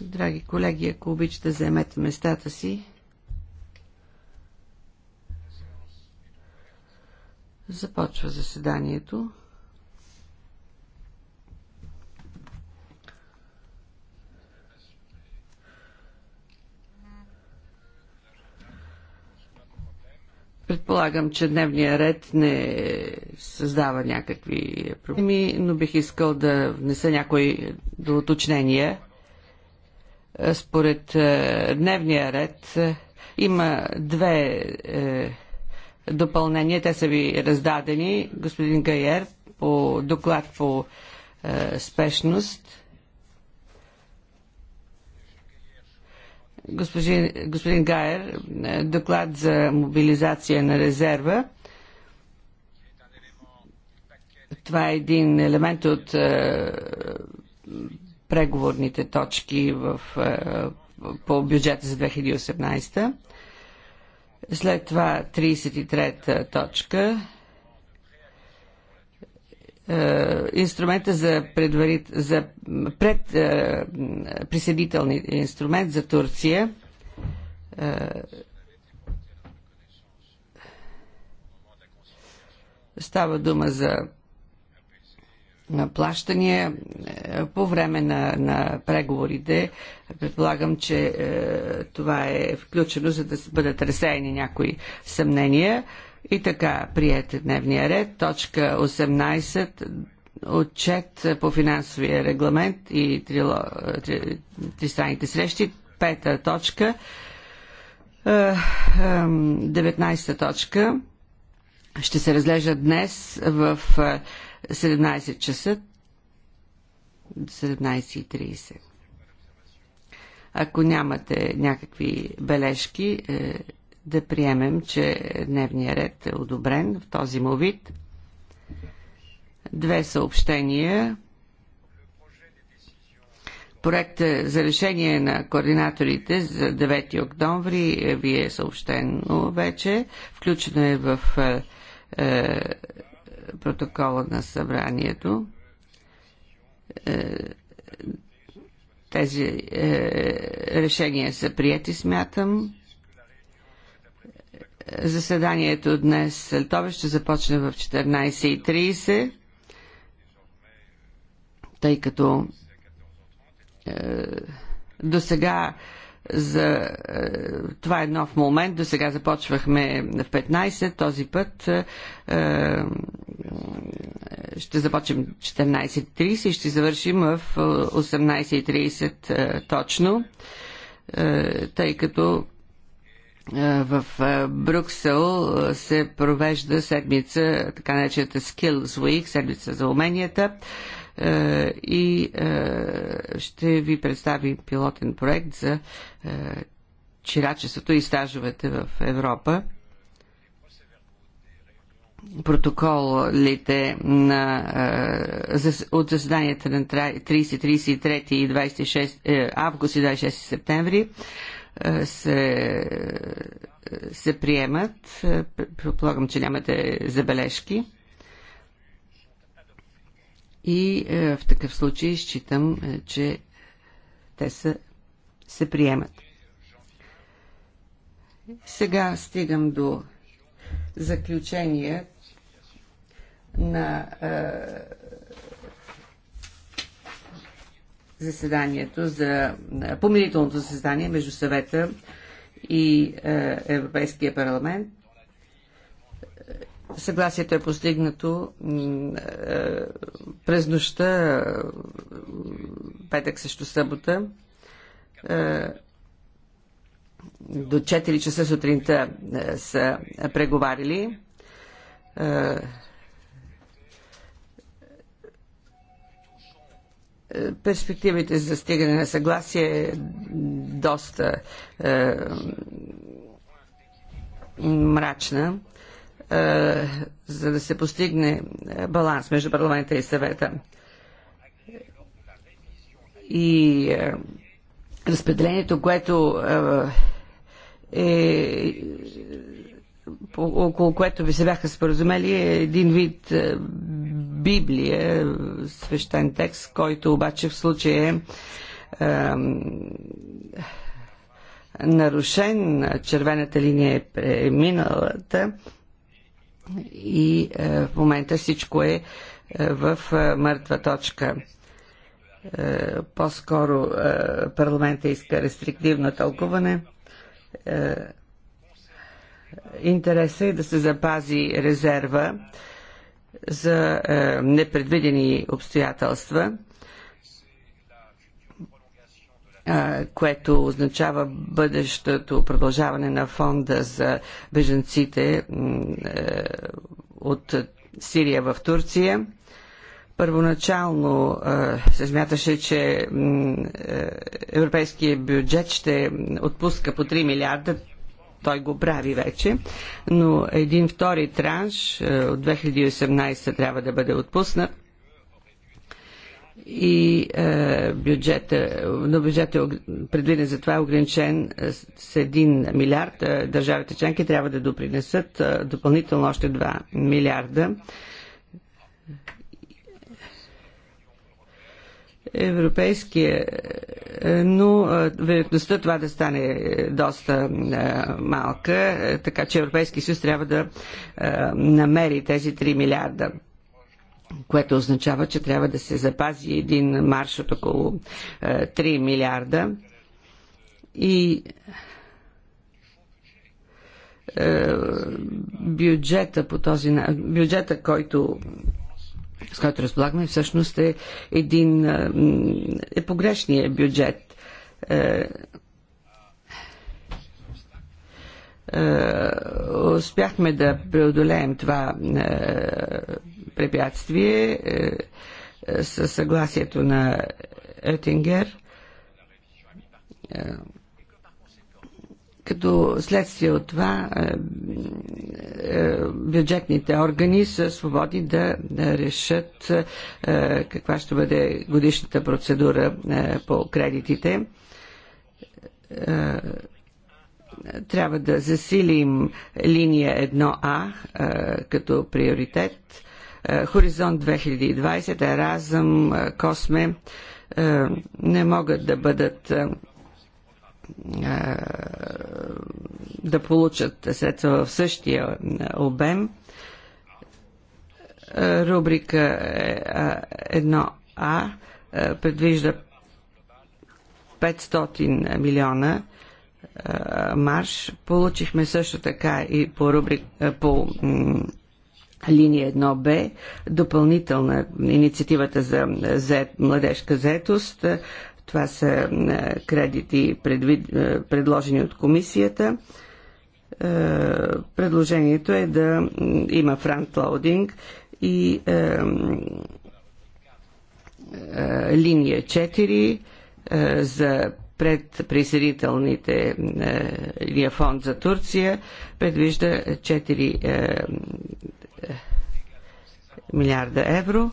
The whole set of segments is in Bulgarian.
Драги колеги, ако обичате, заемете местата си. Започва заседанието. Предполагам, че дневния ред не създава някакви проблеми, но бих искал да внеса някои доуточнения. Е, според е, дневния ред е, има две допълнения. Те са ви раздадени. Господин Гайер по доклад по спешност господин Гайер, е, доклад за мобилизация на резерва. Това е един елемент от е, преговорните точки в, е, по бюджета за 2018. След това 33-та точка е, инструмента за, предварит, за пред е, присъдителни инструмент за Турция е, става дума за плащания по време на, на преговорите. Предполагам, че е, това е включено, за да бъдат разсеяни някои съмнения. И така, приете дневния ред. Точка 18. Отчет по финансовия регламент и трило, три, тристранните срещи. Пета точка. 19 е, точка ще се разглежда днес в 17 е, часа 17.30. Ако нямате някакви бележки, е, да приемем, че дневният ред е одобрен в този му вид. Две съобщения. Проект за решение на координаторите за 9 октомври е, ви е съобщено вече. Включено е в е, е, протокола на събранието. Е, тези е, решения са прияти, смятам. Заседанието днес след ще започне в 14.30, тъй като е, до сега за е, това е нов момент. До сега започвахме в 15, този път е, е ще започнем 14.30 и ще завършим в 18.30 е, точно, е, тъй като е, в е, Брюксел е, се провежда седмица, така наречената Skills Week, седмица за уменията и ще ви представи пилотен проект за чирачеството и стажовете в Европа. Протоколите на, от заседанията на 30, 33 и 26 август и 26 септември се, се приемат. Предполагам, че нямате забележки. И е, в такъв случай считам, е, че те са, се приемат. Сега стигам до заключение на е, заседанието за помирителното заседание между съвета и Европейския парламент. Съгласието е постигнато през нощта, петък също събота, до 4 часа сутринта са преговарили Е, перспективите за стигане на съгласие е доста е, мрачна, е, за да се постигне баланс между парламента и съвета. И е, разпределението, което е, е около което ви се бяха споразумели, е един вид е, Библия, е, свещен текст, който обаче в случая е, е нарушен, червената линия е преминалата и е, в момента всичко е, е в е, мъртва точка. По-скоро парламента иска рестриктивно тълкуване интереса е да се запази резерва за е, непредвидени обстоятелства, е, което означава бъдещото продължаване на фонда за беженците е, от Сирия в Турция. Първоначално се смяташе, че европейския бюджет ще отпуска по 3 милиарда той го прави вече, но един втори транш е, от 2018 трябва да бъде отпуснат и е, бюджета, но бюджетът е предвиден за това е ограничен е, с 1 милиард. Е, държавите членки трябва да допринесат допълнително още 2 милиарда европейския, е, но е, вероятността това да стане доста е, малка, така че Европейски съюз трябва да намери тези 3 милиарда което означава, че трябва да се запази един марш от около 3 милиарда. И бюджета по този бюджета, който с който разполагаме, всъщност е един е погрешния бюджет. Е, е, успяхме да преодолеем това е, препятствие със съгласието на Етингер като следствие от това е, е, бюджетните органи са свободни да решат е, каква ще бъде годишната процедура по кредитите трябва да засилим линия 1А като приоритет. Хоризонт 2020, Еразъм, Косме не могат да бъдат да получат средства в същия обем. Рубрика 1А е, предвижда 500 милиона марш. Получихме също така и по, рубрик, по линия 1Б, допълнителна инициативата за младежка заетост, това са е, кредити, предвид, е, предложени от комисията. Е, предложението е да има фронтлоудинг и линия 4 за предприсъединителните линия фонд за Турция предвижда 4 милиарда евро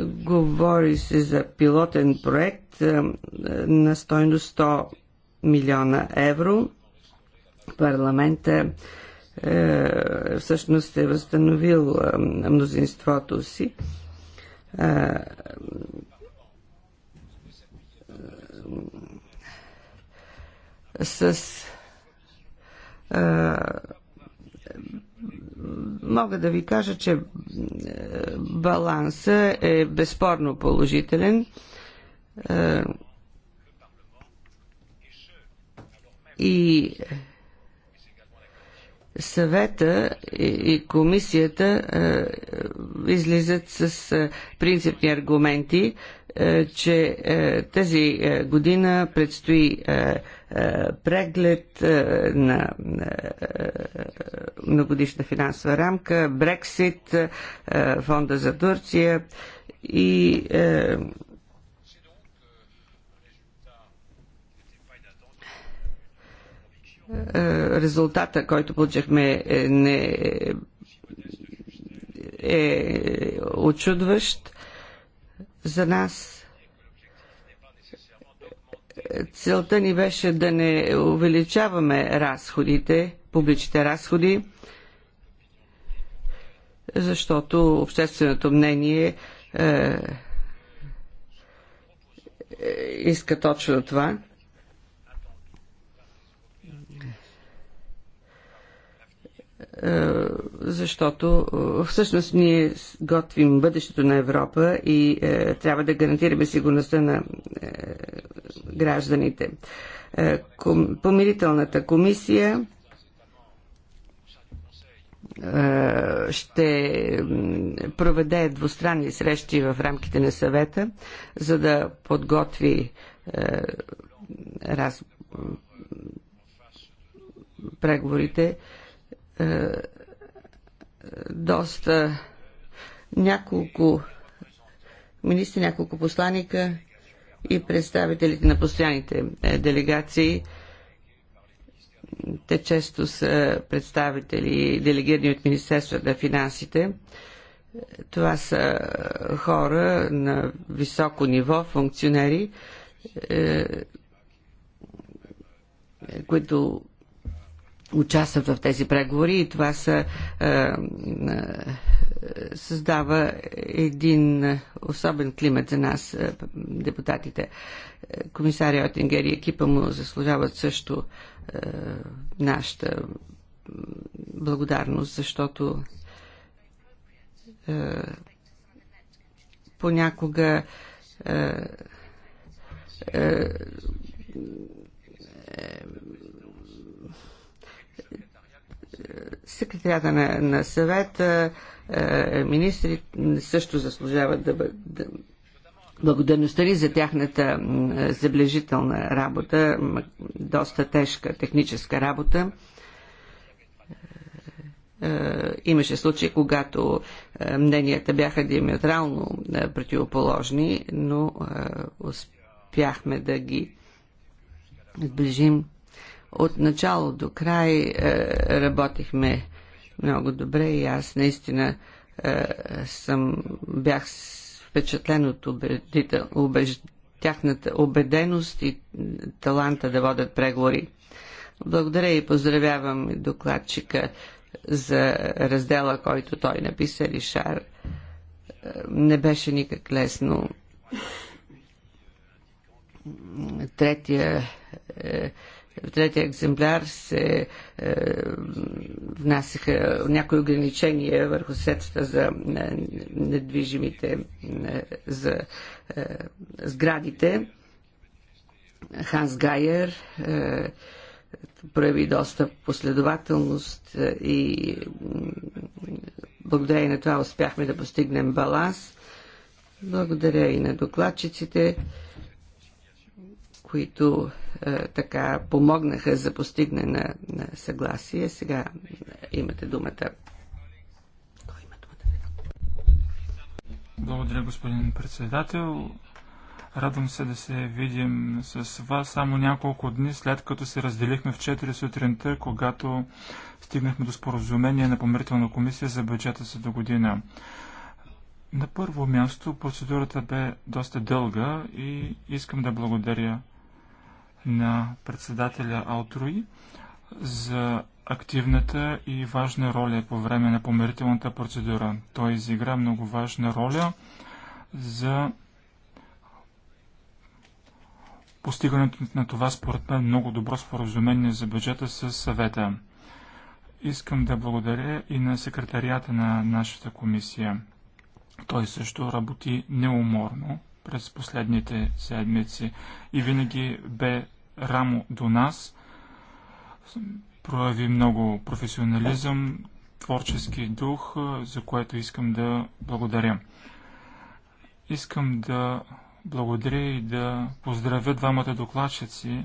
Говори се за пилотен проект е, на стойност 100 милиона евро. Парламента е, всъщност е възстановил е, мнозинството си. Е, с е, мога да ви кажа, че е, баланса е безспорно положителен. Е, и съвета и комисията е, излизат с принципни аргументи, че тази година предстои е, преглед е, на е, многодишна финансова рамка, Брексит, фонда за Турция и резултата, който получихме, не е очудващ за нас целта ни беше да не увеличаваме разходите, публичните разходи, защото общественото мнение е, е иска точно това. Е, защото е, всъщност ние готвим бъдещето на Европа и е, трябва да гарантираме сигурността на гражданите. помирителната комисия ще проведе двустранни срещи в рамките на съвета, за да подготви раз... преговорите е, доста няколко министри, няколко посланика и представителите на постоянните е, делегации. Те често са представители, делегирани от Министерството на финансите. Това са хора на високо ниво, функционери, е, които участват в тези преговори и това са, е, е, създава един особен климат за нас, е, депутатите. Комисария Отингер и екипа му заслужават също е, нашата благодарност, защото е, понякога е, е, секретарята на, на съвета, е, е, министри също заслужават да бъдат. благодарността ни за тяхната заблежителна работа, доста тежка техническа работа. Е, имаше случаи, когато мненията бяха диаметрално противоположни, но успяхме да ги сближим от начало до край е, работихме много добре и аз наистина е, съм, бях впечатлен от убедител, убеж, тяхната убеденост и таланта да водят преговори. Благодаря и поздравявам докладчика за раздела, който той написа, Ришар. Е, не беше никак лесно. Третия е, в третия екземпляр се е, внасяха някои ограничения върху средствата за е, недвижимите, е, за е, сградите. Ханс Гайер е, прояви доста последователност е, и благодарение на това успяхме да постигнем баланс. Благодаря и на докладчиците които е, така помогнаха за постигне на, на съгласие. Сега е, имате думата. Кой има думата? Благодаря, господин председател. Радвам се да се видим с вас само няколко дни след като се разделихме в 4 сутринта, когато стигнахме до споразумение на помирителна комисия за бюджета за до година. На първо място процедурата бе доста дълга и искам да благодаря на председателя Алтруи за активната и важна роля по време на помирителната процедура. Той изигра много важна роля за постигането на това според мен много добро споразумение за бюджета с съвета. Искам да благодаря и на секретарията на нашата комисия. Той също работи неуморно през последните седмици и винаги бе рамо до нас. Прояви много професионализъм, творчески дух, за което искам да благодаря. Искам да благодаря и да поздравя двамата докладчици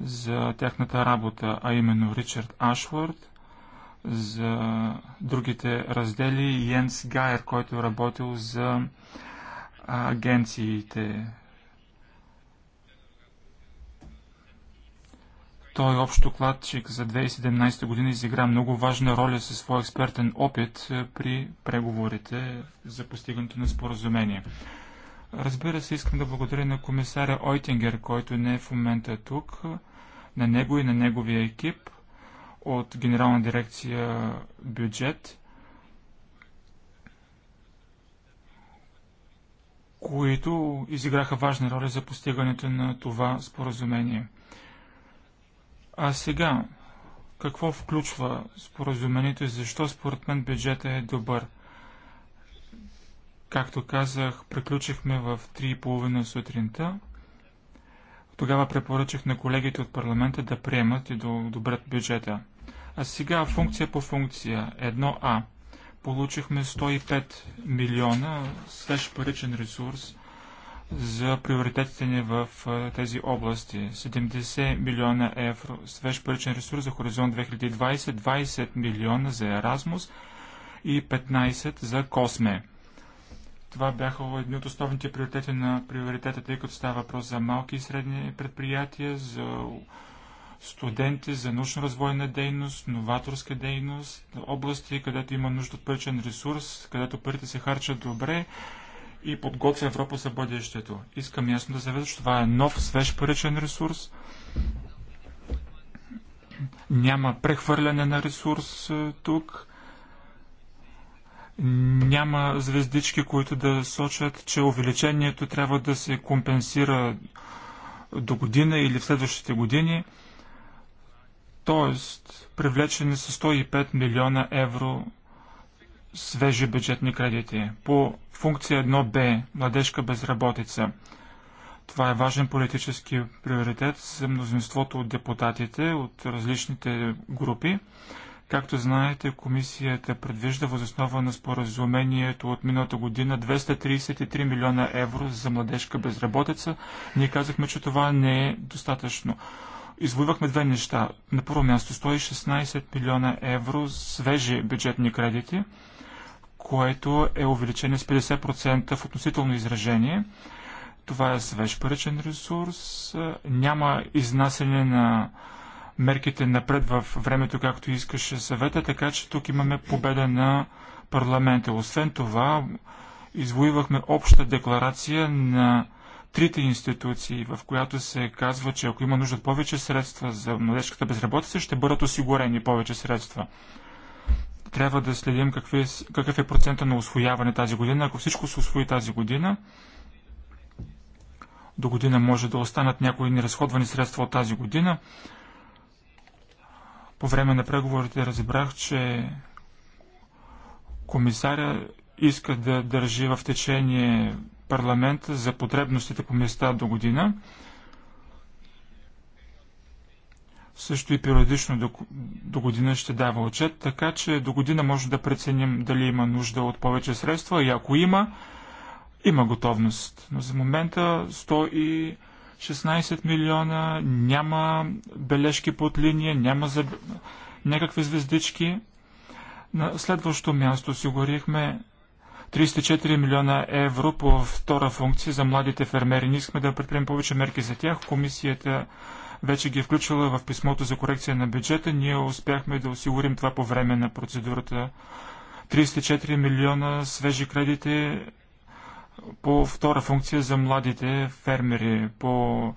за тяхната работа, а именно Ричард Ашвард, за другите раздели и Йенс Гайер, който е работил за агенциите Той е общ докладчик за 2017 година изигра много важна роля със своя експертен опит е, при преговорите за постигането на споразумение. Разбира се, искам да благодаря на комисаря Ойтингер, който не е в момента тук, на него и на неговия екип от Генерална дирекция бюджет, които изиграха важна роля за постигането на това споразумение. А сега, какво включва споразумението и защо според мен бюджета е добър? Както казах, приключихме в 3.30 сутринта. Тогава препоръчах на колегите от парламента да приемат и да одобрят бюджета. А сега функция по функция. 1А. Получихме 105 милиона свеж паричен ресурс за приоритетите ни в тези области. 70 милиона евро свеж паричен ресурс за Хоризонт 2020, 20 милиона за Еразмус и 15 за Косме. Това бяха едни от основните приоритети на приоритета, тъй като става въпрос за малки и средни предприятия, за студенти, за научно-развойна дейност, новаторска дейност, области, където има нужда от паричен ресурс, където парите се харчат добре и подготвя Европа за бъдещето. Искам ясно да заведа, че това е нов, свеж паричен ресурс. Няма прехвърляне на ресурс е, тук. Няма звездички, които да сочат, че увеличението трябва да се компенсира до година или в следващите години. Тоест, привлечени са 105 милиона евро свежи бюджетни кредити. По функция 1Б – младежка безработица. Това е важен политически приоритет за мнозинството от депутатите от различните групи. Както знаете, комисията предвижда възоснова на споразумението от миналата година 233 милиона евро за младежка безработица. Ние казахме, че това не е достатъчно. Извоювахме две неща. На първо място 116 милиона евро свежи бюджетни кредити – което е увеличение с 50% в относително изражение. Това е свеж паричен ресурс. Няма изнасяне на мерките напред в времето, както искаше съвета, така че тук имаме победа на парламента. Освен това, извоювахме обща декларация на трите институции, в която се казва, че ако има нужда от повече средства за младежката безработица, ще бъдат осигурени повече средства. Трябва да следим какви, какъв е процента на освояване тази година. Ако всичко се освои тази година, до година може да останат някои неразходвани средства от тази година. По време на преговорите разбрах, че комисаря иска да държи в течение парламента за потребностите по места до година. също и периодично до, до година ще дава отчет, така че до година може да преценим дали има нужда от повече средства и ако има, има готовност. Но за момента 116 милиона, няма бележки под линия, няма за... някакви звездички. На следващото място осигурихме 34 милиона евро по втора функция за младите фермери. Не искаме да предприемем повече мерки за тях. Комисията вече ги е включила в писмото за корекция на бюджета. Ние успяхме да осигурим това по време на процедурата. 34 милиона свежи кредити по втора функция за младите фермери. По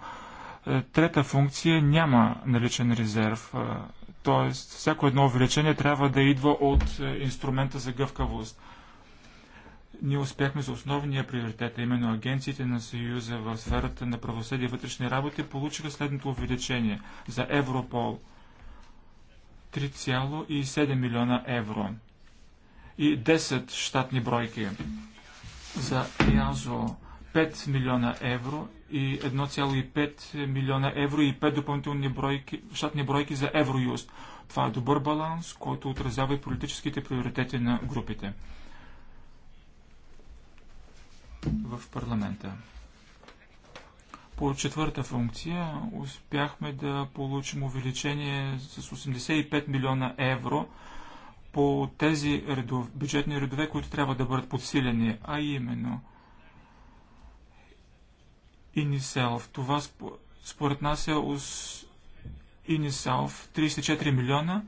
е, трета функция няма наличен резерв. Е, тоест, всяко едно увеличение трябва да идва от е, инструмента за гъвкавост ние успяхме с основния приоритет, а именно агенциите на Съюза в сферата на правосъдие и вътрешни работи, получиха следното увеличение за Европол 3,7 милиона евро и 10 щатни бройки за ЯЗО 5 милиона евро и 1,5 милиона евро и 5 допълнителни бройки, щатни бройки за Евроюст. Това е добър баланс, който отразява и политическите приоритети на групите. в парламента. По четвърта функция успяхме да получим увеличение с 85 милиона евро по тези редов, бюджетни редове, които трябва да бъдат подсилени, а именно Иниселф. Това според нас е Иниселф 34 милиона,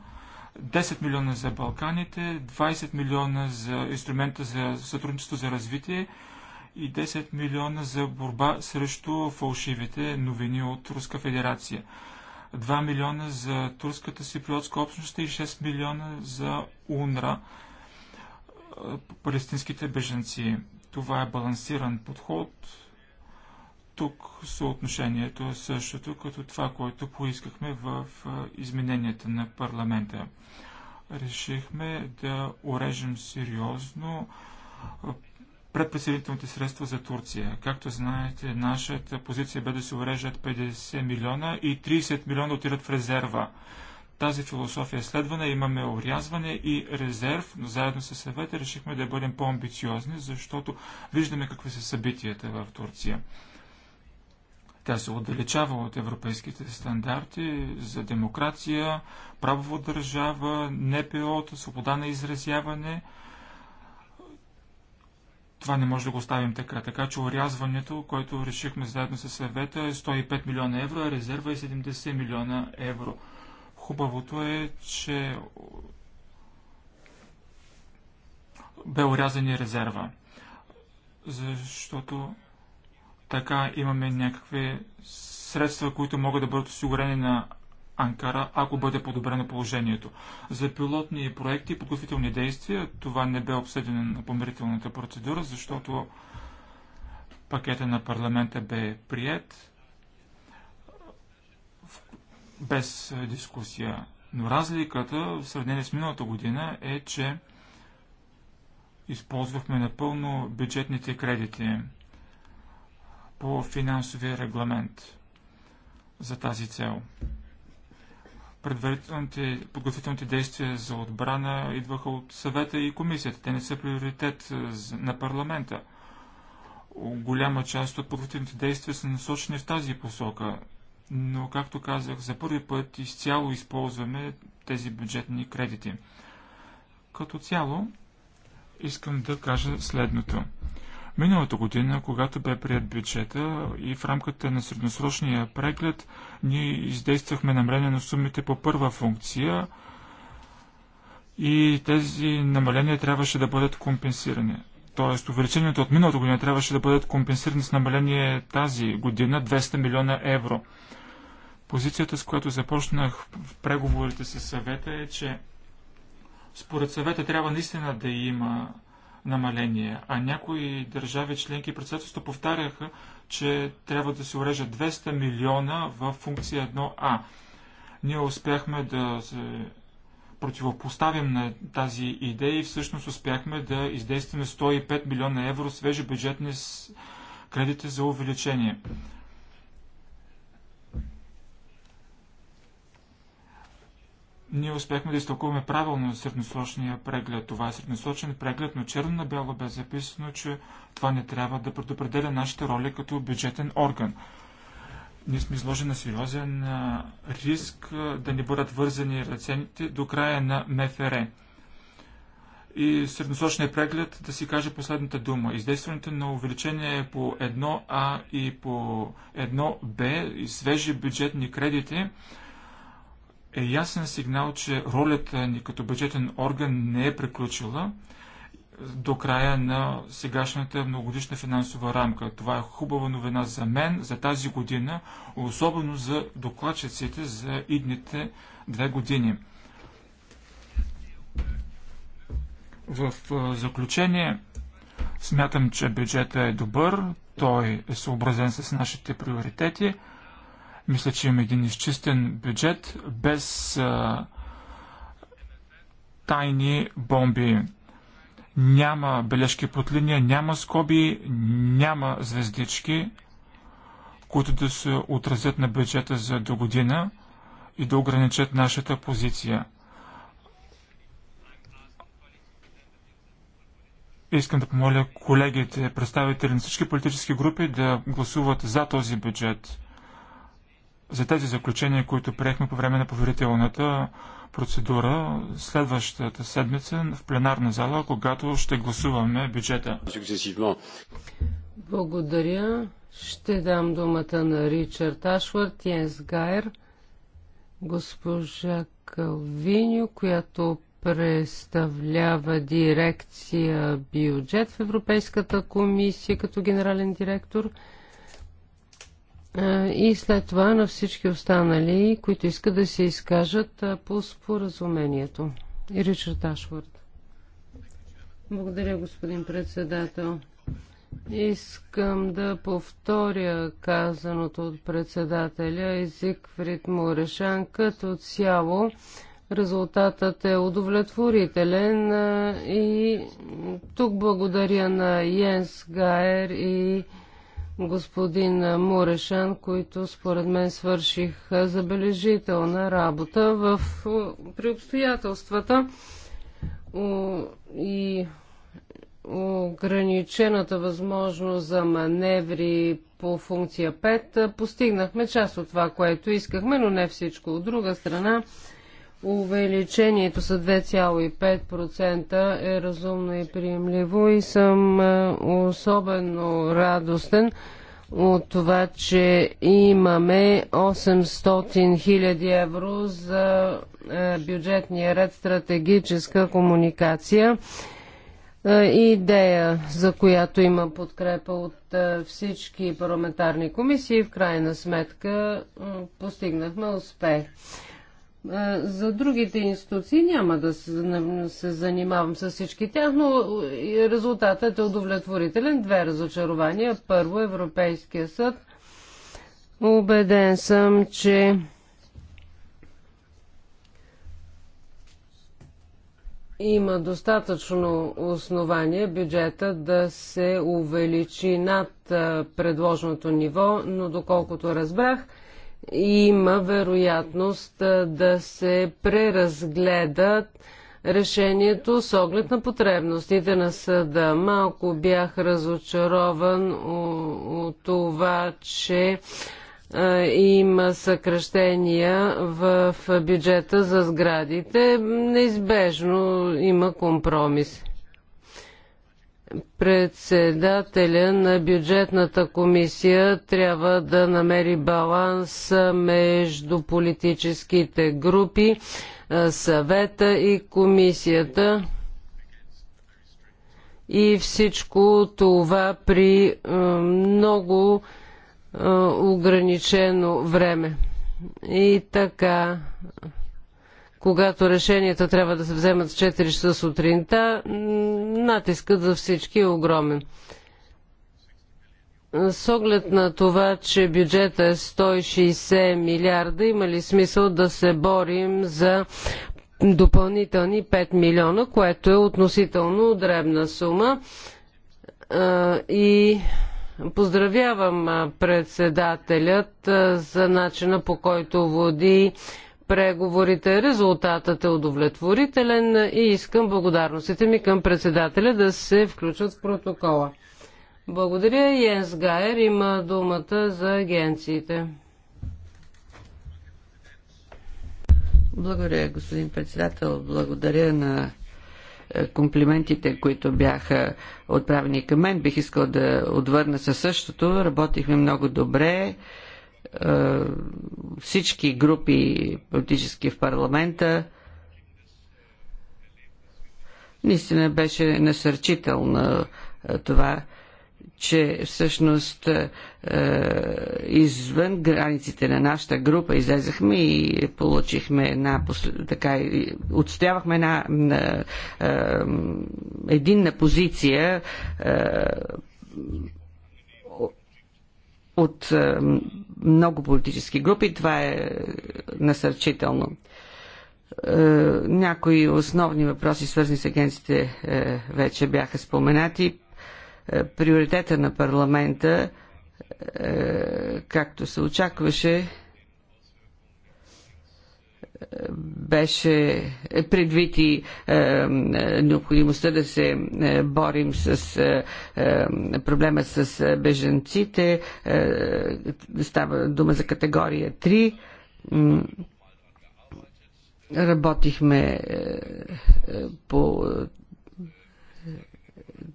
10 милиона за Балканите, 20 милиона за инструмента за сътрудничество за развитие, и 10 милиона за борба срещу фалшивите новини от Руска федерация. 2 милиона за турската сиприотска общност и 6 милиона за УНРА, палестинските беженци. Това е балансиран подход. Тук съотношението е същото като това, което поискахме в измененията на парламента. Решихме да урежем сериозно предпреселителните средства за Турция. Както знаете, нашата позиция бе да се урежат 50 милиона и 30 милиона отират в резерва. Тази философия е следвана, имаме урязване и резерв, но заедно с съвета решихме да бъдем по-амбициозни, защото виждаме какви са събитията в Турция. Тя се отдалечава от европейските стандарти за демокрация, правово държава, НПО, свобода на изразяване – това не може да го оставим така. Така че урязването, което решихме заедно с съвета е 105 милиона евро, а резерва е 70 милиона евро. Хубавото е, че бе урязан и резерва. Защото така имаме някакви средства, които могат да бъдат осигурени на Анкара, ако бъде подобрено положението. За пилотни проекти и подготвителни действия това не бе обсъдено на помирителната процедура, защото пакета на парламента бе прият без е, дискусия. Но разликата в сравнение с миналата година е, че използвахме напълно бюджетните кредити по финансовия регламент за тази цел предварителните подготвителните действия за отбрана идваха от съвета и комисията. Те не са приоритет е, на парламента. Голяма част от подготвителните действия са насочени в тази посока. Но, както казах, за първи път изцяло използваме тези бюджетни кредити. Като цяло, искам да кажа следното. Миналата година, когато бе прият бюджета и в рамката на средносрочния преглед, ние издействахме намаление на сумите по първа функция и тези намаления трябваше да бъдат компенсирани. Тоест, увеличението от миналата година трябваше да бъдат компенсирани с намаление тази година 200 милиона евро. Позицията, с която започнах в преговорите с съвета е, че според съвета трябва наистина да има намаление. А някои държави членки и председателство повтаряха, че трябва да се урежат 200 милиона в функция 1А. Ние успяхме да се противопоставим на тази идея и всъщност успяхме да издействаме 105 милиона евро свежи бюджетни кредити за увеличение. Ние успяхме да изтълкуваме правилно средносрочния преглед. Това е средносрочен преглед, но черно на бяло бе записано, че това не трябва да предопределя нашите роли като бюджетен орган. Ние сме изложени на сериозен риск да ни бъдат вързани ръцените до края на МФР. И средносрочният преглед да си каже последната дума. Издействането на увеличение по 1А и по 1Б и свежи бюджетни кредити – е ясен сигнал, че ролята ни като бюджетен орган не е приключила до края на сегашната многогодишна финансова рамка. Това е хубава новина за мен, за тази година, особено за докладчиците за идните две години. В заключение смятам, че бюджета е добър, той е съобразен с нашите приоритети – мисля, че имаме един изчистен бюджет без а, тайни бомби. Няма бележки под линия, няма скоби, няма звездички, които да се отразят на бюджета за до година и да ограничат нашата позиция. Искам да помоля колегите, представители на всички политически групи да гласуват за този бюджет за тези заключения, които приехме по време на поверителната процедура следващата седмица в пленарна зала, когато ще гласуваме бюджета. Благодаря. Ще дам думата на Ричард Ашвард, Йенс Гайер, госпожа Калвиньо, която представлява дирекция бюджет в Европейската комисия като генерален директор – и след това на всички останали, които искат да се изкажат по споразумението. И Ричард Ашвард. Благодаря, господин председател. Искам да повторя казаното от председателя език в Морешан решан като цяло. Резултатът е удовлетворителен и тук благодаря на Йенс Гайер и господин Мурешан, които според мен свърших забележителна работа в, при обстоятелствата и ограничената възможност за маневри по функция 5. Постигнахме част от това, което искахме, но не всичко. От друга страна, увеличението с 2,5% е разумно и приемливо и съм е, особено радостен от това, че имаме 800 000 евро за е, бюджетния ред стратегическа комуникация. Е, идея, за която има подкрепа от всички парламентарни комисии, в крайна сметка постигнахме успех. За другите институции няма да се, занимавам с всички тях, но е, резултатът е удовлетворителен. Две разочарования. Първо, Европейския съд. Убеден съм, че има достатъчно основание бюджета да се увеличи над предложеното ниво, но доколкото разбрах, има вероятност да се преразгледат решението с оглед на потребностите на съда. Малко бях разочарован от това, че има съкръщения в бюджета за сградите. Неизбежно има компромиси председателя на бюджетната комисия трябва да намери баланс между политическите групи, е, съвета и комисията. И всичко това при е, много е, ограничено време. И така когато решенията трябва да се вземат в 4 часа сутринта, натискът за всички е огромен. С оглед на това, че бюджета е 160 милиарда, има ли смисъл да се борим за допълнителни 5 милиона, което е относително дребна сума? И поздравявам председателят за начина по който води преговорите. Резултатът е удовлетворителен и искам благодарностите ми към председателя да се включат в протокола. Благодаря. Йенс Гайер има думата за агенциите. Благодаря, господин председател. Благодаря на е, комплиментите, които бяха отправени към мен. Бих искал да отвърна със същото. Работихме много добре. Е, всички групи политически в парламента. Наистина беше насърчително е, това, че всъщност е, извън границите на нашата група излезахме и получихме една така отстоявахме една единна позиция от е, много политически групи. Това е насърчително. Е, някои основни въпроси, свързани с агенците, е, вече бяха споменати. Приоритета на парламента, както се очакваше, беше предвид и е, необходимостта да се е, борим с е, е проблема с беженците. Е, става дума за категория 3. Работихме е, по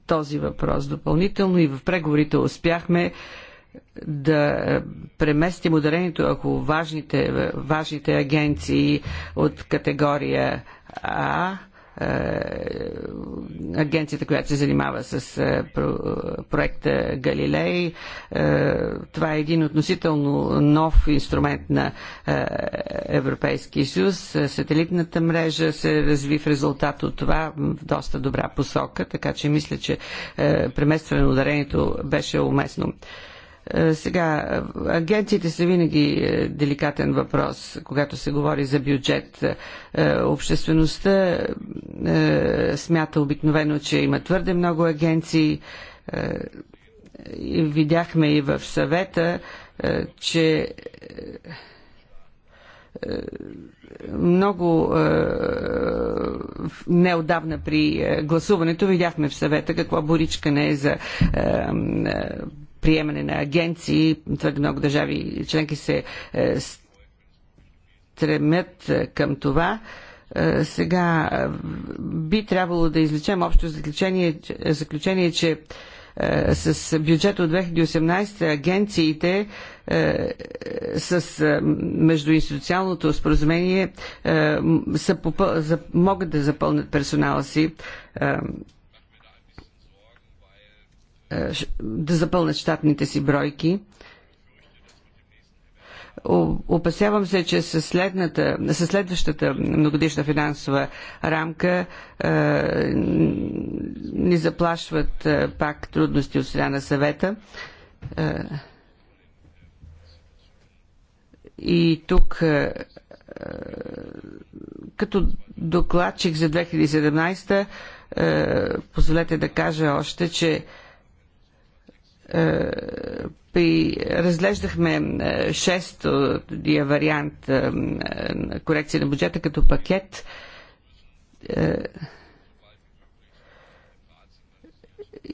този въпрос допълнително и в преговорите успяхме да преместим ударението, ако важните, важните агенции от категория А е, агенцията, която се занимава с е, проекта Галилей. Е, това е един относително нов инструмент на Европейски съюз. Сателитната мрежа се разви в резултат от това в доста добра посока, така че мисля, че преместване на ударението беше уместно. Е, сега, агенциите са винаги е, деликатен въпрос, когато се говори за бюджет. Е, обществеността смята обикновено, че има твърде много агенции. Видяхме и в съвета, че много неодавна при гласуването видяхме в съвета какво боричка не е за приемане на агенции. Твърде много държави членки се е, стремят е, към това е, сега би трябвало да излечем общо заключение, заключение че е, с бюджета от 2018 агенциите е, с е, междуинституционалното споразумение са могат да запълнят персонала си е, да запълнят щатните си бройки. Опасявам се, че със, следната, със следващата многодишна финансова рамка е, ни заплашват е, пак трудности от страна на съвета. Е, и тук е, е като докладчик за 2017 е, позволете да кажа още, че е, е, при, разглеждахме е, шестия вариант е, на корекция на бюджета като пакет.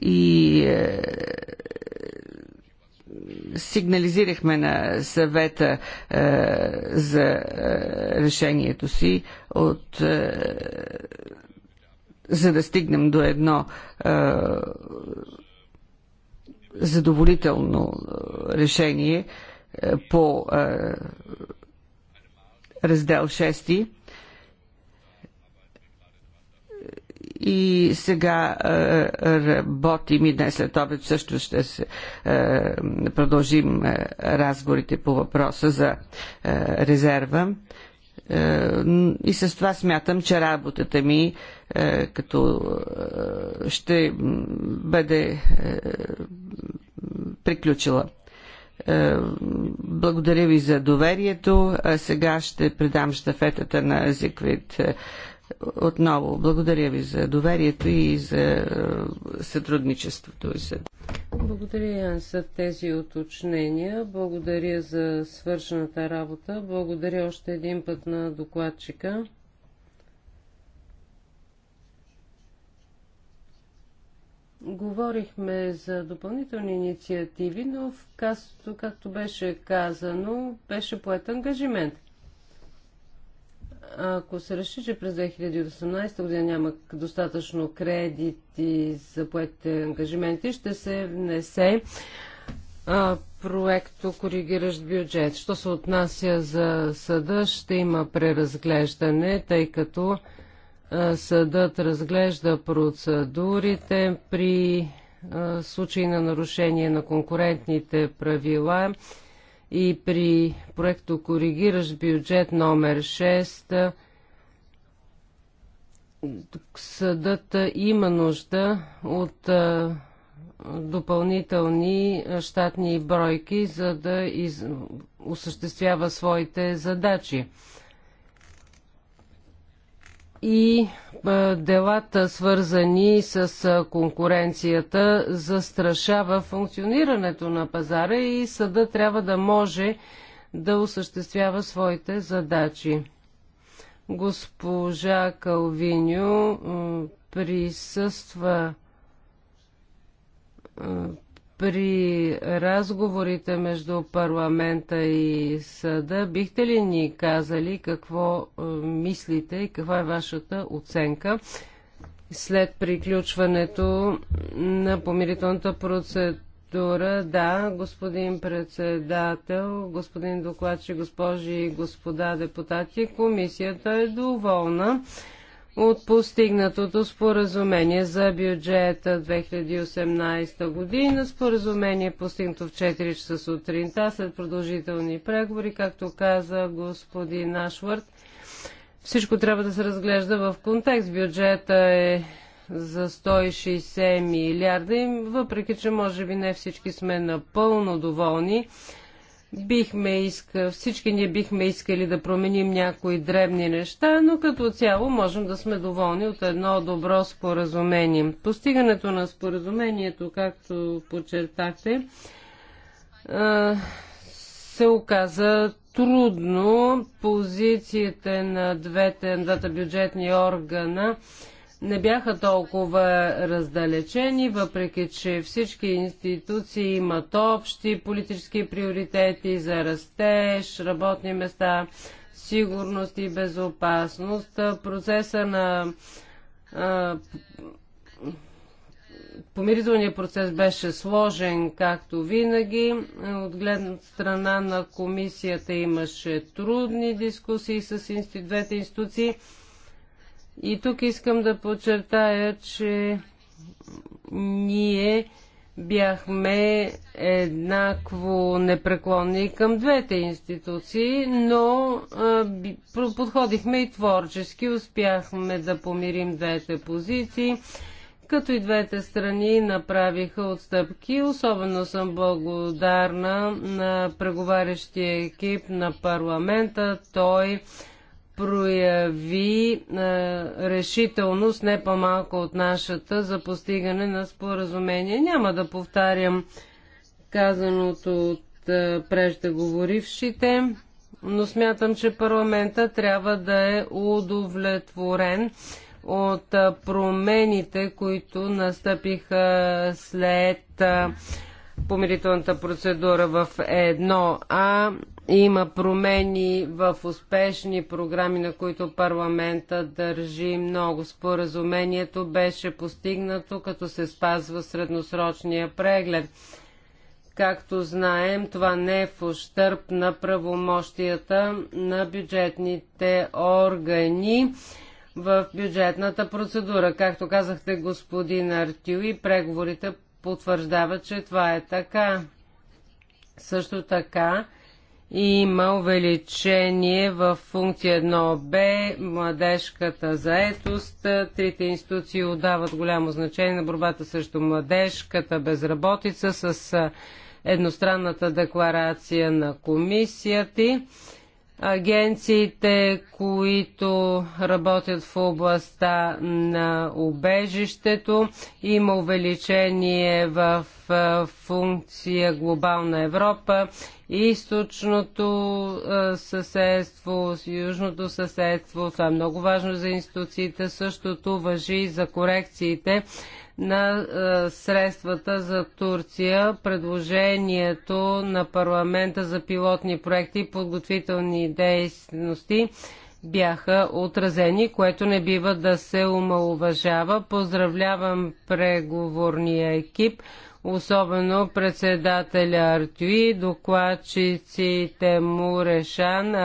И сигнализирахме на съвета е, за решението си от е, за да стигнем до едно е, задоволително е, решение е, по е, раздел 6. и сега работим и днес след обед също ще се, продължим разговорите по въпроса за резерва. Е, и с това смятам, че работата ми е, като е, ще бъде приключила. Благодаря ви за доверието. Сега ще предам штафетата на Зиквит отново, благодаря ви за доверието и за е, сътрудничеството. Благодаря за тези уточнения. Благодаря за свършената работа. Благодаря още един път на докладчика. Говорихме за допълнителни инициативи, но в касото, както беше казано, беше поет ангажимент – ако се реши, че през 2018 година няма достатъчно кредити за поетите ангажименти, ще се внесе а, проекто коригиращ бюджет. Що се отнася за съда, ще има преразглеждане, тъй като а, съдът разглежда процедурите при а, случай на нарушение на конкурентните правила и при проекто коригираш бюджет номер 6 съдът има нужда от допълнителни щатни бройки, за да из... осъществява своите задачи и делата, свързани с конкуренцията, застрашава функционирането на пазара и съда трябва да може да осъществява своите задачи. Госпожа Калвиньо присъства при разговорите между парламента и съда, бихте ли ни казали какво е, мислите и каква е вашата оценка след приключването на помирителната процедура? Да, господин председател, господин докладчик, госпожи и господа депутати, комисията е доволна от постигнатото споразумение за бюджета 2018 година. Споразумение постигнато в 4 часа сутринта след продължителни преговори, както каза господин Ашвард. Всичко трябва да се разглежда в контекст. Бюджета е за 160 милиарда и въпреки, че може би не всички сме напълно доволни, Бихме иска, всички ние бихме искали да променим някои дребни неща, но като цяло можем да сме доволни от едно добро споразумение. Постигането на споразумението, както подчертахте, се оказа трудно. Позицията на двете, на двата бюджетни органа не бяха толкова раздалечени, въпреки че всички институции имат общи политически приоритети за растеж, работни места, сигурност и безопасност. Процеса на а, помирителният процес беше сложен, както винаги. От гледна страна на комисията имаше трудни дискусии с институ... двете институции. И тук искам да подчертая, че ние бяхме еднакво непреклонни към двете институции, но подходихме и творчески, успяхме да помирим двете позиции, като и двете страни направиха отстъпки. Особено съм благодарна на преговарящия екип на парламента. Той прояви е, решителност, не по-малко от нашата, за постигане на споразумение. Няма да повтарям казаното от е, преждеговорившите, но смятам, че парламента трябва да е удовлетворен от е, промените, които настъпиха след е, помирителната процедура в едно А. Има промени в успешни програми, на които парламента държи много. Споразумението беше постигнато, като се спазва средносрочния преглед. Както знаем, това не е в ущърп на правомощията на бюджетните органи в бюджетната процедура. Както казахте, господин Артюи, преговорите потвърждава, че това е така. Също така има увеличение в функция 1Б, младежката заетост. Трите институции отдават голямо значение на борбата срещу младежката безработица с едностранната декларация на комисията агенциите, които работят в областта на убежището. Има увеличение в функция Глобална Европа, източното съседство, южното съседство. Това е много важно за институциите. Същото въжи и за корекциите на е, средствата за Турция. Предложението на парламента за пилотни проекти и подготвителни действности бяха отразени, което не бива да се омалуважава. Поздравлявам преговорния екип, особено председателя Артюи, докладчиците Мурешан,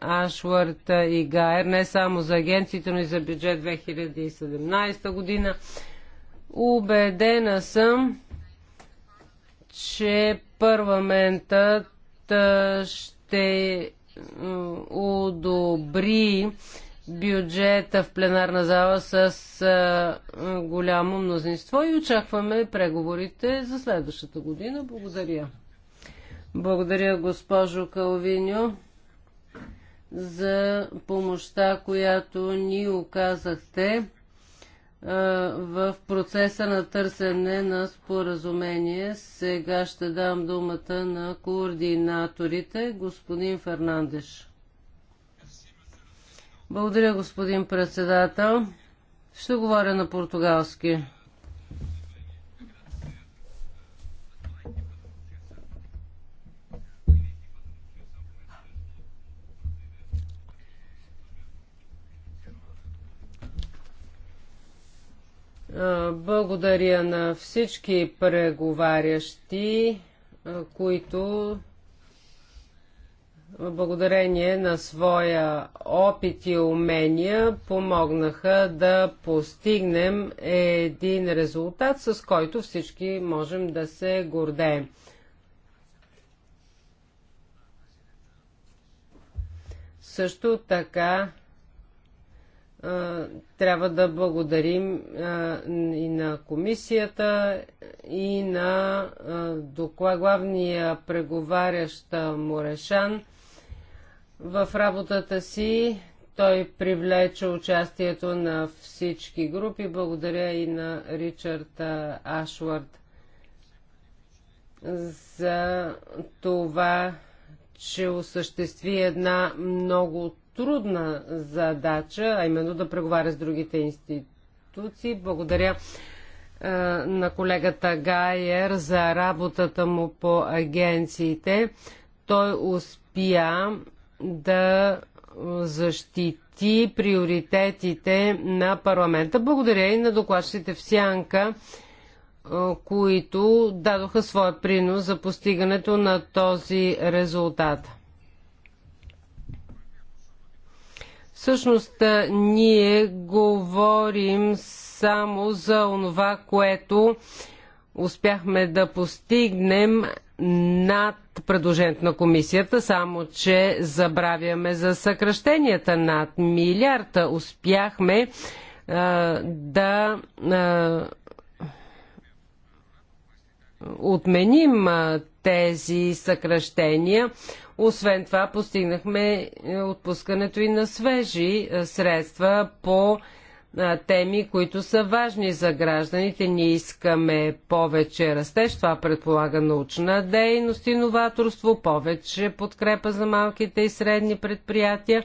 Ашвард и Гайер, не само за агенциите, но и за бюджет 2017 година. Убедена съм, че парламентът ще одобри бюджета в пленарна зала с голямо мнозинство и очакваме преговорите за следващата година. Благодаря. Благодаря, госпожо Калвиньо, за помощта, която ни оказахте в процеса на търсене на споразумение. Сега ще дам думата на координаторите, господин Фернандеш. Благодаря, господин председател. Ще говоря на португалски. Е, благодаря на всички преговарящи, е, които благодарение на своя опит и умения помогнаха да постигнем един резултат, с който всички можем да се гордеем. Също така трябва да благодарим и на комисията, и на главния преговарящ Морешан. В работата си той привлече участието на всички групи. Благодаря и на Ричард Ашвард за това, че осъществи една много трудна задача, а именно да преговаря с другите институции. Благодаря е, на колегата Гайер за работата му по агенциите. Той успя да защити приоритетите на парламента. Благодаря и на докладчите в Сянка, които дадоха своя принос за постигането на този резултат. Всъщност ние говорим само за онова, което успяхме да постигнем над предложението на комисията, само че забравяме за съкръщенията над милиарда. Успяхме а, да а, отменим тези съкръщения. Освен това, постигнахме е, отпускането и на свежи е, средства по е, теми, които са важни за гражданите. Ние искаме повече растеж, това предполага научна дейност, иноваторство, повече подкрепа за малките и средни предприятия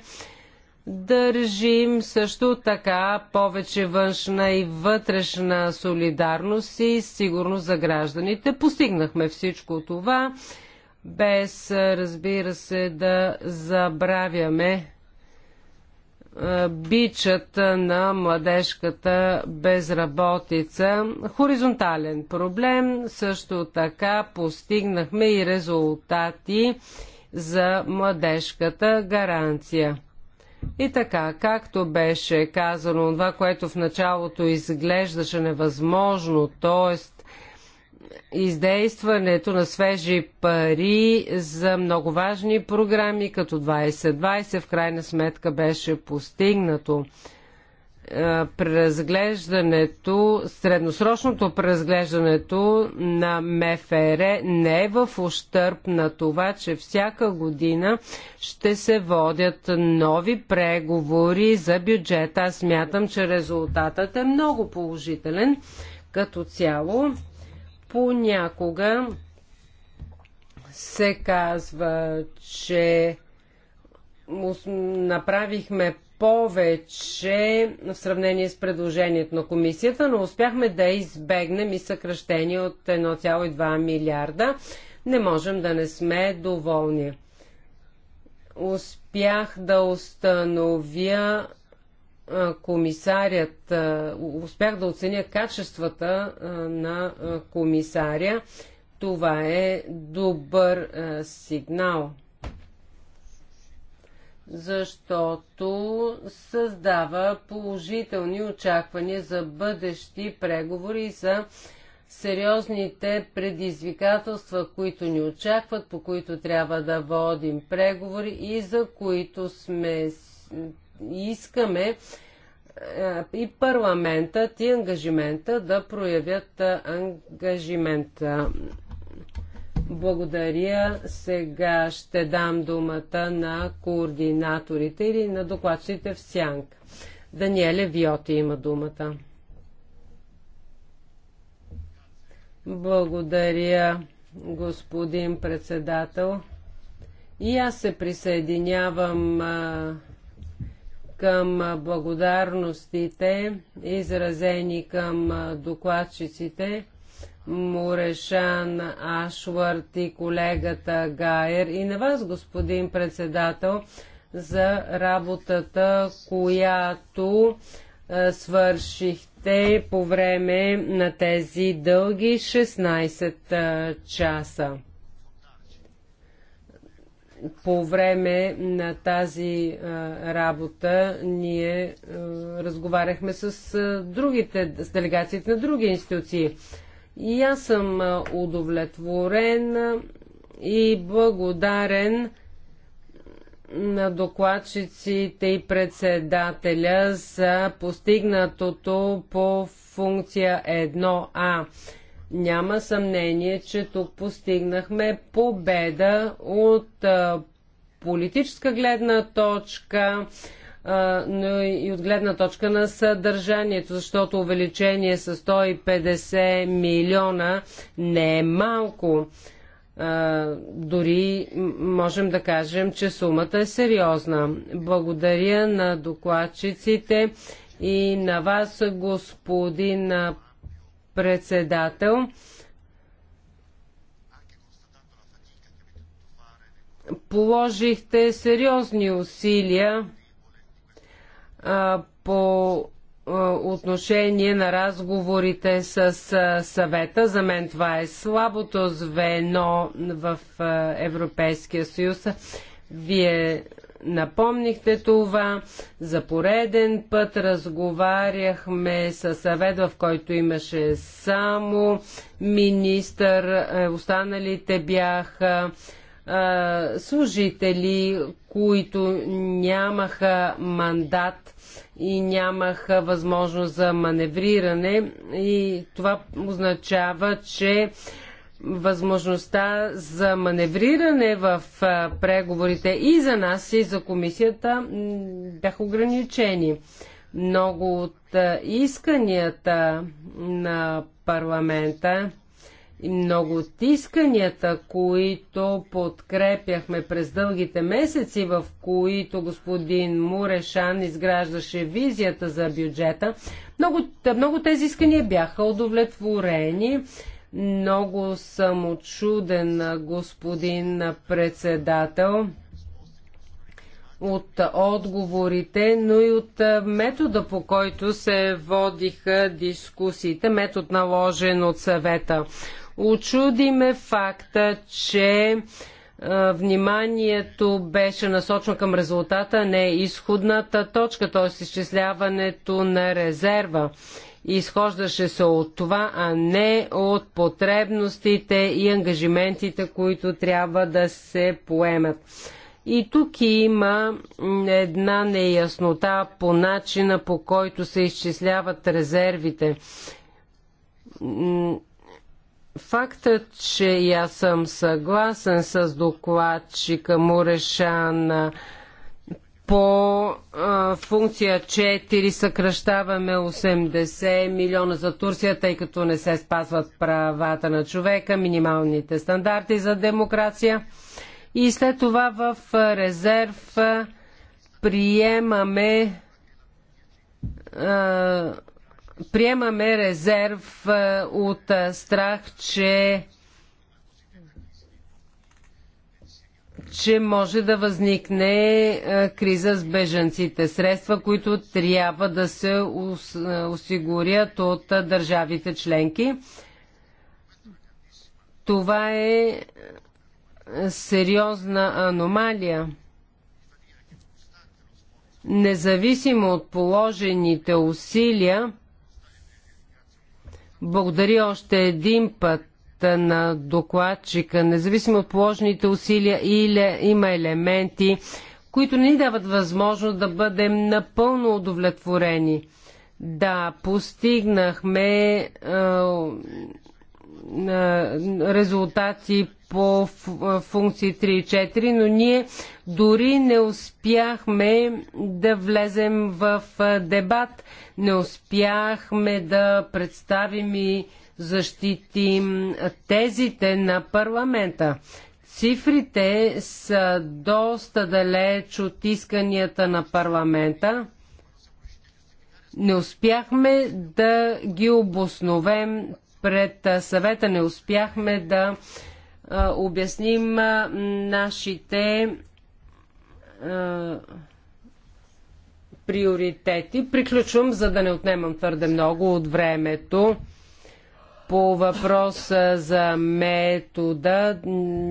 Държим също така повече външна и вътрешна солидарност и сигурност за гражданите. Постигнахме всичко това, без, разбира се, да забравяме бичът на младежката безработица. Хоризонтален проблем. Също така постигнахме и резултати за младежката гаранция. И така, както беше казано, това, което в началото изглеждаше невъзможно, т.е. издействането на свежи пари за много важни програми, като 2020, в крайна сметка беше постигнато преразглеждането, средносрочното преразглеждането на МФР не е в ущърп на това, че всяка година ще се водят нови преговори за бюджета. Аз мятам, че резултатът е много положителен като цяло. Понякога се казва, че направихме повече в сравнение с предложението на комисията, но успяхме да избегнем и съкръщение от 1,2 милиарда. Не можем да не сме доволни. Успях да установя комисарят, успях да оценя качествата на комисаря. Това е добър сигнал защото създава положителни очаквания за бъдещи преговори за сериозните предизвикателства, които ни очакват, по които трябва да водим преговори и за които сме искаме е, и парламентът и ангажимента да проявят е, ангажимент. Благодаря. Сега ще дам думата на координаторите или на докладчите в Сянк. Даниеле Виоти има думата. Благодаря, господин председател. И аз се присъединявам към благодарностите, изразени към докладчиците Морешан, Ашвард и колегата Гайер и на вас, господин председател, за работата, която е, свършихте по време на тези дълги 16 е, часа. По време на тази е, работа ние разговаряхме с другите, с делегациите на други институции и аз съм удовлетворен и благодарен на докладчиците и председателя за постигнатото по функция 1А. Няма съмнение, че тук постигнахме победа от политическа гледна точка, но и от гледна точка на съдържанието, защото увеличение с 150 милиона не е малко. Дори можем да кажем, че сумата е сериозна. Благодаря на докладчиците и на вас, господин председател. Положихте сериозни усилия по отношение на разговорите с съвета. За мен това е слабото звено в Европейския съюз. Вие напомнихте това. За пореден път разговаряхме с съвет, в който имаше само министър. Останалите бяха служители, които нямаха мандат и нямаха възможност за маневриране и това означава, че възможността за маневриране в преговорите и за нас, и за комисията бяха ограничени. Много от исканията на парламента много от исканията, които подкрепяхме през дългите месеци, в които господин Мурешан изграждаше визията за бюджета, много, много тези искания бяха удовлетворени. Много съм очуден, господин председател, от отговорите, но и от метода, по който се водиха дискусиите, метод наложен от съвета. Очудиме факта, че вниманието беше насочено към резултата, не изходната точка, т.е. изчисляването на резерва. Изхождаше се от това, а не от потребностите и ангажиментите, които трябва да се поемат. И тук има една неяснота по начина по който се изчисляват резервите Фактът, че и аз съм съгласен с докладчика Мурешан по а, функция 4 съкръщаваме 80 милиона за Турция, тъй като не се спазват правата на човека, минималните стандарти за демокрация. И след това в резерв приемаме а, приемаме резерв е, от е, страх, че че може да възникне е, криза с беженците Средства, които трябва да се осигурят от държавите членки. Това е сериозна аномалия. Независимо от положените усилия, благодаря още един път на докладчика. Независимо от положените усилия, или има елементи, които не ни дават възможност да бъдем напълно удовлетворени. Да, постигнахме е, резултати по функции 3 и 4, но ние дори не успяхме да влезем в дебат, не успяхме да представим и защитим тезите на парламента. Цифрите са доста далеч от исканията на парламента. Не успяхме да ги обосновем пред съвета не успяхме да обясним нашите приоритети. Приключвам, за да не отнемам твърде много от времето. По въпроса за метода,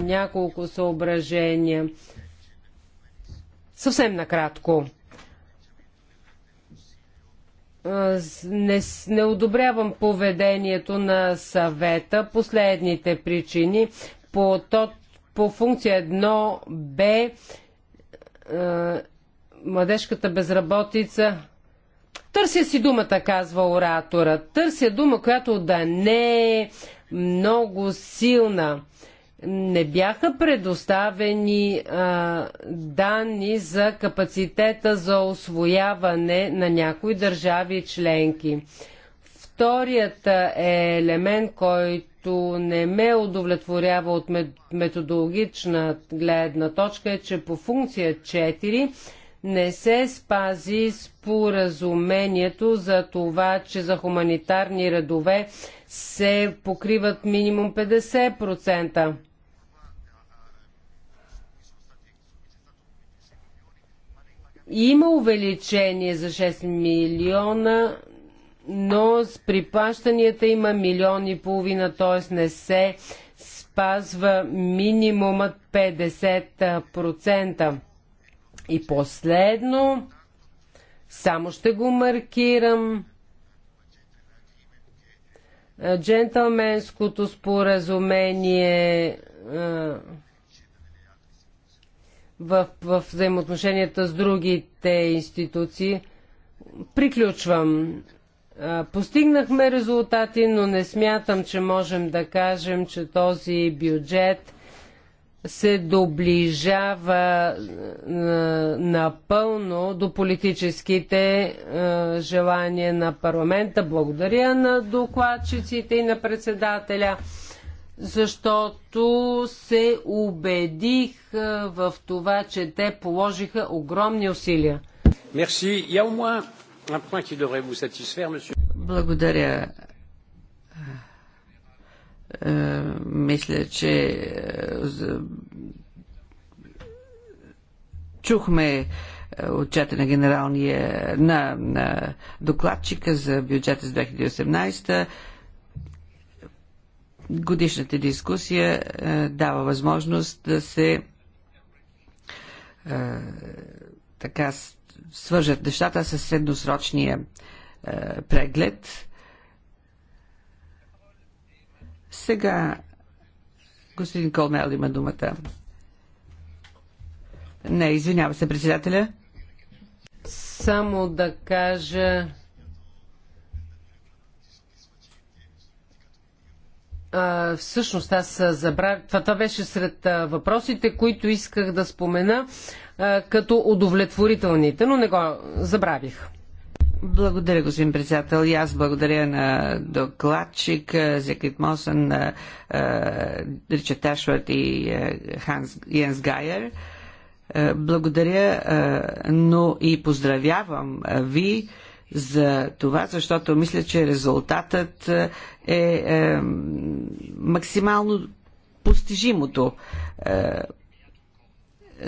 няколко съображения. Съвсем накратко не, не одобрявам поведението на съвета. Последните причини по, то, по функция 1 Б младежката безработица. Търся си думата, казва оратора. Търся дума, която да не е много силна не бяха предоставени а, данни за капацитета за освояване на някои държави членки. Вторият е елемент, който не ме удовлетворява от методологична гледна точка е, че по функция 4 не се спази споразумението за това, че за хуманитарни редове се покриват минимум 50%. Има увеличение за 6 милиона, но с припащанията има милион и половина, т.е. не се спазва минимумът 50%. И последно, само ще го маркирам, джентълменското споразумение в, в взаимоотношенията с другите институции. Приключвам. Постигнахме резултати, но не смятам, че можем да кажем, че този бюджет се доближава напълно до политическите желания на парламента. Благодаря на докладчиците и на председателя защото се убедих в това, че те положиха огромни усилия. Благодаря. Мисля, че чухме отчета на генералния на, на докладчика за бюджета за 2018 Годишната дискусия е, дава възможност да се е, така свържат нещата с средносрочния е, преглед. Сега господин Колмел има думата. Не, извинява се председателя. Само да кажа, А, всъщност аз забравих. Това, това беше сред а, въпросите, които исках да спомена а, като удовлетворителните, но не го забравих. Благодаря, господин председател. И аз благодаря на докладчик Зекрит Мосън, Рича Ташвард и Ханс, Йенс Гайер. Благодаря, но и поздравявам ви за това, защото мисля, че резултатът е, е максимално постижимото. Е,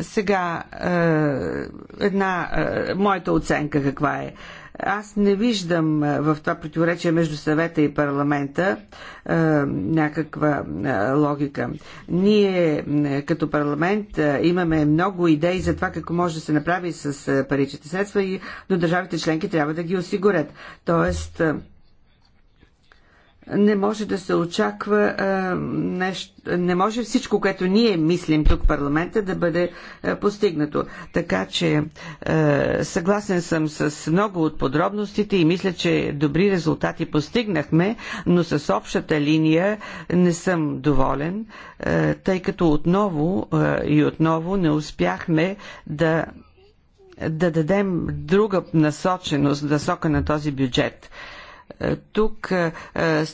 сега е, една е, моята оценка каква е. Аз не виждам в това противоречие между съвета и парламента е, някаква е, логика. Ние като парламент е, имаме много идеи за това какво може да се направи с е, паричните средства, и, но държавите членки трябва да ги осигурят. Тоест, е, не може да се очаква нещо, не може всичко, което ние мислим тук в парламента да бъде постигнато. Така че съгласен съм с много от подробностите и мисля, че добри резултати постигнахме, но с общата линия не съм доволен, тъй като отново и отново не успяхме да да дадем друга насоченост, насока на този бюджет тук е,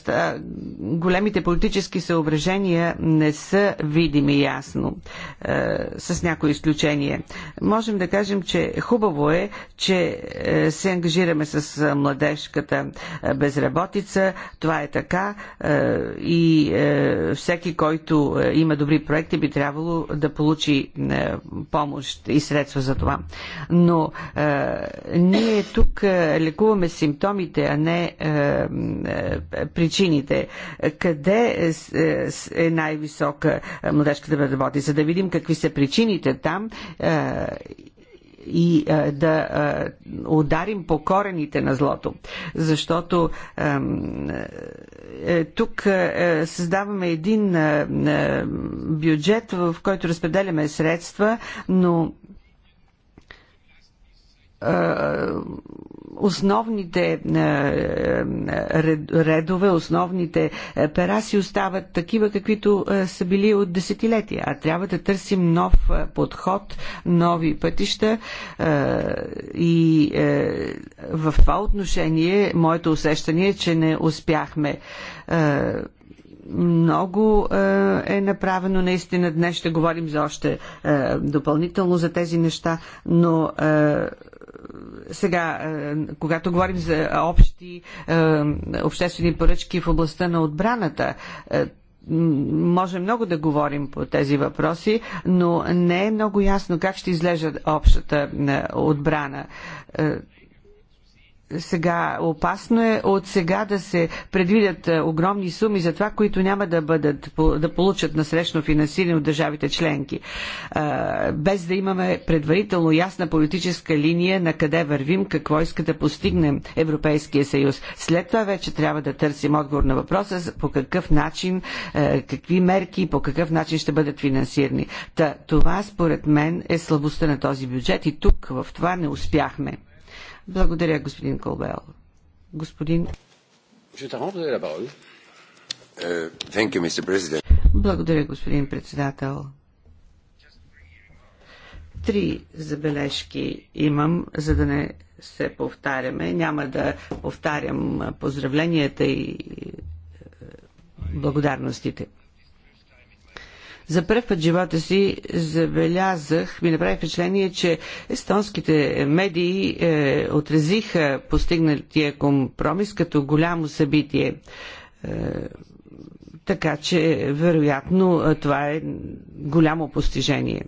е, големите политически съображения не са видими ясно, е, с някои изключения. Можем да кажем, че хубаво е, че се ангажираме с младежката безработица. Това е така и всеки, който има добри проекти, би трябвало да получи помощ и средства за това. Но ние тук лекуваме симптомите, а не причините. Къде е най-висока младежката безработица? За да видим какви са причините там е, и е, да е, ударим по корените на злото. Защото тук създаваме един бюджет, в който разпределяме средства, но основните редове, основните пера си остават такива, каквито са били от десетилетия. А трябва да търсим нов подход, нови пътища и в това отношение моето усещание е, че не успяхме много е направено наистина. Днес ще говорим за още допълнително за тези неща, но сега, е, когато говорим за общи е, обществени поръчки в областта на отбраната, е, може много да говорим по тези въпроси, но не е много ясно как ще излежат общата отбрана сега опасно е от сега да се предвидят е, огромни суми за това, които няма да бъдат да получат насрещно финансиране от държавите членки. Е, без да имаме предварително ясна политическа линия на къде вървим, какво иска да постигнем Европейския съюз. След това вече трябва да търсим отговор на въпроса по какъв начин, е, какви мерки и по какъв начин ще бъдат финансирани. Та, това според мен е слабостта на този бюджет и тук в това не успяхме. Благодаря, господин Колбел. Господин... Uh, Благодаря, господин председател. Три забележки имам, за да не се повтаряме. Няма да повтарям поздравленията и е, благодарностите. За първ път живота си забелязах, ми направи впечатление, че естонските медии е, отразиха постигнатия компромис като голямо събитие. Е, така че, вероятно, е, това е голямо постижение.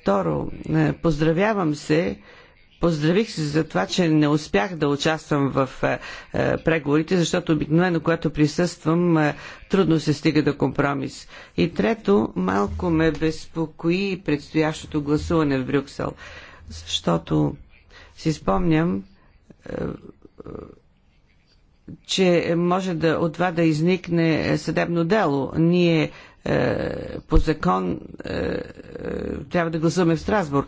Второ, е, поздравявам се Поздравих се за това, че не успях да участвам в е, е, преговорите, защото обикновено, когато присъствам, е, трудно се стига до компромис. И трето, малко ме безпокои предстоящото гласуване в Брюксел, защото си спомням, че може да, от това да изникне съдебно дело. Ние е, по закон е, е, трябва да гласуваме в Страсбург.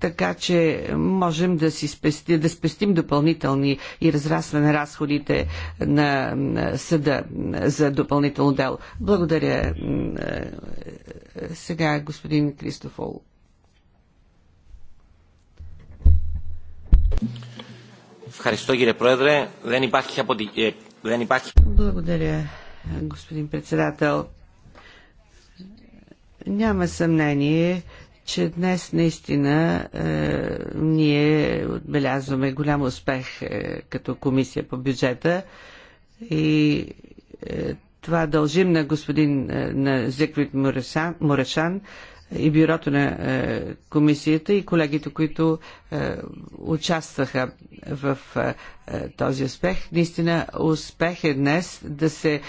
Така че можем да, си спести, да спестим допълнителни и на разходите на съда за допълнително дело. Благодаря. Сега господин Кристофол. Благодаря, господин председател. Няма съмнение, че днес наистина е, ние отбелязваме голям успех е, като комисия по бюджета и е, това дължим на господин е, на Зеквит и бюрото на е, комисията и колегите, които е, участваха в е, този успех. Наистина успех е днес да се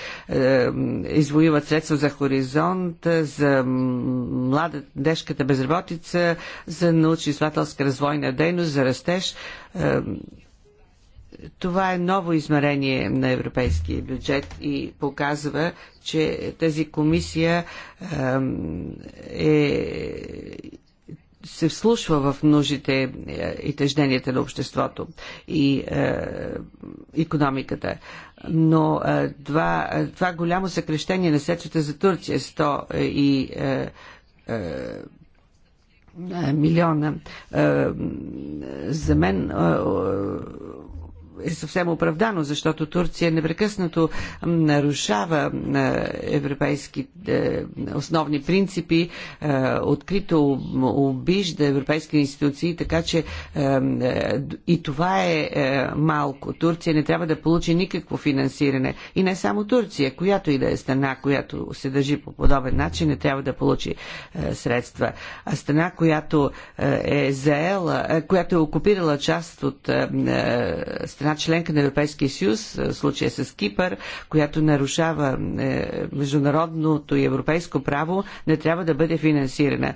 извоюват средства за хоризонт, за млада дежката безработица, за научно-изследователска развойна дейност, за растеж това е ново измерение на европейския бюджет и показва, че тази комисия е, се вслушва в нуждите е, и тъжденията на обществото и е, економиката. Но е, това, е, това голямо съкрещение на сечета за Турция 100 е, и е, е, милиона. За мен е съвсем оправдано, защото Турция непрекъснато нарушава е, европейски е, основни принципи, е, открито обижда европейски институции, така че и това е малко. Турция не трябва да получи никакво финансиране. И не само Турция, която и да е страна, която се държи по подобен начин, не трябва да получи средства. А страна, която е заела, която е окупирала част от страна, страна членка на Европейския съюз, в случая с Кипър, която нарушава е, международното и европейско право, не трябва да бъде финансирана.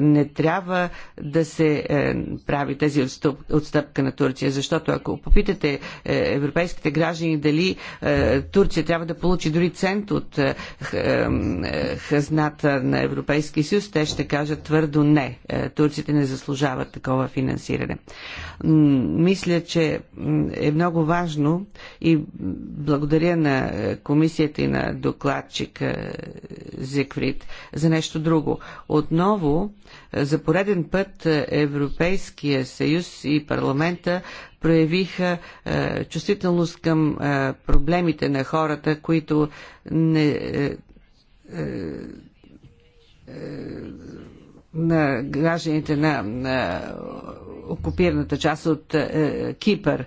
Не трябва да се е, прави тази отстъп, отстъпка на Турция, защото ако попитате е, европейските граждани дали Турция трябва да получи дори цент от хазната на Европейския съюз, те ще кажат твърдо не. Турците не заслужават такова финансиране. Мисля, че е много важно и благодаря на комисията и на докладчика Зикврид за нещо друго. Отново, за пореден път Европейския съюз и парламента проявиха е, чувствителност към е, проблемите на хората, които не. Е, е, е на гражданите на, на окупираната част от е, Кипър. Е,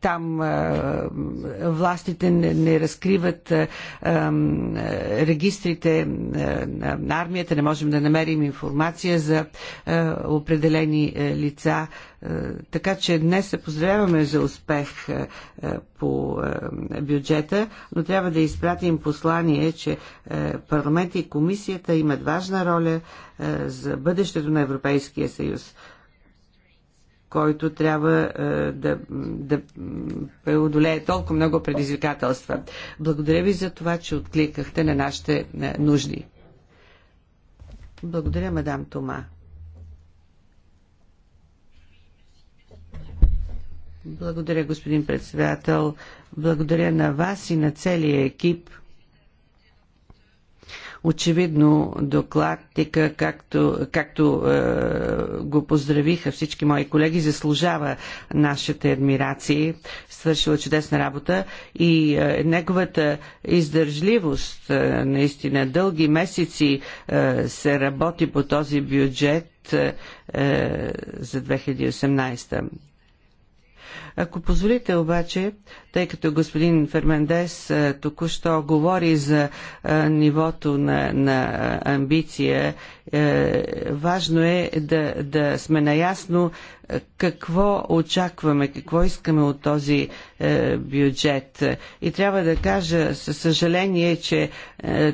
там властите не, не разкриват регистрите на армията, не можем да намерим информация за определени лица. Така че днес се поздравяваме за успех по бюджета, но трябва да изпратим послание, че парламент и комисията имат важна роля за бъдещето на Европейския съюз който трябва е, да, да преодолее толкова много предизвикателства. Благодаря ви за това, че откликахте на нашите нужди. Благодаря, мадам Тома. Благодаря, господин председател. Благодаря на вас и на целия екип. Очевидно докладтика, както, както е, го поздравиха всички мои колеги, заслужава нашите адмирации. Свършила чудесна работа и е, неговата издържливост, е, наистина дълги месеци е, се работи по този бюджет е, е за 2018. Ако позволите обаче, тъй като господин Фермендес току-що говори за нивото на, на амбиция, е, важно е да, да сме наясно какво очакваме, какво искаме от този е, бюджет. И трябва да кажа със съжаление, че е,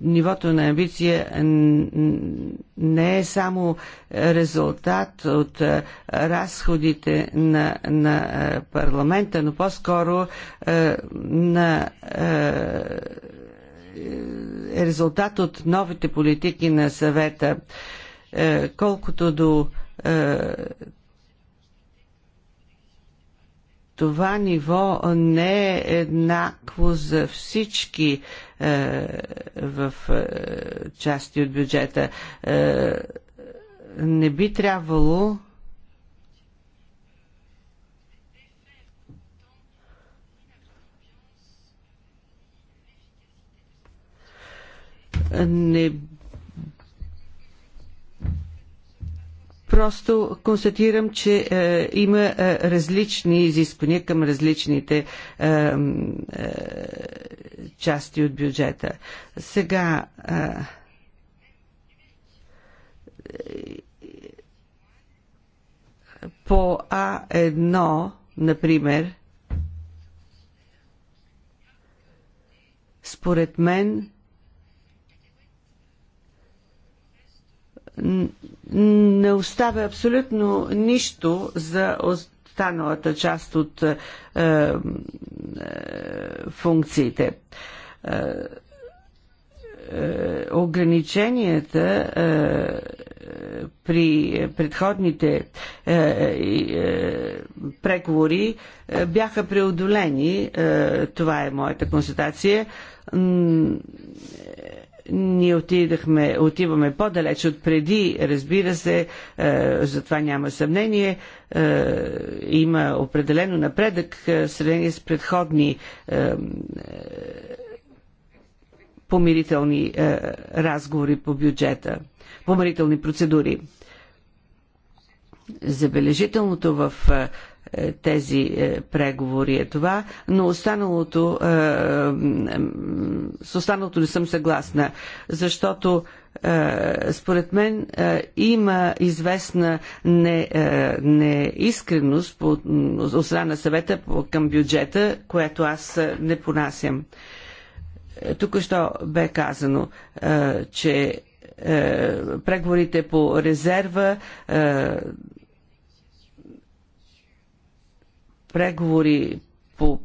нивото на амбиция не е само резултат от разходите на, на парламента, но по-скоро е, на е, е резултат от новите политики на съвета. Колкото до това ниво не е еднакво за всички в части от бюджета. Не би трябвало не Просто констатирам, че е, има е, различни изисквания към различните е, е, части от бюджета. Сега. Е, по А1, например, според мен, не оставя абсолютно нищо за останалата част от е, е, функциите. Е, е, ограниченията е, при предходните е, е, преговори е, бяха преодолени. Е, това е моята констатация ние отидахме, отиваме по-далеч от преди, разбира се, е, затова няма съмнение. Е, има определено напредък е, в сравнение с предходни е, помирителни е, разговори по бюджета, помирителни процедури. Забележителното в е, е, тези е, преговори е това, но останалото, е, с останалото не съм съгласна, защото според мен има известна не, неискреност от страна на съвета към бюджета, което аз не понасям. Тук що бе казано, че преговорите по резерва преговори по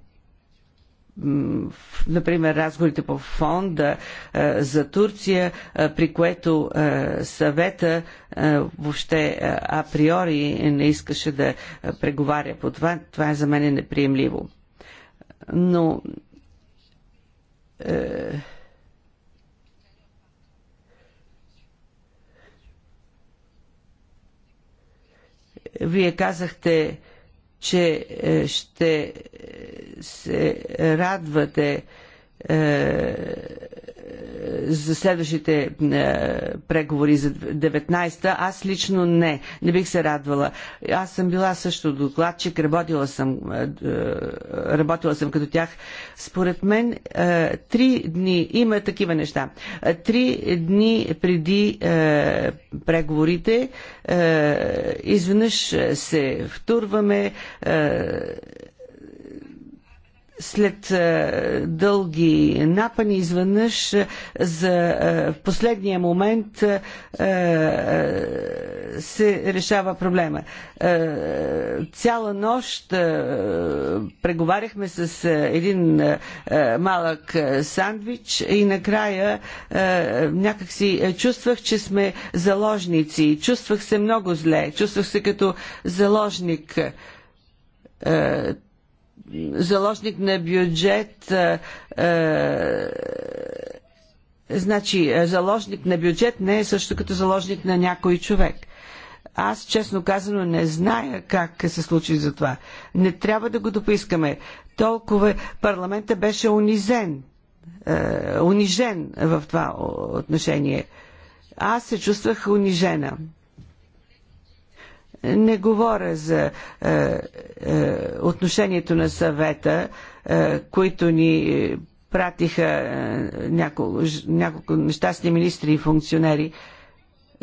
например, разговорите по фонда е, за Турция, е, при което е, съвета въобще априори не искаше да преговаря по това. Това е за мен неприемливо. Но а, вие казахте, че е, ще е, се радвате е, за следващите е, преговори за 19-та, аз лично не. Не бих се радвала. Аз съм била също докладчик, работила съм, е, работила съм като тях. Според мен, три дни, има такива неща. Три дни преди преговорите, изведнъж се втурваме, след е, дълги напани изведнъж е, за е, в последния момент се решава проблема. цяла нощ преговаряхме с един малък сандвич и накрая е, някакси чувствах, че сме заложници. Чувствах се много зле. Чувствах се като заложник заложник на бюджет е, е значи е, заложник на бюджет не е също като заложник на някой човек. Аз, честно казано, не зная как се случи за това. Не трябва да го допискаме. Толкова парламента беше унизен. Е, унижен в това отношение. Аз се чувствах унижена. Не говоря за е, е, отношението на съвета, е, които ни пратиха е, няколко, няколко нещастни министри и функционери,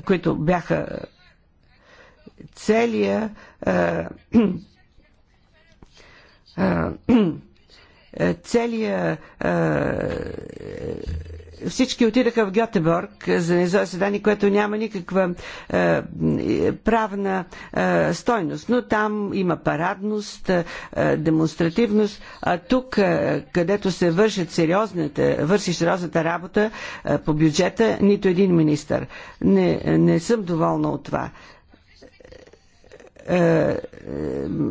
които бяха целия е, е, е целия е, всички отидаха в Гьотеборг за едно заседание, което няма никаква е, правна е, стойност. Но там има парадност, е, демонстративност, а тук, е, където се вършат сериозната, върши сериозната работа е, по бюджета, нито един министър. Не, не съм доволна от това. Е, е,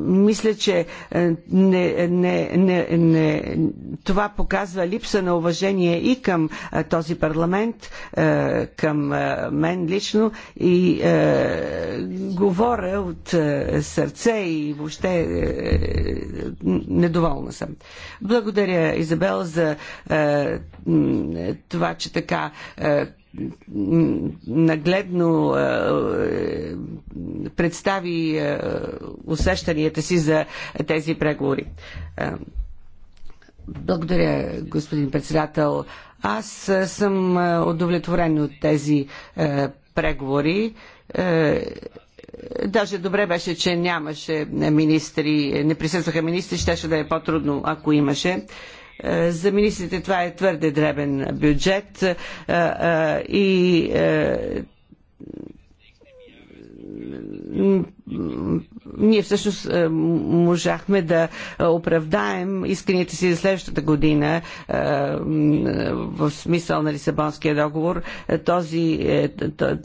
мисля, че е, не, не, не, не, това показва липса на уважение и към този парламент, към мен лично и говоря от сърце и въобще недоволна съм. Благодаря, Изабел, за това, че така нагледно е, представи усещанията си за тези преговори. Благодаря, господин председател. Аз съм удовлетворен от тези преговори. Даже добре беше, че нямаше министри, не присъстваха министри, щеше да е по-трудно, ако имаше. Е, за министрите това е твърде дребен бюджет е, е, и ние всъщност е, можахме да е, оправдаем исканията си за следващата година е, в смисъл на Лисабонския договор. Този,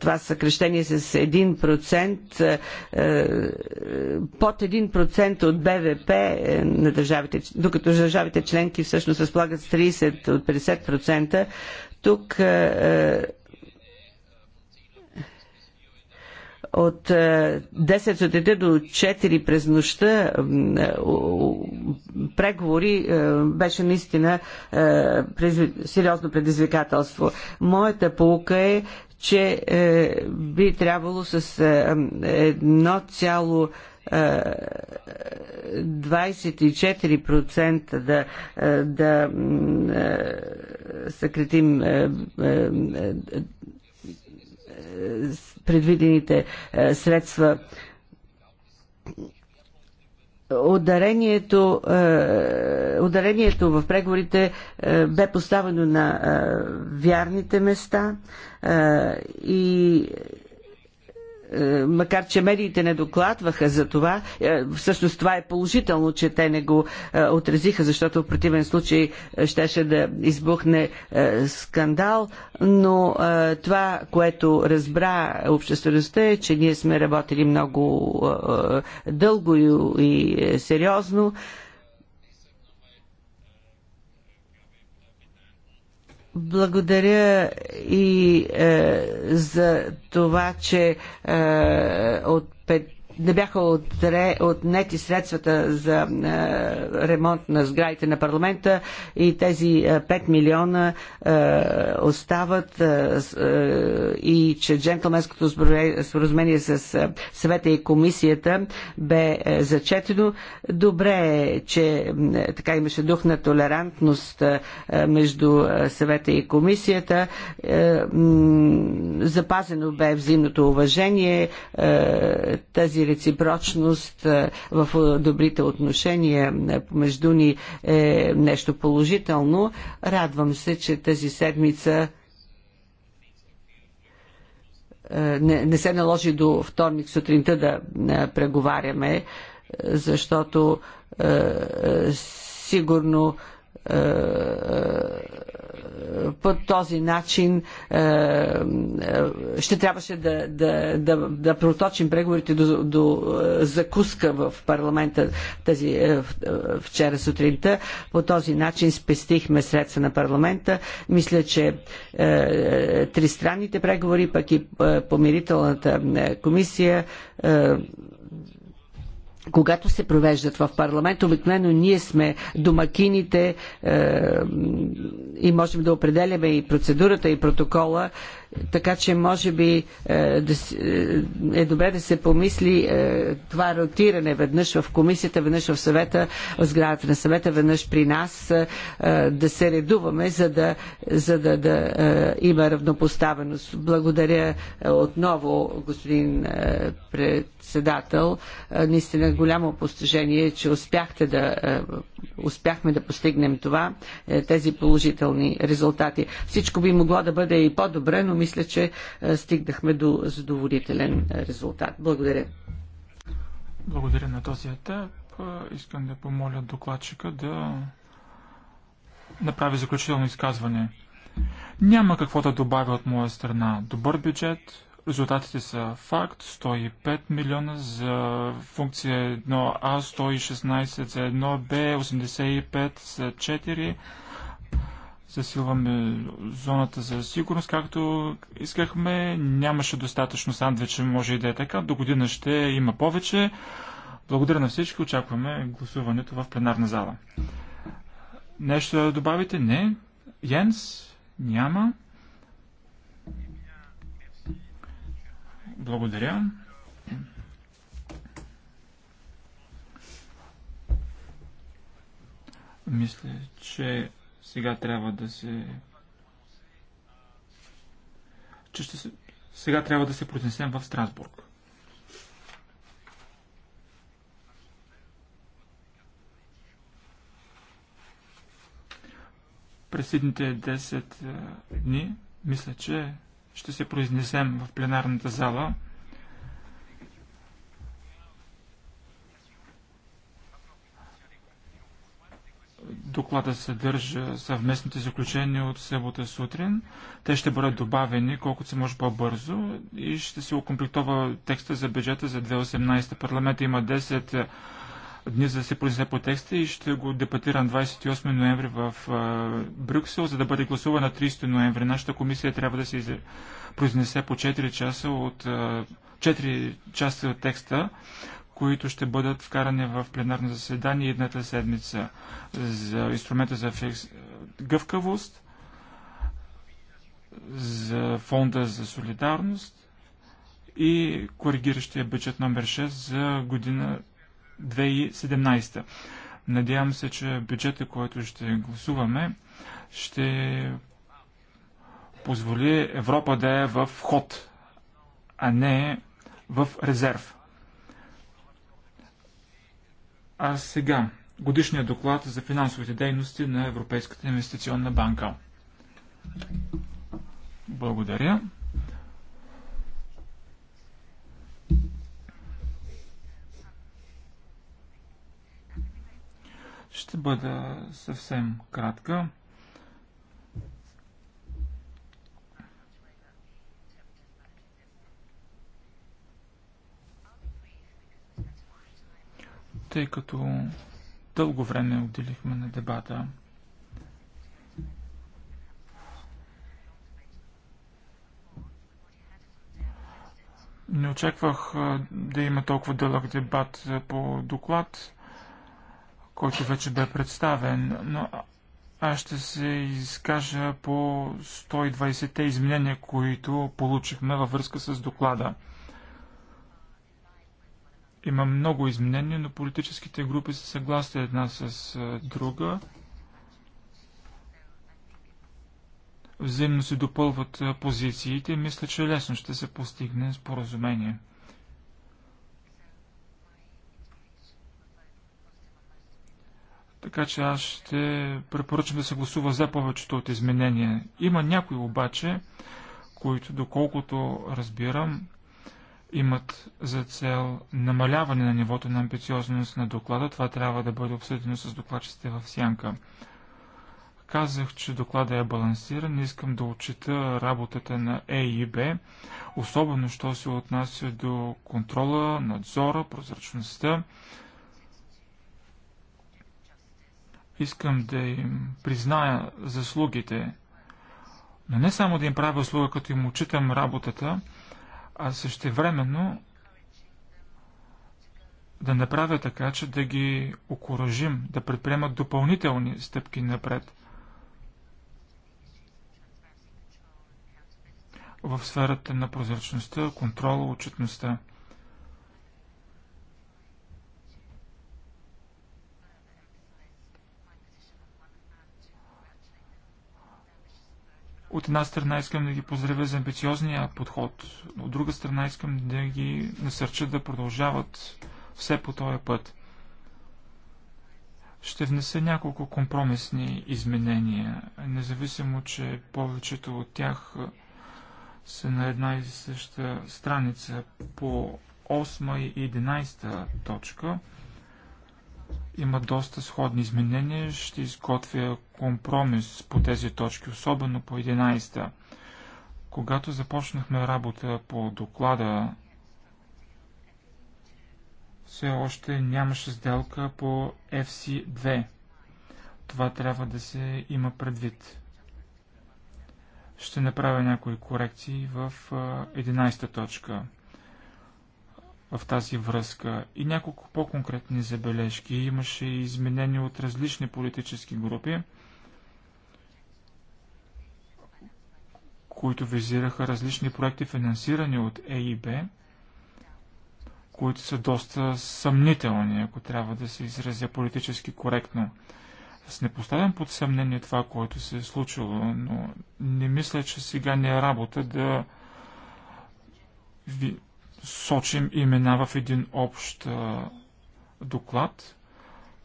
това съкрещение с 1% под 1% от БВП на държавите, докато държавите членки всъщност разполагат с 30 от 50%, тук от 10 е, сутринта до 4 през нощта е, преговори е, беше наистина сериозно предизвикателство. Моята полука е, че би трябвало с 1,24% 24% да, да съкретим предвидените е, средства ударението, е, ударението в преговорите е, бе поставено на вярните места и е, макар че медиите не докладваха за това, е, всъщност това е положително, че те не го е, отразиха, защото в противен случай щеше да избухне скандал, но това, което разбра обществеността е, че ние сме работили много дълго и сериозно. Благодаря и е, за това, че е, от пет не бяха отре, отнети средствата за е, ремонт на сградите на парламента и тези 5 е, милиона е, остават е, е и че джентлменското споразумение с е, съвета и комисията бе зачетено. Добре е, че така имаше дух на толерантност между съвета и комисията. запазено бе взаимното уважение. тази реципрочност е, в е, добрите отношения е, помежду ни е нещо положително. Радвам се, че тази седмица не, не се наложи до вторник сутринта да преговаряме, защото сигурно по този начин е, е, ще трябваше да, да, да, да проточим преговорите до, до е, закуска в парламента тази вчера сутринта. По този начин спестихме средства на парламента. Мисля, че тристранните преговори, пък и помирителната комисия когато се провеждат в парламент, обикновено ние сме домакините е, и можем да определяме и процедурата, и протокола, така че може би е, да, е, е добре да се помисли е, това ротиране веднъж в комисията, веднъж в съвета, в сградата на съвета, веднъж при нас, е, е да се редуваме, за да, за да, да е, има равнопоставеност. Благодаря е, отново, господин е, пред председател. Наистина голямо постижение, е, че успяхте да, успяхме да постигнем това, е, тези положителни резултати. Всичко би могло да бъде и по-добре, но мисля, че стигнахме до задоволителен резултат. Благодаря. Благодаря на този етап. Искам да помоля докладчика да направи заключително изказване. Няма какво да добавя от моя страна. Добър бюджет, Резултатите са факт. 105 милиона за функция 1А, 116 за 1Б, 85 за 4. Засилваме зоната за сигурност, както искахме. Нямаше достатъчно сандвича, може и да е така. До година ще има повече. Благодаря на всички. Очакваме гласуването в пленарна зала. Нещо да добавите? Не. Йенс? Няма. Благодаря. Мисля, че сега трябва да се... Че ще се... Сега трябва да се произнесем в Страсбург. През следните 10 е, дни, мисля, че ще се произнесем в пленарната зала. Доклада съдържа съвместните заключения от събота сутрин. Те ще бъдат добавени колкото се може по-бързо и ще се окомплектова текста за бюджета за 2018. Парламента има 10 дни за да се произнесе по текста и ще го на 28 ноември в Брюксел, за да бъде гласуван на 30 ноември. Нашата комисия трябва да се произнесе по 4 часа от 4 часа от текста, които ще бъдат вкарани в пленарно заседание едната седмица за инструмента за фикс... гъвкавост, за фонда за солидарност и коригиращия бюджет номер 6 за година 2017. Надявам се, че бюджета, който ще гласуваме, ще позволи Европа да е в ход, а не в резерв. А сега годишният доклад за финансовите дейности на Европейската инвестиционна банка. Благодаря. Ще бъда съвсем кратка. Тъй като дълго време отделихме на дебата, Не очаквах да има толкова дълъг дебат по доклад който вече бе представен, но аз ще се изкажа по 120-те изменения, които получихме във връзка с доклада. Има много изменения, но политическите групи са съгласни една с друга. Взаимно се допълват позициите и мисля, че лесно ще се постигне споразумение. Така че аз ще препоръчам да се гласува за повечето от изменения. Има някои обаче, които, доколкото разбирам, имат за цел намаляване на нивото на амбициозност на доклада. Това трябва да бъде обсъдено с докладчиците в сянка. Казах, че доклада е балансиран. Искам да отчита работата на Е и Б, особено що се отнася до контрола, надзора, прозрачността Искам да им призная заслугите, но не само да им правя услуга, като им учитам работата, а същевременно да направя така, че да ги окоръжим, да предприемат допълнителни стъпки напред. В сферата на прозрачността, контрола, отчетността. От една страна искам да ги поздравя за амбициозния подход, от друга страна искам да ги насърча да продължават все по този път. Ще внеса няколко компромисни изменения, независимо, че повечето от тях са на една и съща страница по 8 и 11 точка. Има доста сходни изменения. Ще изготвя компромис по тези точки, особено по 11-та. Когато започнахме работа по доклада, все още нямаше сделка по FC2. Това трябва да се има предвид. Ще направя някои корекции в 11-та точка в тази връзка и няколко по-конкретни забележки. Имаше и изменения от различни политически групи, които визираха различни проекти, финансирани от Е и Б, които са доста съмнителни, ако трябва да се изразя политически коректно. Аз не поставям под съмнение това, което се е случило, но не мисля, че сега не е работа да ви сочим имена в един общ доклад,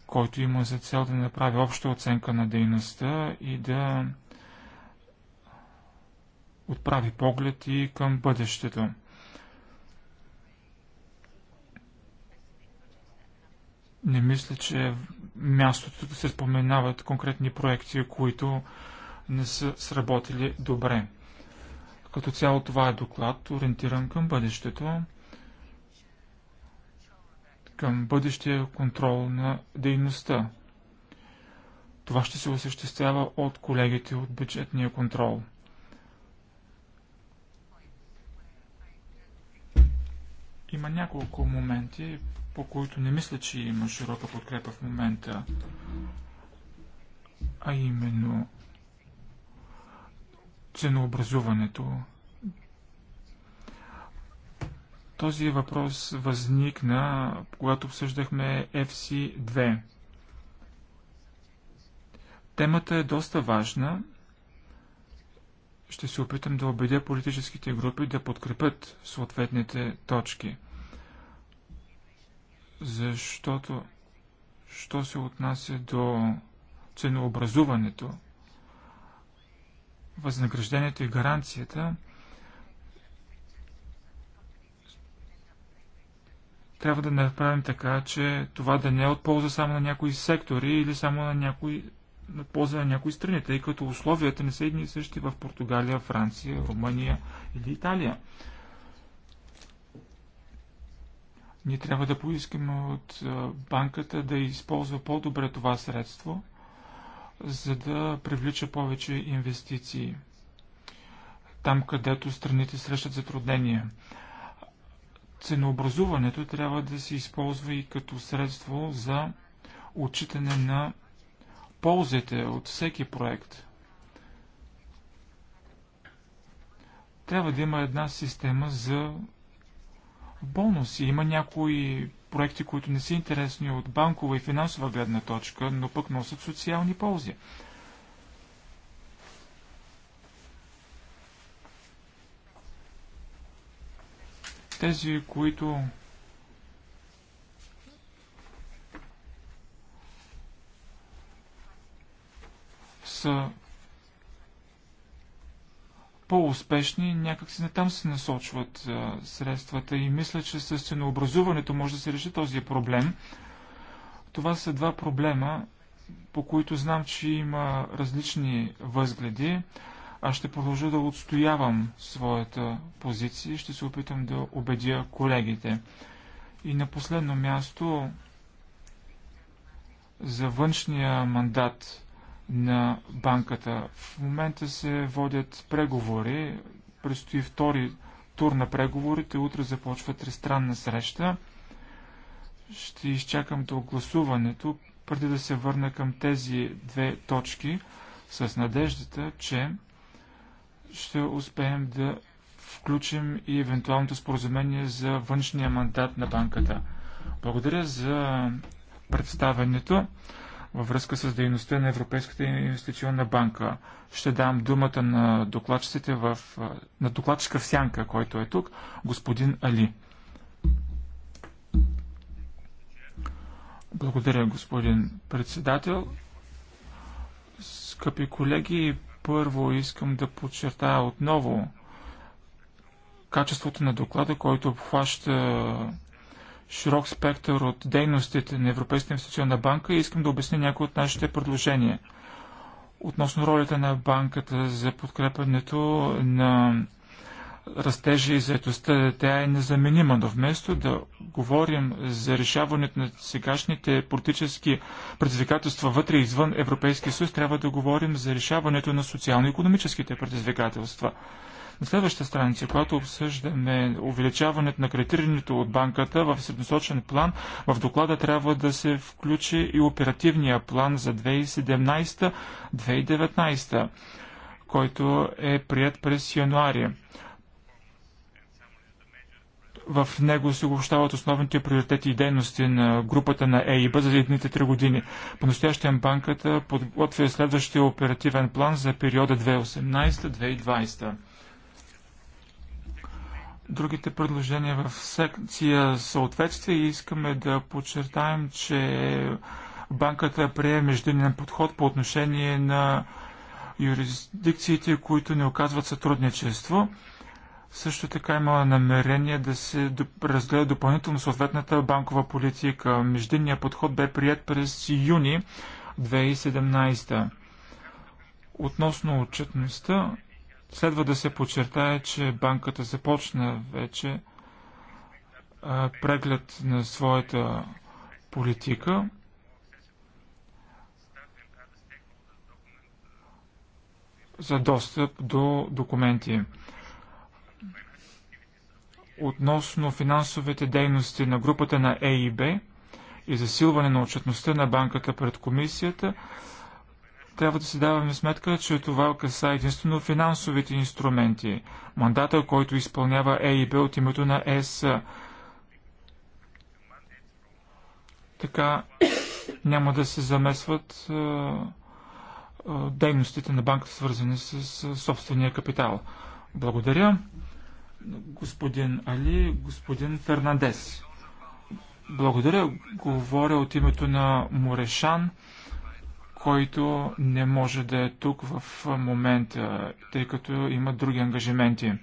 който има за цел да направи обща оценка на дейността и да отправи поглед и към бъдещето. Не мисля, че мястото да се споменават конкретни проекти, които не са сработили добре. Като цяло това е доклад, ориентиран към бъдещето, към бъдещия контрол на дейността. Това ще се осъществява от колегите от бюджетния контрол. Има няколко моменти, по които не мисля, че има широка подкрепа в момента, а именно ценообразуването. Този въпрос възникна, когато обсъждахме FC2. Темата е доста важна. Ще се опитам да убедя политическите групи да подкрепят съответните точки. Защото, що се отнася до ценообразуването, възнаграждението и гаранцията, трябва да направим така, че това да не е от полза само на някои сектори или само на някои на полза на някои страни, тъй като условията не са едни и същи в Португалия, Франция, Румъния или Италия. Ние трябва да поискаме от банката да използва по-добре това средство за да привлича повече инвестиции там, където страните срещат затруднения. Ценообразуването трябва да се използва и като средство за отчитане на ползите от всеки проект. Трябва да има една система за бонуси. Има някои проекти, които не са интересни от банкова и финансова гледна точка, но пък носят социални ползи. Тези, които са по-успешни, някакси не там се насочват а, средствата и мисля, че с ценообразуването може да се реши този проблем. Това са два проблема, по които знам, че има различни възгледи. Аз ще продължа да отстоявам своята позиция и ще се опитам да убедя колегите. И на последно място за външния мандат на банката. В момента се водят преговори, предстои втори тур на преговорите, утре започва тристранна среща. Ще изчакам до гласуването, преди да се върна към тези две точки, с надеждата, че ще успеем да включим и евентуалното споразумение за външния мандат на банката. Благодаря за представенето във връзка с дейността на Европейската инвестиционна банка. Ще дам думата на, докладчиците в, на докладчика в Сянка, който е тук, господин Али. Благодаря, господин председател. Скъпи колеги, първо искам да подчертая отново качеството на доклада, който обхваща широк спектър от дейностите на Европейската инвестиционна банка и искам да обясня някои от нашите предложения. Относно ролята на банката за подкрепането на растежа и заедостта. тя е незаменима, но вместо да говорим за решаването на сегашните политически предизвикателства вътре и извън Европейския съюз, трябва да говорим за решаването на социално-економическите предизвикателства – на следващата страница, когато обсъждаме увеличаването на кредитирането от банката в средносочен план, в доклада трябва да се включи и оперативния план за 2017-2019, който е прият през януари. В него се обобщават основните приоритети и дейности на групата на ЕИБ за едните три години. По-настоящен банката подготвя следващия оперативен план за периода 2018-2020 другите предложения в секция съответствие и искаме да подчертаем, че банката прие междинен подход по отношение на юрисдикциите, които не оказват сътрудничество. Също така има намерение да се разгледа допълнително съответната банкова политика. Междинният подход бе прият през юни 2017. Относно отчетността, Следва да се подчертае, че банката започна вече преглед на своята политика. за достъп до документи. Относно финансовите дейности на групата на ЕИБ и засилване на отчетността на банката пред комисията, трябва да си даваме сметка, че това каса единствено финансовите инструменти, мандата, който изпълнява Е и Б от името на ЕС. Така няма да се замесват дейностите на банката, свързани с собствения капитал. Благодаря. Господин Али, господин Фернандес. Благодаря. Говоря от името на Морешан който не може да е тук в момента, тъй като има други ангажименти.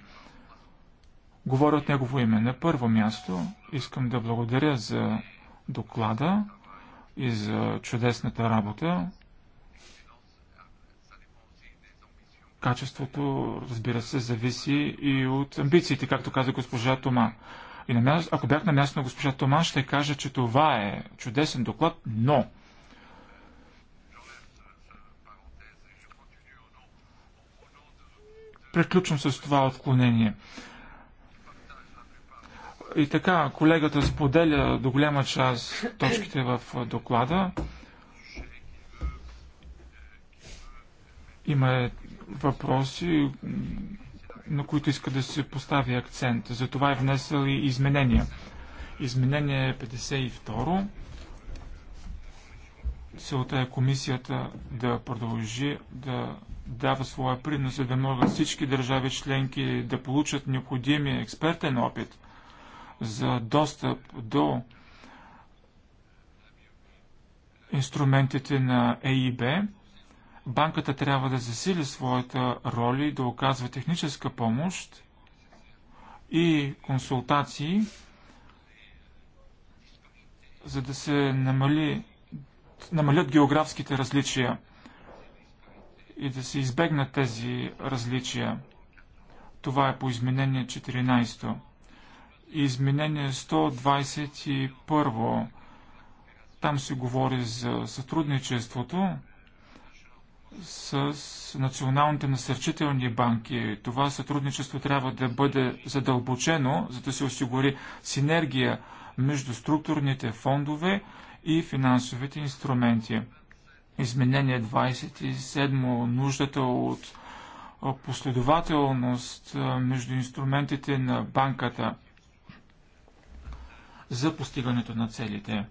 Говоря от негово име. На първо място искам да благодаря за доклада и за чудесната работа. Качеството, разбира се, зависи и от амбициите, както каза госпожа Тома. И на място, ако бях на място на госпожа Тома, ще кажа, че това е чудесен доклад, но Преключвам с това отклонение. И така, колегата споделя до голяма част точките в доклада. Има е, въпроси, на които иска да се постави акцент. Затова е внесъл и изменения. Изменение 52. Целта е комисията да продължи да дава своя принос, за да могат всички държави членки да получат необходимия експертен опит за достъп до инструментите на ЕИБ, банката трябва да засили своята роля и да оказва техническа помощ и консултации, за да се намали, намалят географските различия и да се избегнат тези различия. Това е по изменение 14. изменение 121. Там се говори за сътрудничеството с националните насърчителни банки. Това сътрудничество трябва да бъде задълбочено, за да се осигури синергия между структурните фондове и финансовите инструменти. Изменение 27. Нуждата от последователност между инструментите на банката за постигането на целите.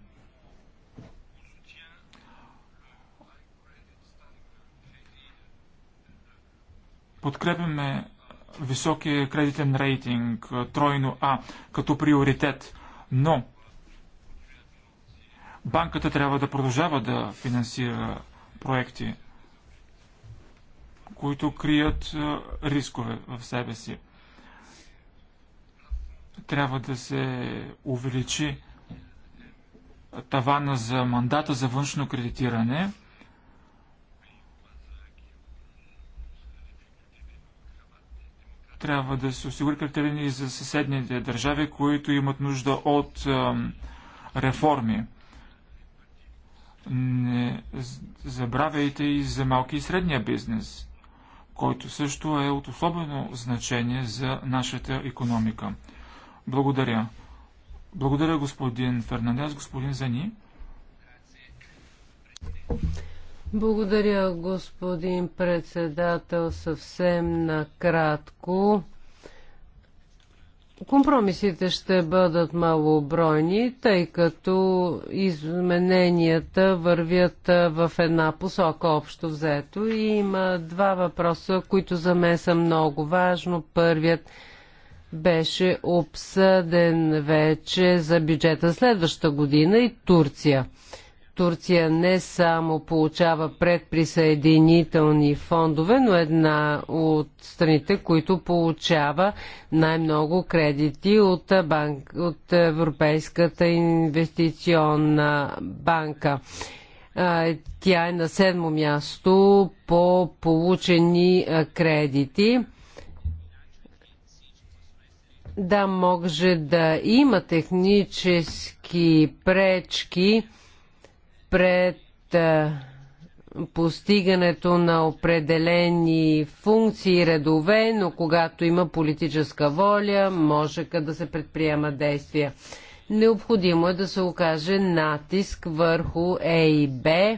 Подкрепяме високия кредитен рейтинг тройно А като приоритет, но банката трябва да продължава да финансира проекти, които крият е, рискове в себе си. Трябва да се увеличи тавана за мандата за външно кредитиране. Трябва да се осигури критерии за съседните държави, които имат нужда от реформи. Не забравяйте и за малки и средния бизнес, който също е от особено значение за нашата економика. Благодаря. Благодаря господин Фернандес, господин Зани. Благодаря, господин председател. Съвсем накратко. Компромисите ще бъдат малобройни, тъй като измененията вървят в една посока общо взето и има два въпроса, които за мен са много важно. Първият беше обсъден вече за бюджета следващата година и Турция. Турция не само получава предприсъединителни фондове, но една от страните, които получава най-много кредити от, банк, от Европейската инвестиционна банка. Тя е на седмо място по получени кредити. Да, може да има технически пречки, пред постигането на определени функции и редове, но когато има политическа воля, може да се предприема действия. Необходимо е да се окаже натиск върху Е и Б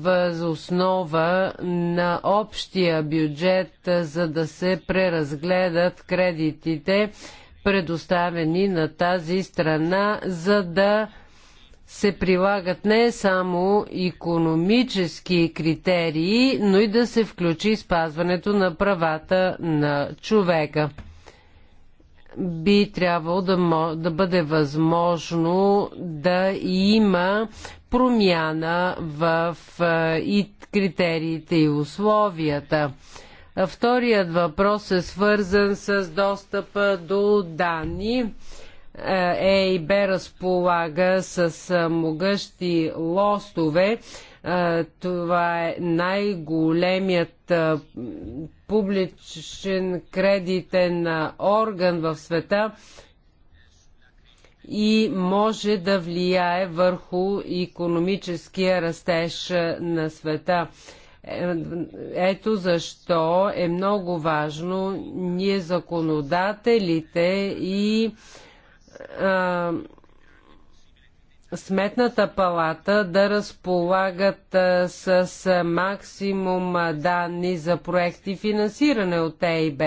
въз основа на общия бюджет, за да се преразгледат кредитите, предоставени на тази страна, за да се прилагат не само економически критерии, но и да се включи спазването на правата на човека. Би трябвало да, да бъде възможно да има промяна в и критериите и условията. Вторият въпрос е свързан с достъпа до данни. ЕИБ разполага с могъщи лостове. Това е най-големият публичен кредитен орган в света и може да влияе върху економическия растеж на света. Е, ето защо е много важно ние законодателите и е, сметната палата да разполагат а, е, с е, максимум данни за проекти финансиране от ЕИБ.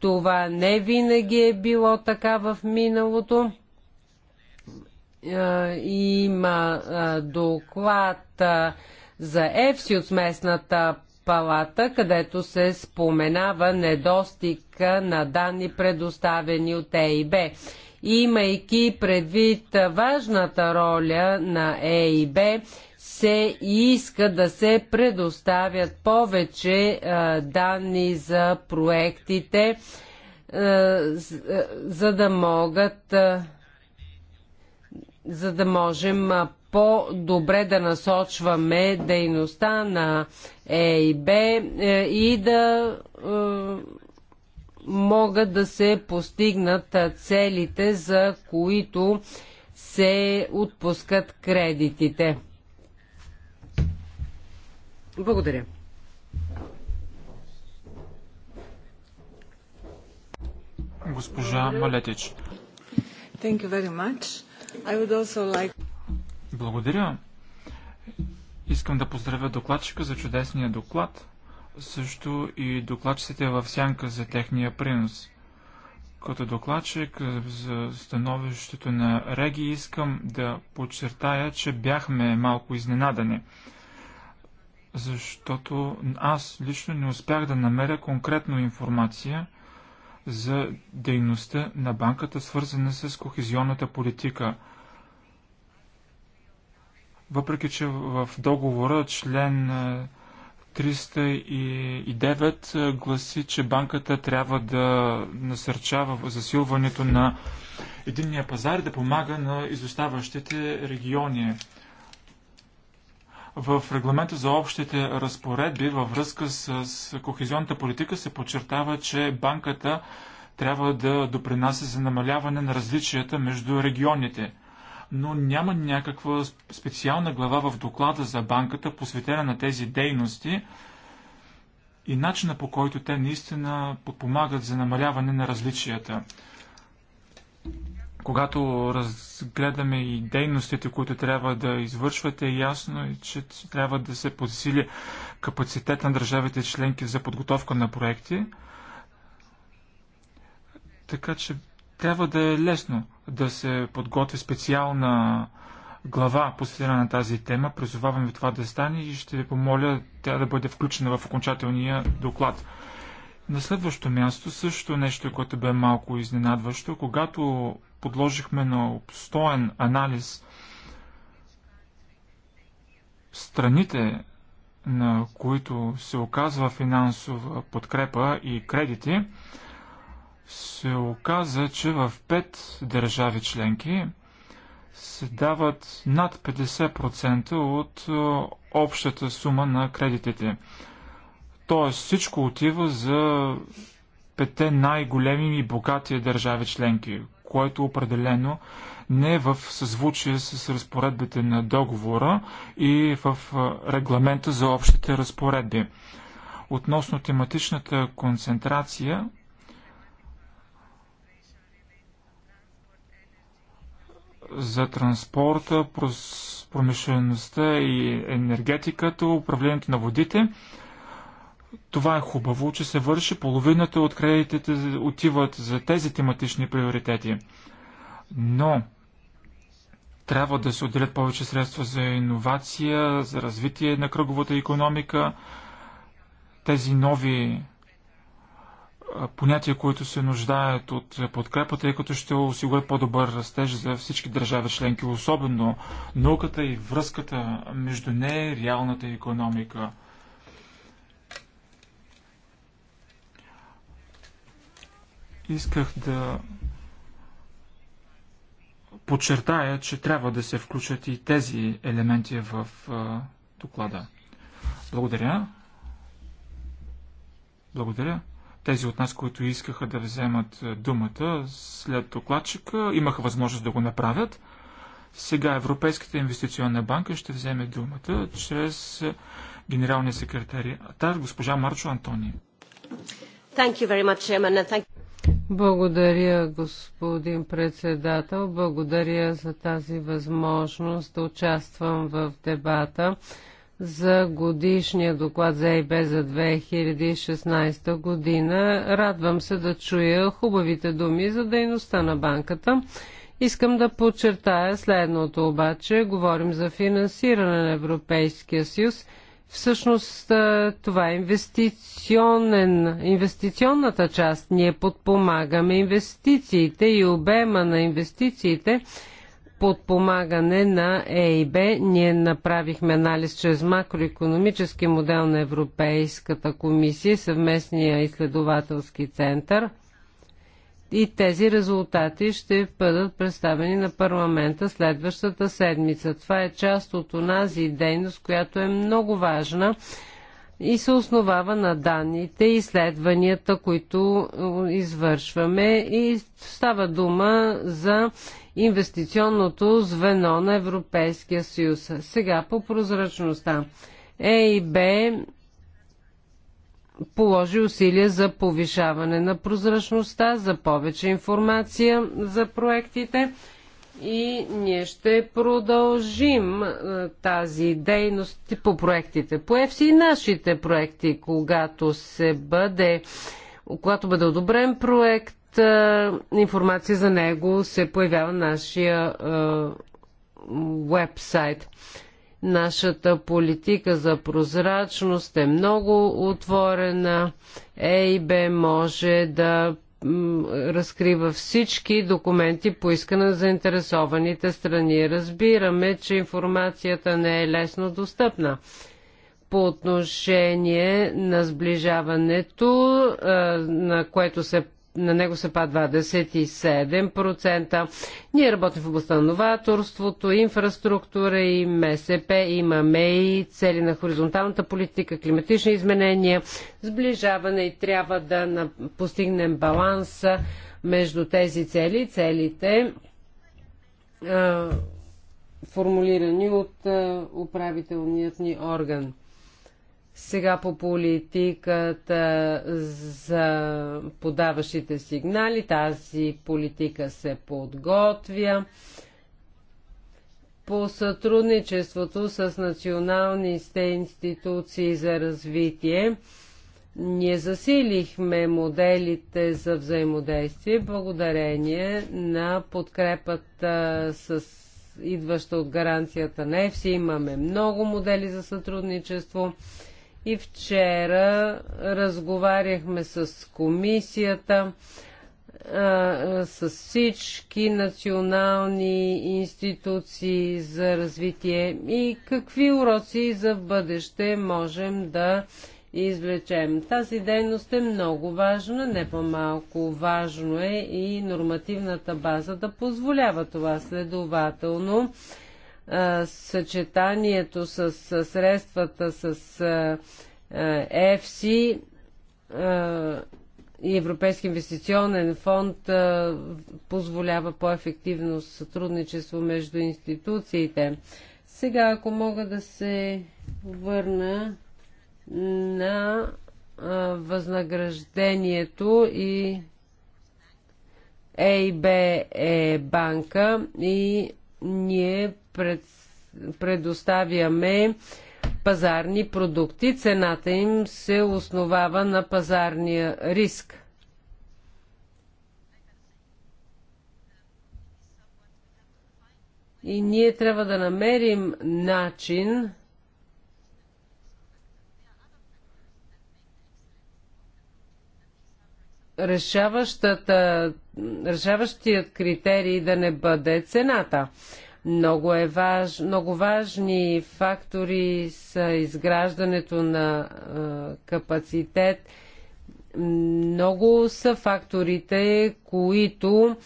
Това не винаги е било така в миналото. Има доклад за ЕФСИ от Сметната палата, където се споменава недостиг на данни предоставени от ЕИБ имайки предвид важната роля на ЕИБ, се иска да се предоставят повече а, е, данни за проектите, а, е, е, за, да могат а, за да можем по-добре да насочваме дейността на ЕИБ и да могат да се постигнат целите, за които се отпускат кредитите. Благодаря. Госпожа Малетич. Thank you very much. I would also like... Благодаря. Искам да поздравя докладчика за чудесния доклад също и докладчиците в сянка за техния принос. Като докладчик за становището на Реги искам да подчертая, че бяхме малко изненадани, защото аз лично не успях да намеря конкретно информация за дейността на банката, свързана с кохезионната политика. Въпреки, че в договора член 309 гласи, че банката трябва да насърчава засилването на единния пазар и да помага на изоставащите региони. В регламента за общите разпоредби във връзка с кохезионната политика се подчертава, че банката трябва да допринася за намаляване на различията между регионите – но няма някаква специална глава в доклада за банката, посветена на тези дейности и начина по който те наистина подпомагат за намаляване на различията. Когато разгледаме и дейностите, които трябва да извършвате, е ясно, че трябва да се подсили капацитет на държавите членки за подготовка на проекти. Така че трябва да е лесно да се подготви специална глава, посветена на тази тема. Призовавам ви това да стане и ще ви помоля тя да бъде включена в окончателния доклад. На следващо място също нещо, което бе малко изненадващо. Когато подложихме на обстоен анализ страните, на които се оказва финансова подкрепа и кредити, се оказа, че в пет държави членки се дават над 50% от е, общата сума на кредитите. Тоест всичко отива за пете най-големи и богати държави членки, което определено не е в съзвучие с разпоредбите на договора и в е, регламента за общите разпоредби. Относно тематичната концентрация, за транспорта, промишлеността и енергетиката, управлението на водите. Това е хубаво, че се върши. Половината от кредитите отиват за тези тематични приоритети. Но трябва да се отделят повече средства за иновация, за развитие на кръговата економика, тези нови понятия, които се нуждаят от подкрепа, тъй като ще осигури по-добър растеж за всички държави членки, особено науката и връзката между нея и реалната економика. Исках да подчертая, че трябва да се включат и тези елементи в доклада. Благодаря. Благодаря. Тези от нас, които искаха да вземат е, думата след докладчика, имаха възможност да го направят. Сега Европейската инвестиционна банка ще вземе думата чрез е, генералния секретар госпожа Марчо Антони. Much, Благодаря, господин председател. Благодаря за тази възможност да участвам в дебата за годишния доклад за ЕБ за 2016 година. Радвам се да чуя хубавите думи за дейността на банката. Искам да подчертая следното обаче. Говорим за финансиране на Европейския съюз. Всъщност това е инвестиционен, инвестиционната част. Ние подпомагаме инвестициите и обема на инвестициите – подпомагане на ЕИБ. Ние направихме анализ чрез макроекономически модел на Европейската комисия съвместния изследователски център. И тези резултати ще бъдат представени на парламента следващата седмица. Това е част от онази дейност, която е много важна и се основава на данните и изследванията, които е, извършваме и става дума за инвестиционното звено на Европейския съюз. Сега по прозрачността. Е Б положи усилия за повишаване на прозрачността, за повече информация за проектите и ние ще продължим тази дейност по проектите. По и нашите проекти, когато се бъде, когато бъде одобрен проект, информация за него се появява на нашия вебсайт. Нашата политика за прозрачност е много отворена. ЕИБ може да разкрива всички документи, поискана за заинтересованите страни. Разбираме, че информацията не е лесно достъпна. По отношение на сближаването, на което се на него се пада 27%. Ние работим в областта на новаторството, инфраструктура и МСП. Имаме и цели на хоризонталната политика, климатични изменения, сближаване и трябва да постигнем баланса между тези цели, целите формулирани от управителният ни орган. Сега по политиката за подаващите сигнали, тази политика се подготвя. По сътрудничеството с националните институции за развитие, ние засилихме моделите за взаимодействие благодарение на подкрепата с идваща от гаранцията на ЕФСИ. Имаме много модели за сътрудничество и вчера разговаряхме с комисията, с всички национални институции за развитие и какви уроци за бъдеще можем да извлечем. Тази дейност е много важна, не по-малко важно е и нормативната база да позволява това следователно съчетанието с средствата с ЕФСИ и Европейски инвестиционен фонд позволява по-ефективно сътрудничество между институциите. Сега, ако мога да се върна на възнаграждението и ЕИБ е банка и ние пред, предоставяме пазарни продукти. Цената им се основава на пазарния риск. И ние трябва да намерим начин решаващият критерий да не бъде цената. Много, е важ, много важни фактори са изграждането на а, капацитет. Много са факторите, които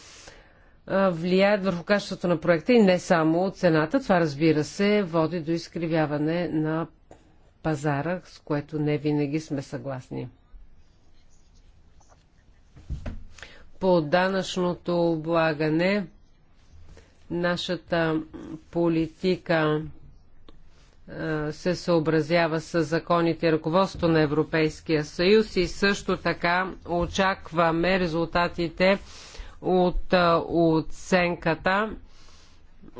влияят върху качеството на проекта и не само цената. Това, разбира се, води до изкривяване на пазара, с което не винаги сме съгласни. По данъчното облагане Нашата политика се съобразява с законите и ръководство на Европейския съюз и също така очакваме резултатите от оценката,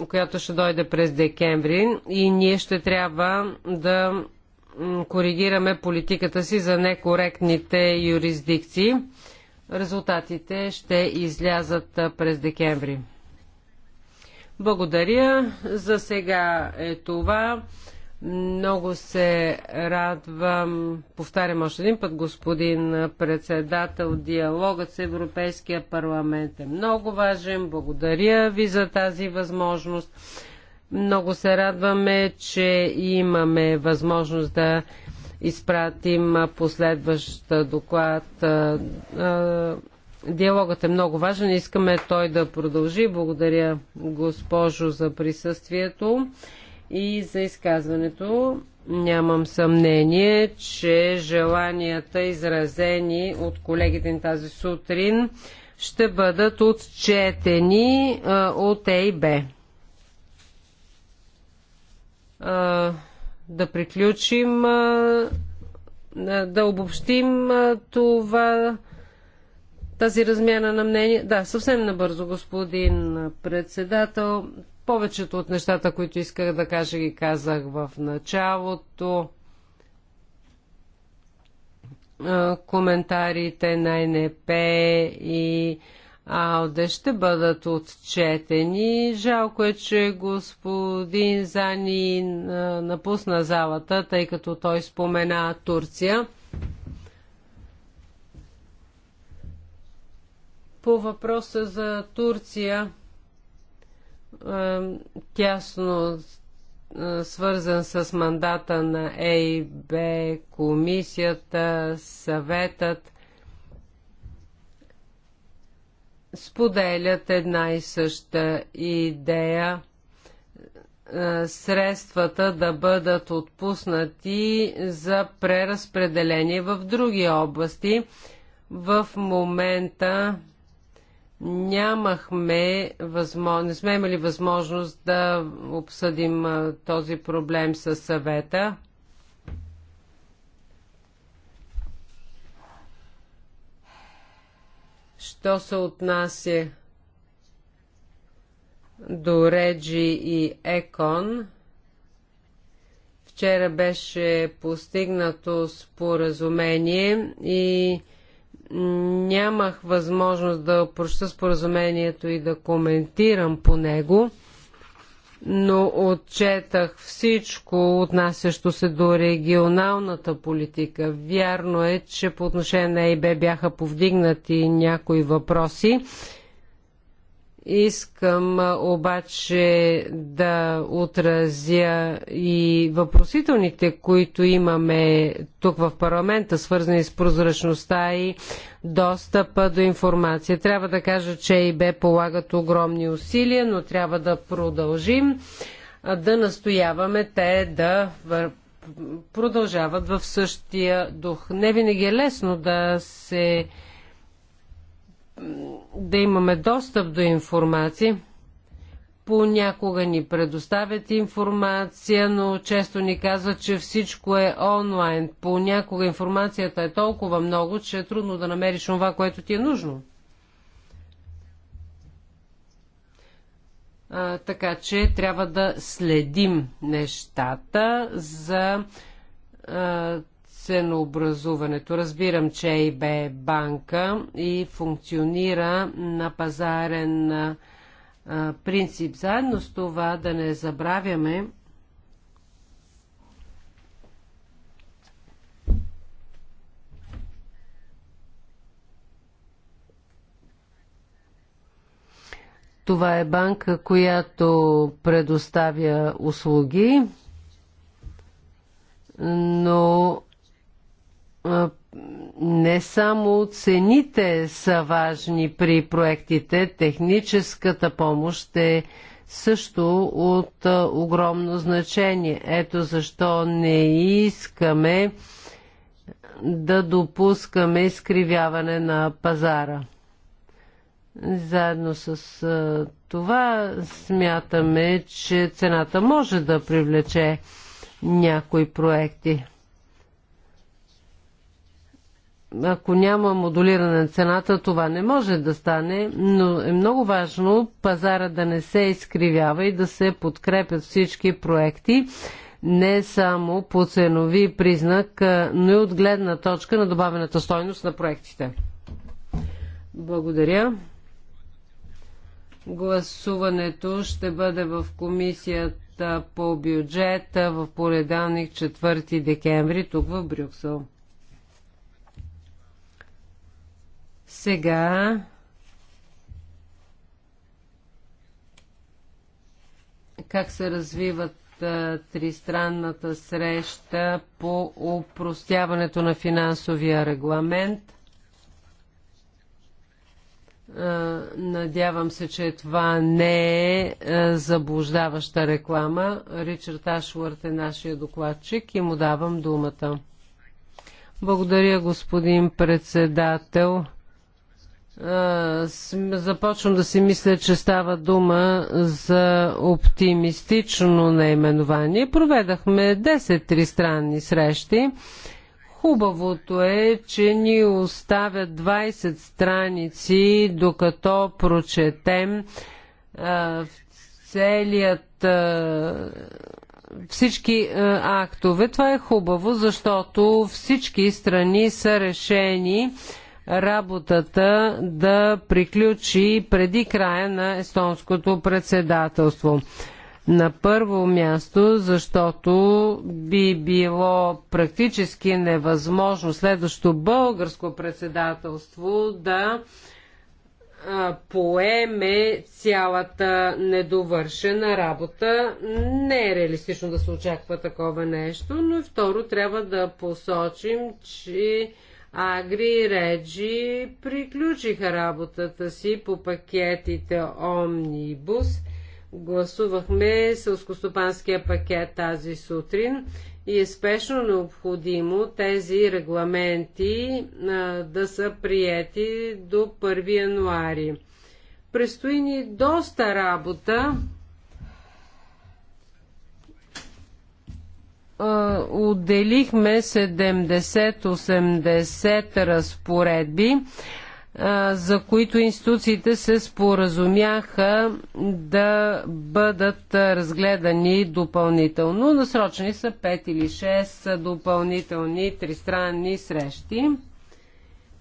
която ще дойде през декември и ние ще трябва да коригираме политиката си за некоректните юрисдикции. Резултатите ще излязат през декември. Благодаря. За сега е това. Много се радвам, повтарям още един път, господин председател, диалогът с Европейския парламент е много важен. Благодаря ви за тази възможност. Много се радваме, че имаме възможност да изпратим последващ доклад Диалогът е много важен. Искаме той да продължи. Благодаря, госпожо, за присъствието и за изказването. Нямам съмнение, че желанията, изразени от колегите ни тази сутрин, ще бъдат отчетени а, от ЕИБ. Да приключим, а, да обобщим а, това тази размяна на мнение. Да, съвсем набързо, господин председател. Повечето от нещата, които исках да кажа, ги казах в началото. Коментарите на НП и Алде ще бъдат отчетени. Жалко е, че господин Зани напусна залата, тъй като той спомена Турция. По въпроса за Турция, е, тясно е, свързан с мандата на ЕИБ, комисията, съветът, споделят една и съща идея е, средствата да бъдат отпуснати за преразпределение в други области. В момента нямахме възможност, не сме имали възможност да обсъдим този проблем с съвета. Що се отнася до Реджи и Екон, вчера беше постигнато споразумение и Нямах възможност да прочета споразумението и да коментирам по него, но отчетах всичко, отнасящо се до регионалната политика. Вярно е, че по отношение на ЕИБ бяха повдигнати някои въпроси Искам обаче да отразя и въпросителните, които имаме тук в парламента, свързани с прозрачността и достъпа до информация. Трябва да кажа, че и бе полагат огромни усилия, но трябва да продължим да настояваме те да продължават в същия дух. Не винаги е лесно да се да имаме достъп до информация. Понякога ни предоставят информация, но често ни казват, че всичко е онлайн. Понякога информацията е толкова много, че е трудно да намериш това, което ти е нужно. А, така че трябва да следим нещата за а, ценообразуването. Разбирам, че ЕИБ е банка и функционира на пазарен а, принцип. Заедно с това да не забравяме, Това е банка, която предоставя услуги, но не само цените са важни при проектите, техническата помощ е също от огромно значение. Ето защо не искаме да допускаме изкривяване на пазара. Заедно с това смятаме, че цената може да привлече някои проекти ако няма модулиране на цената, това не може да стане, но е много важно пазара да не се изкривява и да се подкрепят всички проекти, не само по ценови признак, но и от гледна точка на добавената стойност на проектите. Благодаря. Гласуването ще бъде в комисията по бюджета в понеделник 4 декември тук в Брюксел. Сега как се развиват а, тристранната среща по упростяването на финансовия регламент. А, надявам се, че това не е а, заблуждаваща реклама. Ричард Ашвард е нашия докладчик и му давам думата. Благодаря, господин председател започвам да си мисля, че става дума за оптимистично наименование. Проведахме 10 тристранни срещи. Хубавото е, че ни оставят 20 страници, докато прочетем целият всички актове. Това е хубаво, защото всички страни са решени работата да приключи преди края на естонското председателство. На първо място, защото би било практически невъзможно следващото българско председателство да поеме цялата недовършена работа. Не е реалистично да се очаква такова нещо, но и второ трябва да посочим, че Агри и Реджи приключиха работата си по пакетите Омнибус. Гласувахме сълскостопанския пакет тази сутрин и е спешно необходимо тези регламенти а, да са приети до 1 януари. Престои ни доста работа, Е, отделихме 70-80 разпоредби, е, за които институциите се споразумяха да бъдат разгледани допълнително. Насрочени са 5 или 6 допълнителни тристранни срещи.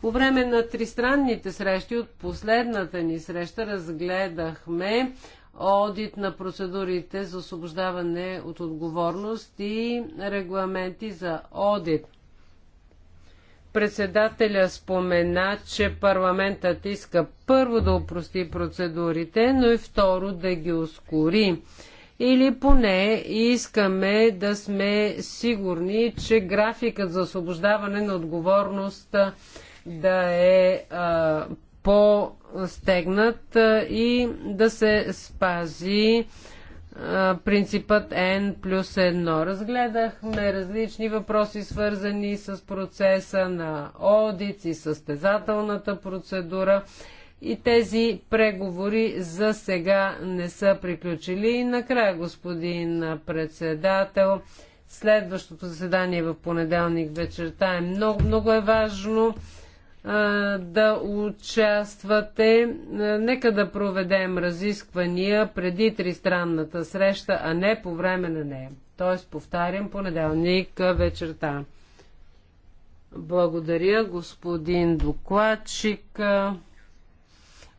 По време на тристранните срещи от последната ни среща разгледахме одит на процедурите за освобождаване от отговорност и регламенти за одит. Председателя спомена, че парламентът иска първо да упрости процедурите, но и второ да ги ускори. Или поне искаме да сме сигурни, че графикът за освобождаване на отговорност да е а, по-стегнат и да се спази принципът N плюс 1. Разгледахме различни въпроси, свързани с процеса на одит и състезателната процедура. И тези преговори за сега не са приключили. И накрая, господин председател, следващото заседание в понеделник вечерта е много, много е важно да участвате. Нека да проведем разисквания преди тристранната среща, а не по време на нея. Тоест, повтарям, понеделник вечерта. Благодаря, господин докладчик.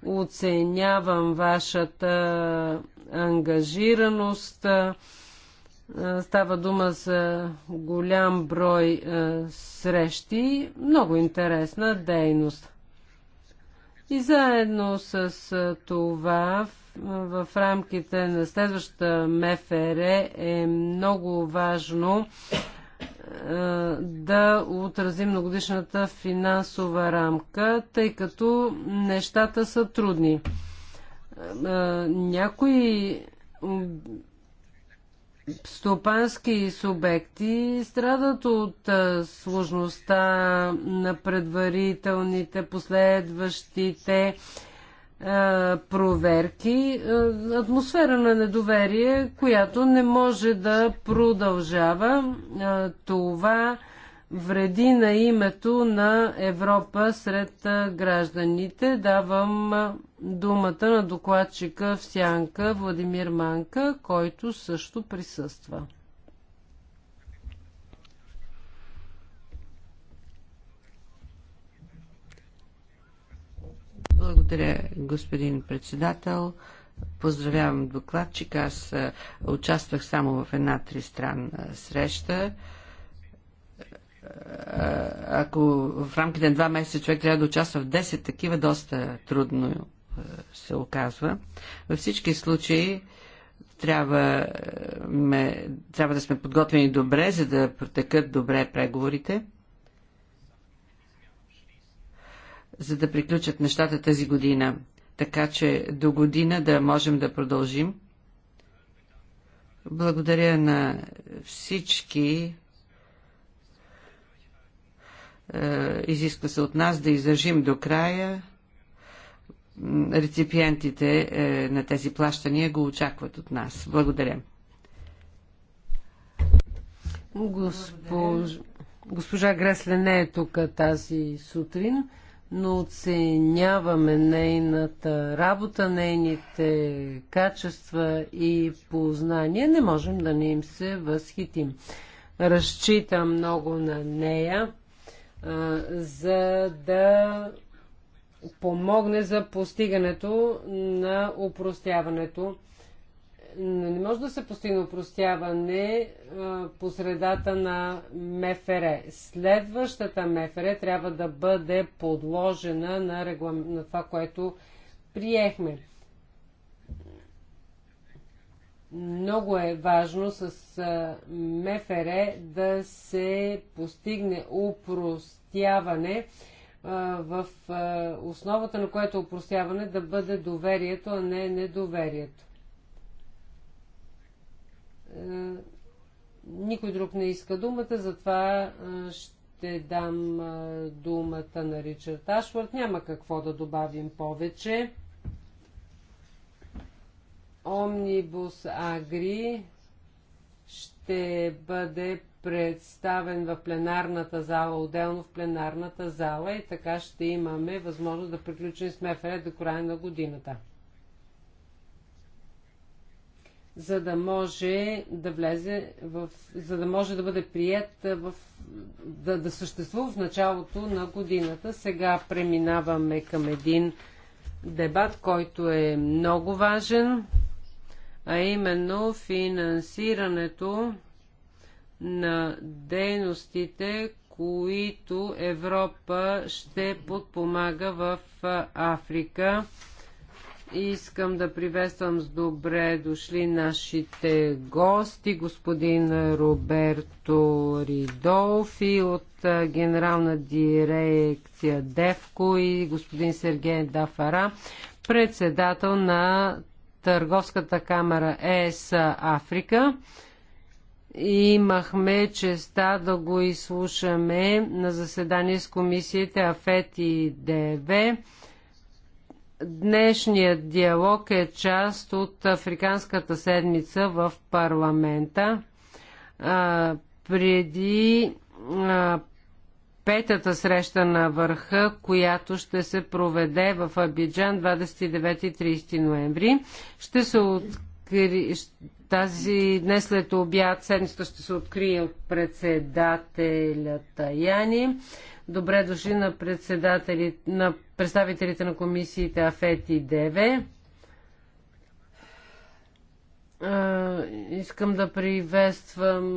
Оценявам вашата ангажираност. Става дума за голям брой срещи, много интересна дейност. И заедно с това в рамките на следващата МФР е много важно да отразим многодишната финансова рамка, тъй като нещата са трудни. Някои стопански субекти страдат от сложността на предварителните, последващите проверки, атмосфера на недоверие, която не може да продължава. Това вреди на името на Европа сред гражданите. Давам думата на докладчика в Сянка Владимир Манка, който също присъства. Благодаря, господин председател. Поздравявам докладчик. Аз участвах само в една тристранна среща. Е, ако в рамките на два месеца човек трябва да участва в 10 такива, доста трудно е, се оказва. Във всички случаи трябва, ме, трябва да сме подготвени добре, за да протекат добре преговорите. за да приключат нещата тази година, така че до година да можем да продължим. Благодаря на всички е, изисква се от нас да издържим до края. Реципиентите е, на тези плащания го очакват от нас. Благодаря. Госпож... Госпожа Гресле не е тук тази сутрин, но оценяваме нейната работа, нейните качества и познания. Не можем да не им се възхитим. Разчитам много на нея за да помогне за постигането на упростяването. Не може да се постигне упростяване по средата на МФР. Следващата МФР трябва да бъде подложена на, реглам... на това, което приехме. Много е важно с МФР да се постигне упростяване в основата на което упростяване да бъде доверието, а не недоверието. Никой друг не иска думата, затова ще дам думата на Ричард Ашвард. Няма какво да добавим повече. Омнибус Агри ще бъде представен в пленарната зала, отделно в пленарната зала и така ще имаме възможност да приключим с МФР до края на годината. За да може да влезе в, за да може да бъде прият в, да, да съществува в началото на годината. Сега преминаваме към един дебат, който е много важен а именно финансирането на дейностите, които Европа ще подпомага в Африка. Искам да приветствам с добре дошли нашите гости, господин Роберто Ридолфи от Генерална дирекция ДЕВКО и господин Сергей Дафара, председател на Търговската камера ЕС Африка. И имахме честа да го изслушаме на заседание с комисиите АФЕТ и ДВ. Днешният диалог е част от Африканската седмица в парламента. А, преди а, петата среща на върха, която ще се проведе в Абиджан 29-30 ноември. Ще се откри... Тази днес след обяд седмицата ще се открие от председателя Таяни. Добре дошли на, председатели... на представителите на комисиите АФЕТ и Деве искам да приветствам,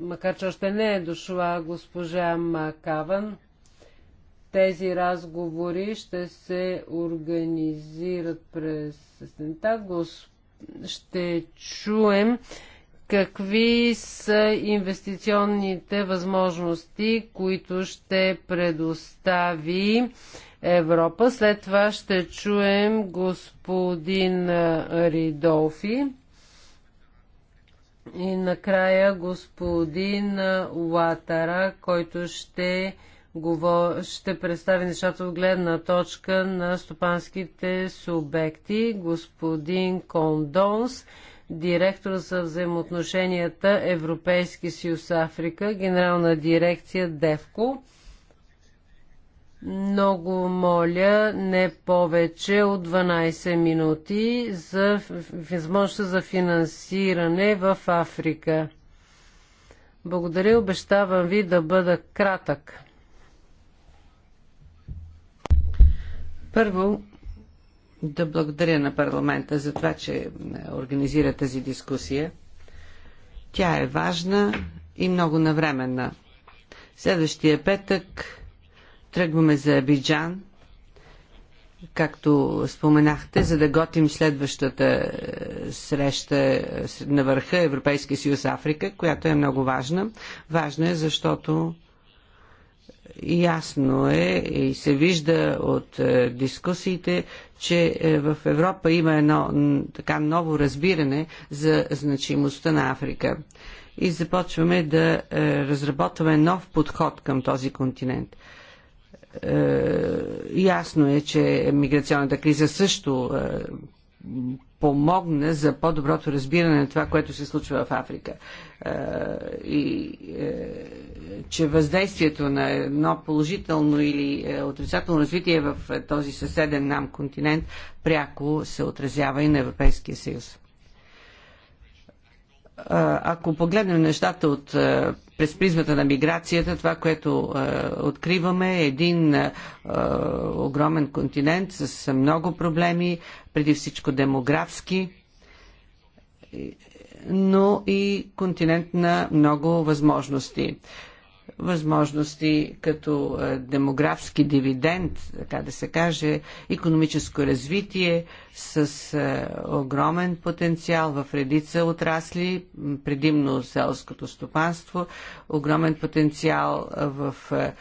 макар че още не е дошла госпожа Макаван. Тези разговори ще се организират през сестента. Ще чуем какви са инвестиционните възможности, които ще предостави Европа. След това ще чуем господин Ридолфи и накрая господин Латара, който ще, говор... ще представи нещата от гледна точка на стопанските субекти. Господин Кондонс, директор за взаимоотношенията Европейски съюз Африка, генерална дирекция ДЕВКО. Много моля, не повече от 12 минути за възможност за финансиране в Африка. Благодаря, обещавам ви да бъда кратък. Първо, да благодаря на парламента за това, че е, организира тази дискусия. Тя е важна и много навременна. Следващия петък Тръгваме за Абиджан, както споменахте, за да готим следващата е, среща е, на върха Европейския съюз Африка, която е много важна. Важна е, защото ясно е и се вижда от е, дискусиите, че в Европа има едно така ново разбиране за значимостта на Африка. И започваме да разработваме нов подход към този континент. Е, ясно е, че миграционната криза също е, помогна за по-доброто разбиране на това, което се случва в Африка. Е, и че въздействието на едно положително или отрицателно развитие в този съседен нам континент пряко се отразява и на Европейския съюз ако погледнем нещата от, през призмата на миграцията, това, което е, откриваме е един е, огромен континент с много проблеми, преди всичко демографски, но и континент на много възможности възможности като е, демографски дивиденд, така да се каже, економическо развитие с е, огромен потенциал в редица отрасли, предимно селското стопанство, огромен потенциал в, е,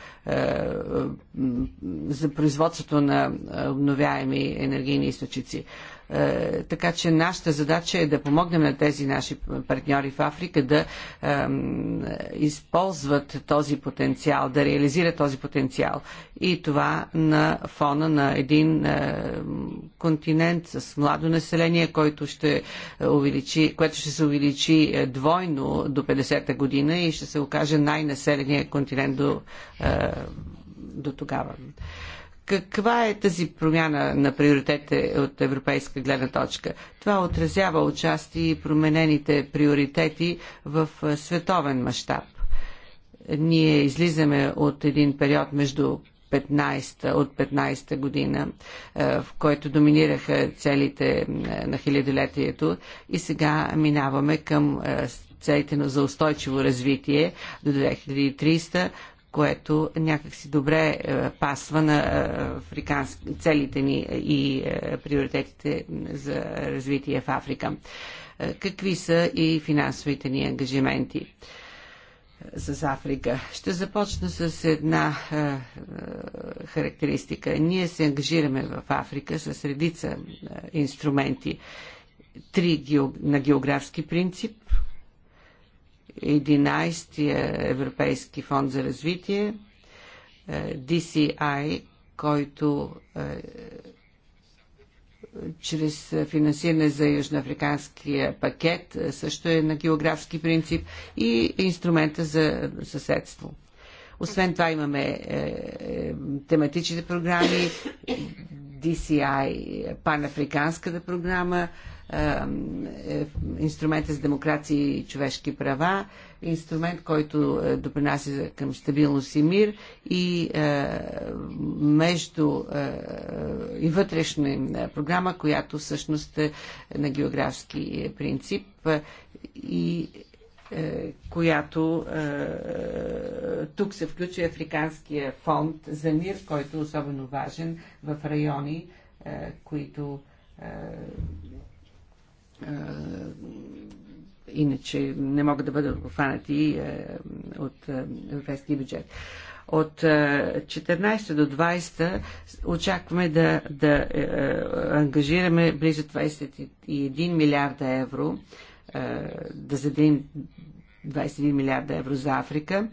за производството на обновяеми енергийни източници. Е, така че нашата задача е да помогнем на тези наши партньори в Африка да използват този потенциал, да реализират този потенциал. И това на фона на един е, континент с младо население, което ще е, увеличи, което ще се увеличи двойно до 50-та година и ще се окаже най-населения континент до, до тогава. Каква е тази промяна на приоритетите от европейска гледна точка? Това отразява отчасти и променените приоритети в световен мащаб. Ние излизаме от един период между 15 та от 15-та година, в който доминираха целите на хилядолетието и сега минаваме към целите за устойчиво развитие до 2300, което някакси добре е, пасва на е, африкански, целите ни и е, приоритетите за развитие в Африка. Какви са и финансовите ни ангажименти? с Африка. Ще започна с една характеристика. Ние се ангажираме в Африка с редица инструменти. Три на географски принцип, 11-я Европейски фонд за развитие, DCI, е, който е, чрез финансиране за южноафриканския пакет е, също е на географски принцип и инструмента за съседство. Освен това имаме е, тематичните програми, DCI, панафриканската програма, е, инструмента за демокрация и човешки права, инструмент, който е, допринася към стабилност и мир и е, между и вътрешна програма, която всъщност е на географски принцип и която тук се включва Африканския фонд за мир, който е особено важен в райони, които е, иначе не могат да бъдат обхванати е, от е, европейския бюджет. От 14 до 20 очакваме да, да ангажираме близо 21 милиарда евро, да заделим 21 милиарда евро за Африка,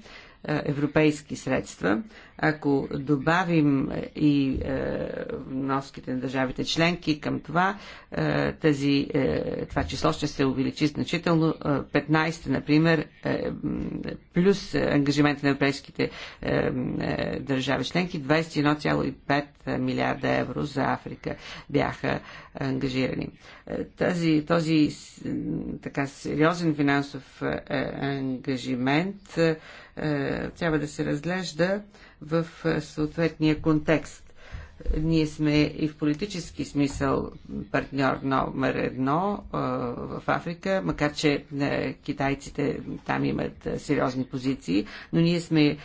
европейски средства. Ако добавим е, и е, вноските на държавите членки към това, е, тази, това число ще се увеличи значително. 15, например, плюс ангажимент на европейските държави членки, 21,5 милиарда евро за Африка бяха ангажирани. Тази, този така сериозен финансов ангажимент трябва да се разглежда в е, съответния контекст. Ние сме и в политически смисъл партньор номер едно е, в Африка, макар че е, китайците там имат сериозни позиции, но ние сме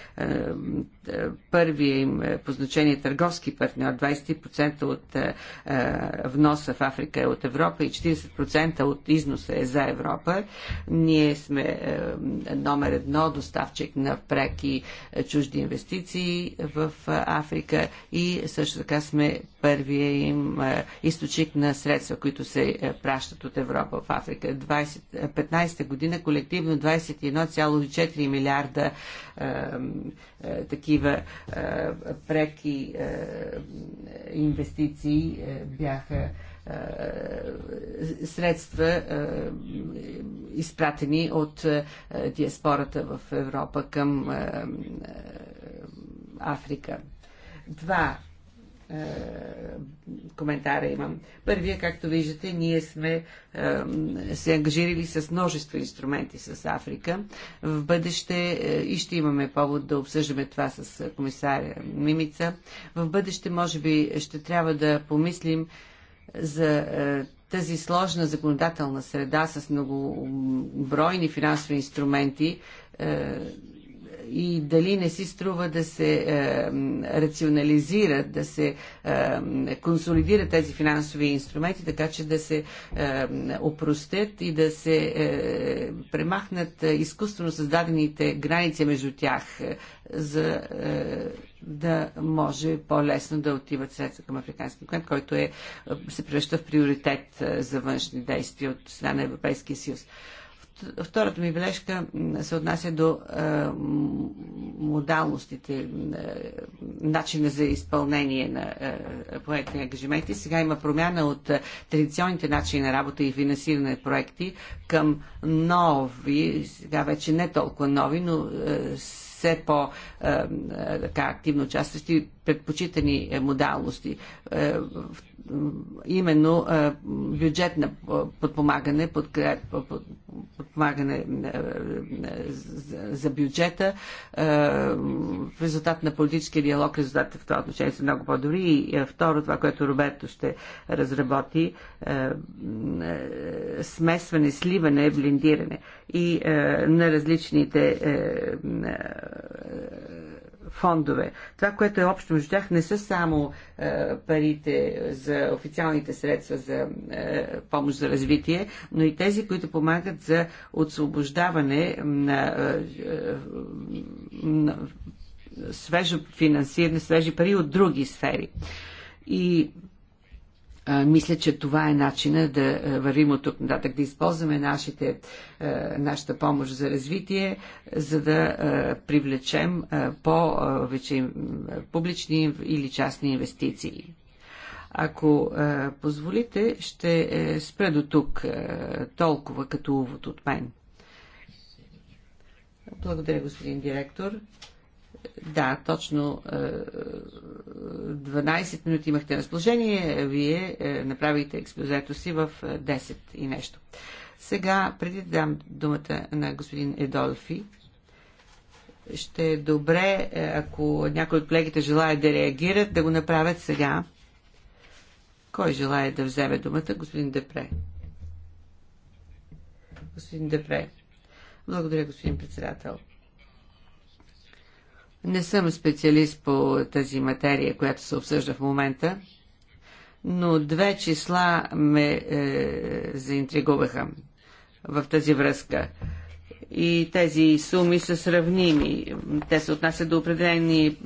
първия им е по значение търговски партньор, 20% от е, е, вноса в Африка е от Европа и 40% от износа е за Европа. Ние сме номер едно доставчик на преки чужди инвестиции в Африка и също така сме първия им източник на средства, които се пращат от Европа в Африка. 15-та година колективно 21,4 милиарда такива такива а, е, преки а, е, инвестиции а, е, бяха средства изпратени от диаспората в Европа към Африка. Два е, коментара имам. Първия, както виждате, ние сме е, се ангажирали с множество инструменти с Африка. В бъдеще е, и ще имаме повод да обсъждаме това с комисаря Мимица. В бъдеще, може би, ще трябва да помислим за тази сложна законодателна среда с многобройни финансови инструменти, и дали не си струва да се е, рационализират, да се е, консолидират тези финансови инструменти, така че да се е, опростят и да се премахнат изкуствено създадените граници между тях, за да може по-лесно да отиват средства към африканския континент, който е, се превръща в приоритет за външни действия от страна на Европейския съюз. Втората ми бележка се отнася до е, модалностите, е, начина за изпълнение на е, проектни ангажименти. Сега има промяна от е, традиционните начини на работа и финансиране на проекти към нови, сега вече не толкова нови, но е, все по-активно е, е, участващи предпочитани е, модалности. В именно бюджетна подпомагане, подпомагане за бюджета в резултат на политическия диалог, резултатите в това отношение са много по-добри. И второ, това, което Роберто ще разработи, смесване, сливане, блиндиране и на различните фондове. Това, което е общо между тях, не са само е, парите за официалните средства за е, помощ за развитие, но и тези, които помагат за освобождаване на, е, е на свежо финансиране, свежи пари от други сфери. И мисля, че това е начина да вървим от тук нататък, да използваме нашите, нашата помощ за развитие, за да привлечем по-вече публични или частни инвестиции. Ако е, позволите, ще е, спра до тук е, толкова като увод от мен. Благодаря, господин директор. Да, точно 12 е, минути имахте разположение, вие е, направите експозето си в 10 е, и нещо. Сега, преди да дам думата на господин Едолфи, ще е добре, ако някой от колегите желаят да реагират, да го направят сега. Кой желая да вземе думата? Господин Депре. Господин Депре. Благодаря, господин председател. Не съм специалист по тази материя, която се обсъжда в момента, но две числа ме е, заинтригуваха в тази връзка. И тези суми са сравними. Те се отнасят до определени,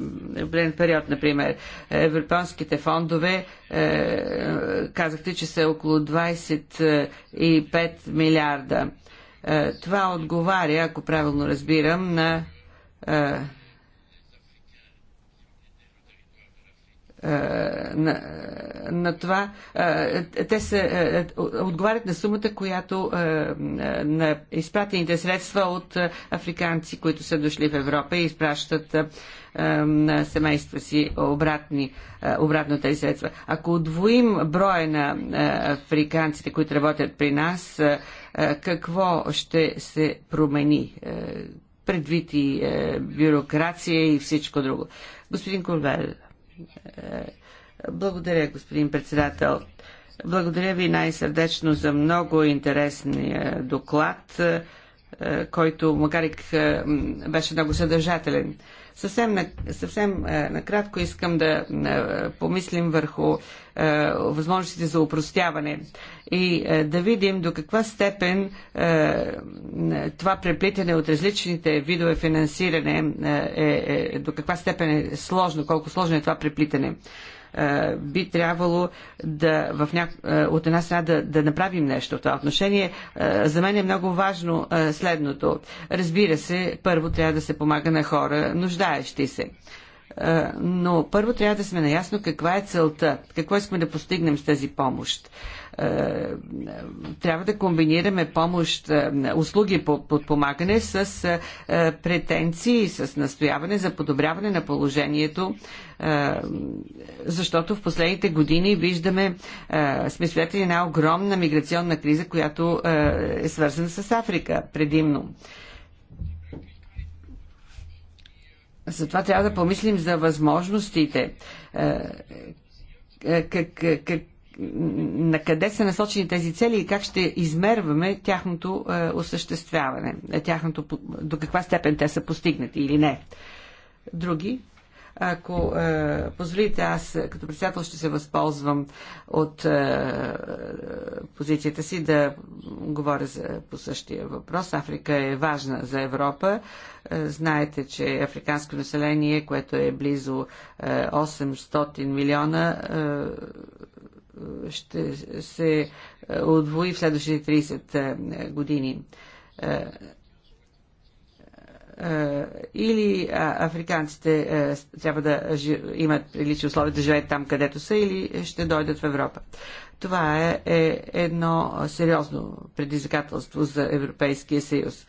определен период, например. Европейските фондове, е, казахте, че са около 25 милиарда. Е, това отговаря, ако правилно разбирам, на е, Е, на, е, на това. Е, те се отговарят на сумата, която на изпратените средства от африканци, които са дошли в Европа и изпращат на семейства си обратни, обратно тези средства. Ако удвоим броя на африканците, които работят при нас, какво ще се промени? Предвид и бюрокрация и всичко друго. Господин Курвел. Благодаря, господин председател. Благодаря ви най-сърдечно за много интересния доклад, е, който, макар и е, беше много съдържателен. Съвсем, съвсем е, накратко искам да помислим върху е, възможностите за упростяване и е, да видим до каква степен е, това преплитане от различните видове финансиране е, до каква степен е сложно, колко сложно е това преплитане би трябвало да в ня... от една страна да, да направим нещо в това отношение. За мен е много важно следното. Разбира се, първо трябва да се помага на хора, нуждаещи се. Е, но първо трябва да сме наясно каква е целта, какво искаме да постигнем с тази помощ. Е, трябва да комбинираме помощ, е, услуги по подпомагане с претенции, с настояване за подобряване на положението, защото в последните години виждаме, сме свидетели една огромна миграционна криза, която е свързана с Африка предимно. Затова трябва да помислим за възможностите. Е, е, е, как, как, на къде са насочени тези цели и как ще измерваме тяхното е, осъществяване, тяхното, до каква степен те са постигнати или не. Други? Ако е, позволите, аз е, като председател ще се възползвам от е, е, позицията си да говоря за, по същия въпрос. Африка е важна за Европа. Е, знаете, че африканско население, което е близо е, 800 милиона, е, ще се е, удвои в следващите 30 години е, или африканците е, трябва да имат прилични условия да живеят там, където са, или ще дойдат в Европа. Това е, е едно сериозно предизвикателство за Европейския съюз.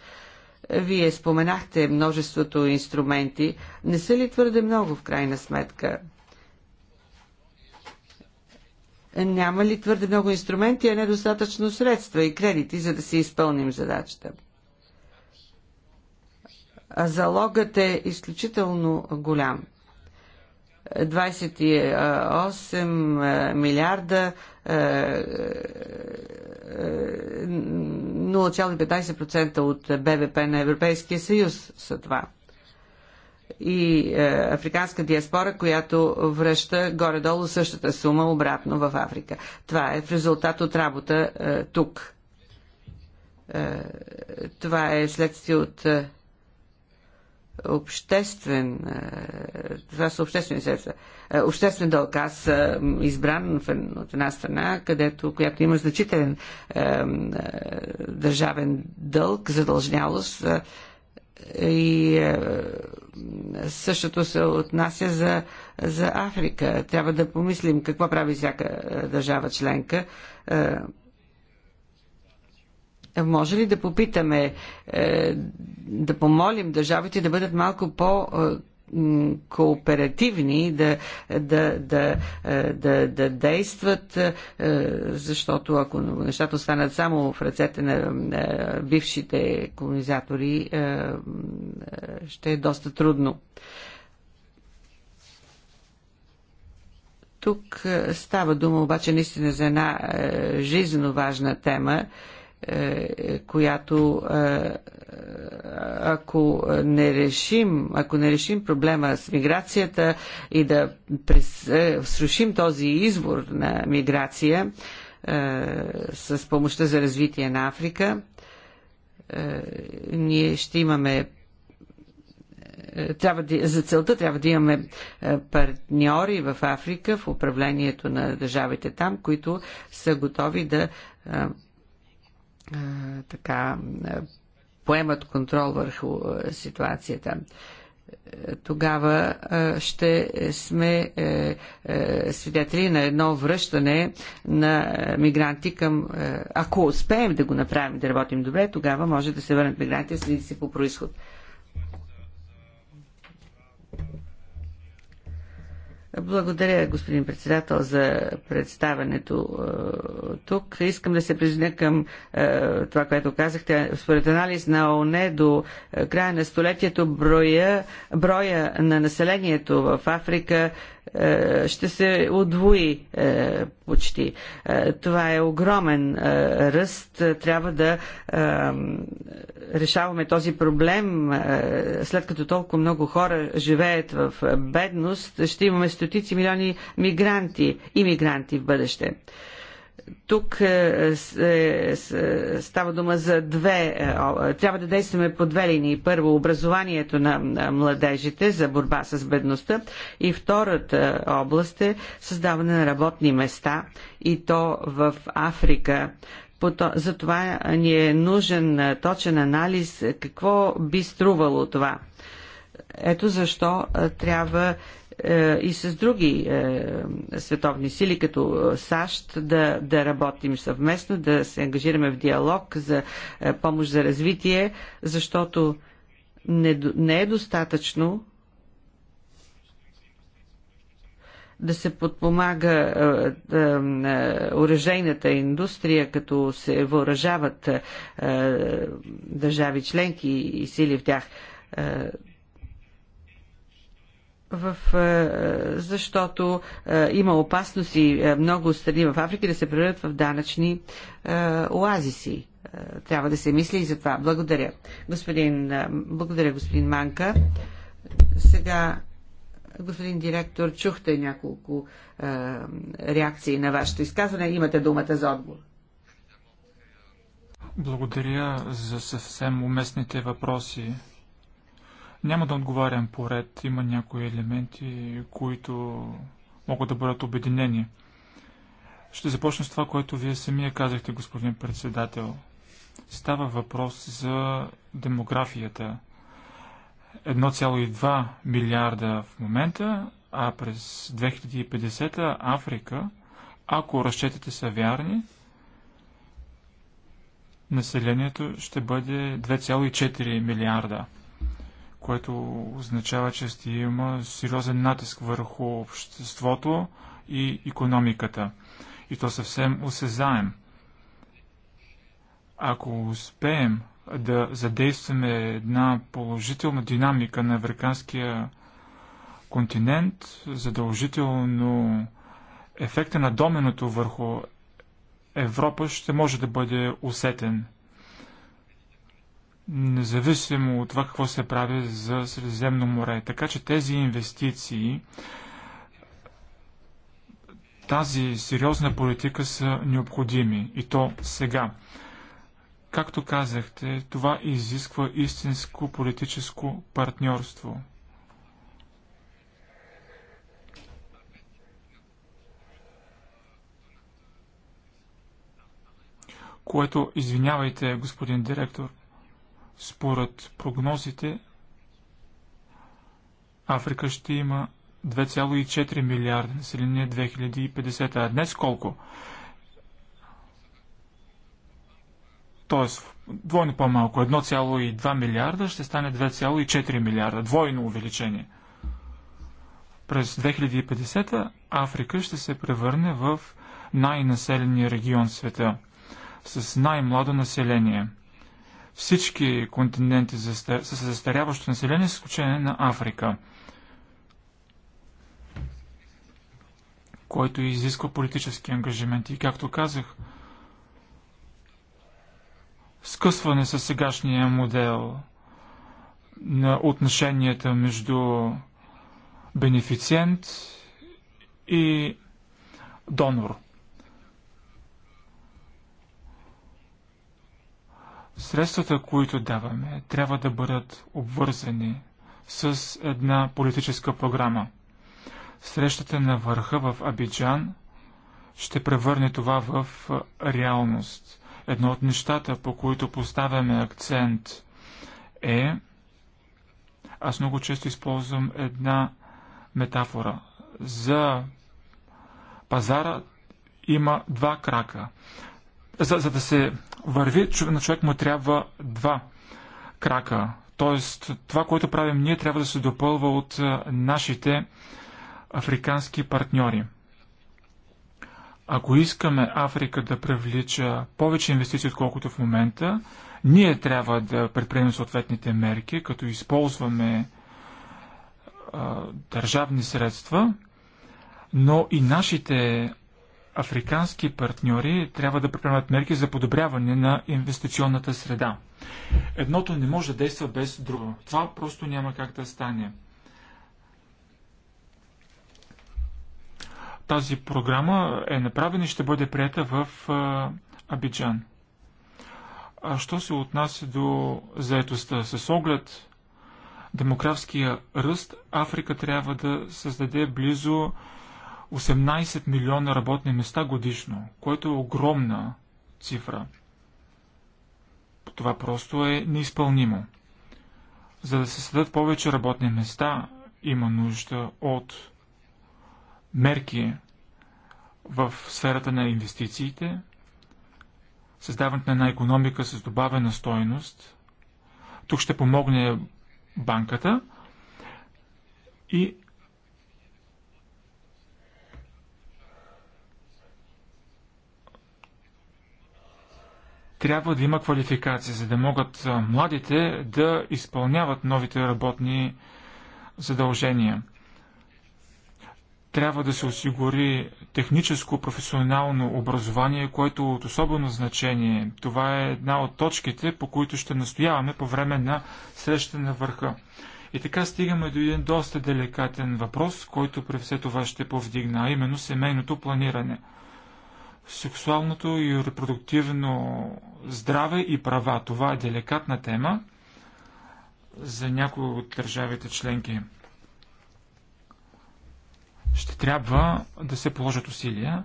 Вие споменахте множеството инструменти. Не са ли твърде много в крайна сметка? Няма ли твърде много инструменти, а недостатъчно средства и кредити, за да си изпълним задачата? залогът е изключително голям. 28 е, милиарда 0,15% е, е, от БВП на Европейския съюз са това. И африканска диаспора, която връща горе-долу същата сума обратно в Африка. Това е в резултат от работа тук. това е следствие от обществен, е, това са обществени средства, е, обществен дълг. Аз избран от една страна, където, която има значителен е, държавен дълг, задължнялост и същото се отнася за, за Африка. Трябва да помислим какво прави всяка държава членка може ли да попитаме, е, да помолим държавите да бъдат малко по- е, кооперативни, да, да, да, е, да, да действат, защото ако нещата останат само в ръцете на бившите колонизатори, ще е доста трудно. Тук става дума обаче наистина за една жизненно важна тема. Е, която е, ако не решим, ако не решим проблема с миграцията и да е, срушим този избор на миграция с помощта за развитие на Африка, ние ще имаме трябва да, за целта трябва да имаме партньори в Африка в управлението на държавите там, които са готови да така поемат контрол върху ситуацията тогава ще сме е, е, свидетели на едно връщане на мигранти към... Е, ако успеем да го направим, да работим добре, тогава може да се върнат мигранти с си по происход. Благодаря, господин председател, за представенето е, тук. Искам да се призна към е, това, което казахте. Според анализ на ОНЕ до е, края на столетието броя, броя на населението в Африка е, ще се удвои е, почти. Е, това е огромен ръст. Трябва да решаваме този проблем. След като толкова много хора живеят в бедност, ще имаме стотици милиони мигранти, иммигранти в бъдеще тук е, става дума за две. Е, е, трябва да действаме по две линии. Първо, образованието на младежите за борба с бедността и втората област е създаване на работни места и то в Африка. Затова ни е нужен точен анализ какво би струвало това. Ето защо трябва е, и с други е, световни сили, като е, САЩ, да, да работим съвместно, да се ангажираме в диалог за помощ за развитие, защото не, не е достатъчно да се подпомага оръжейната индустрия, като се въоръжават държави членки и сили в тях в, е, е, защото е, има опасност и много страни в Африка да се превърнат в данъчни оазиси. Трябва да се мисли и за това. Благодаря. Господин, благодаря, господин Манка. Сега, господин директор, чухте няколко реакции на вашето изказване. Имате думата за отговор. Благодаря за съвсем уместните въпроси. Няма да отговарям по ред. Има някои елементи, които могат да бъдат обединени. Ще започна с това, което вие самия казахте, господин председател. Става въпрос за демографията. 1,2 милиарда в момента, а през 2050 Африка, ако разчетите са вярни, населението ще бъде 2,4 милиарда което означава, че ще има сериозен натиск върху обществото и економиката. И то съвсем осезаем. Ако успеем да задействаме една положителна динамика на африканския континент, задължително ефекта на доменото върху Европа ще може да бъде усетен независимо от това какво се прави за Средиземно море. Така че тези инвестиции, тази сериозна политика са необходими и то сега. Както казахте, това изисква истинско политическо партньорство. Което, извинявайте, господин директор, според прогнозите, Африка ще има 2,4 милиарда население 2050. А днес колко? Тоест, двойно по-малко. 1,2 милиарда ще стане 2,4 милиарда. Двойно увеличение. През 2050 Африка ще се превърне в най-населения регион в света с най-младо население – всички континенти с застаряващо население, с изключение на Африка, който изисква политически ангажименти. И както казах, скъсване с сегашния модел на отношенията между бенефициент и донор – Средствата, които даваме, трябва да бъдат обвързани с една политическа програма. Срещата на върха в Абиджан ще превърне това в реалност. Едно от нещата, по които поставяме акцент е... Аз много често използвам една метафора. За пазара има два крака за, за да се върви, на човек му трябва два крака. Тоест, това, което правим ние, трябва да се допълва от нашите африкански партньори. Ако искаме Африка да привлича повече инвестиции, отколкото в момента, ние трябва да предприемем съответните мерки, като използваме а, държавни средства, но и нашите африкански партньори трябва да предприемат мерки за подобряване на инвестиционната среда. Едното не може да действа без друго. Това просто няма как да стане. Тази програма е направена и ще бъде прията в Абиджан. А що се отнася до заетостта? С оглед демографския ръст, Африка трябва да създаде близо 18 милиона работни места годишно, което е огромна цифра. Това просто е неизпълнимо. За да се създадат повече работни места, има нужда от мерки в сферата на инвестициите, създаването на една економика с добавена стойност. Тук ще помогне банката и трябва да има квалификация, за да могат младите да изпълняват новите работни задължения. Трябва да се осигури техническо професионално образование, което е от особено значение. Това е една от точките, по които ще настояваме по време на среща на върха. И така стигаме до един доста деликатен въпрос, който при все това ще повдигна, а именно семейното планиране – сексуалното и репродуктивно здраве и права. Това е деликатна тема за някои от държавите членки. Ще трябва да се положат усилия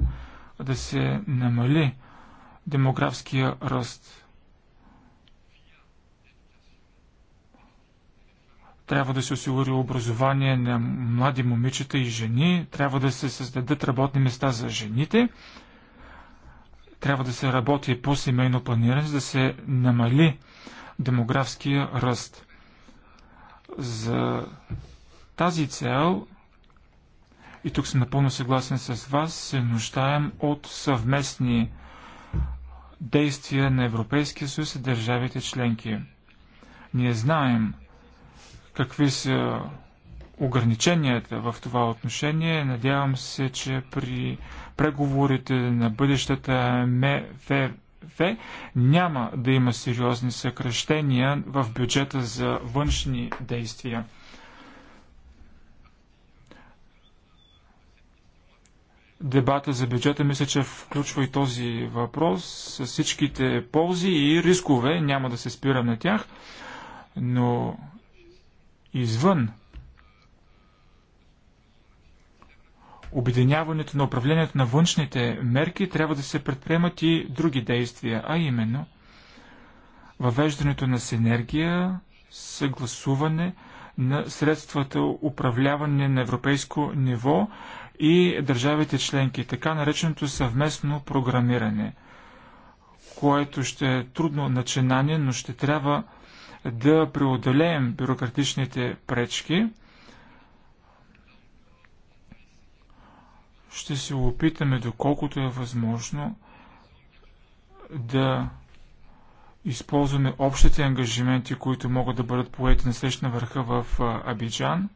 да се намали демографския ръст. Трябва да се осигури образование на млади момичета и жени, трябва да се създадат работни места за жените трябва да се работи по семейно планиране, за да се намали демографския ръст. За тази цел, и тук съм напълно съгласен с вас, се нуждаем от съвместни действия на Европейския съюз и държавите членки. Ние знаем какви са ограниченията в това отношение. Надявам се, че при преговорите на бъдещата МФФ няма да има сериозни съкръщения в бюджета за външни действия. Дебата за бюджета мисля, че включва и този въпрос с всичките ползи и рискове. Няма да се спирам на тях, но извън обединяването на управлението на външните мерки трябва да се предприемат и други действия, а именно въвеждането на синергия, съгласуване на средствата, управляване на европейско ниво и държавите членки, така нареченото съвместно програмиране, което ще е трудно начинание, но ще трябва да преодолеем бюрократичните пречки – ще се опитаме, доколкото е възможно, да използваме общите ангажименти, които могат да бъдат поети на срещна върха в Абиджан.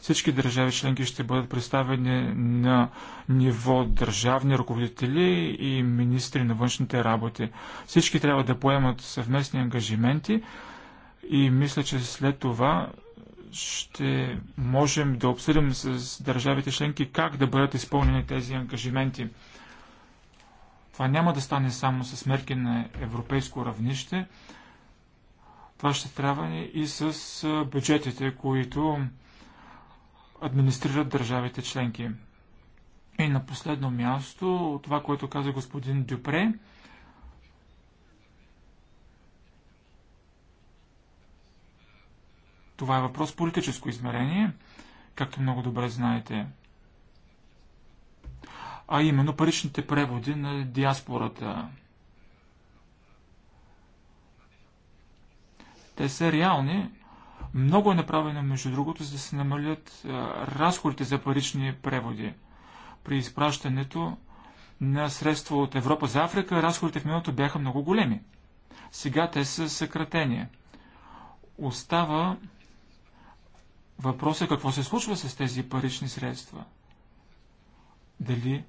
Всички държави членки ще бъдат представени на ниво държавни ръководители и министри на външните работи. Всички трябва да поемат съвместни ангажименти и мисля, че след това ще можем да обсъдим с държавите членки как да бъдат изпълнени тези ангажименти. Това няма да стане само с мерки на европейско равнище. Това ще трябва и с бюджетите, които администрират държавите членки. И на последно място, това, което каза господин Дюпре – Това е въпрос политическо измерение, както много добре знаете. А именно паричните преводи на диаспората. Те са реални. Много е направено, между другото, за да се намалят разходите за парични преводи. При изпращането на средства от Европа за Африка, разходите в миналото бяха много големи. Сега те са съкратени. Остава Въпросът е какво се случва с тези парични средства. Дали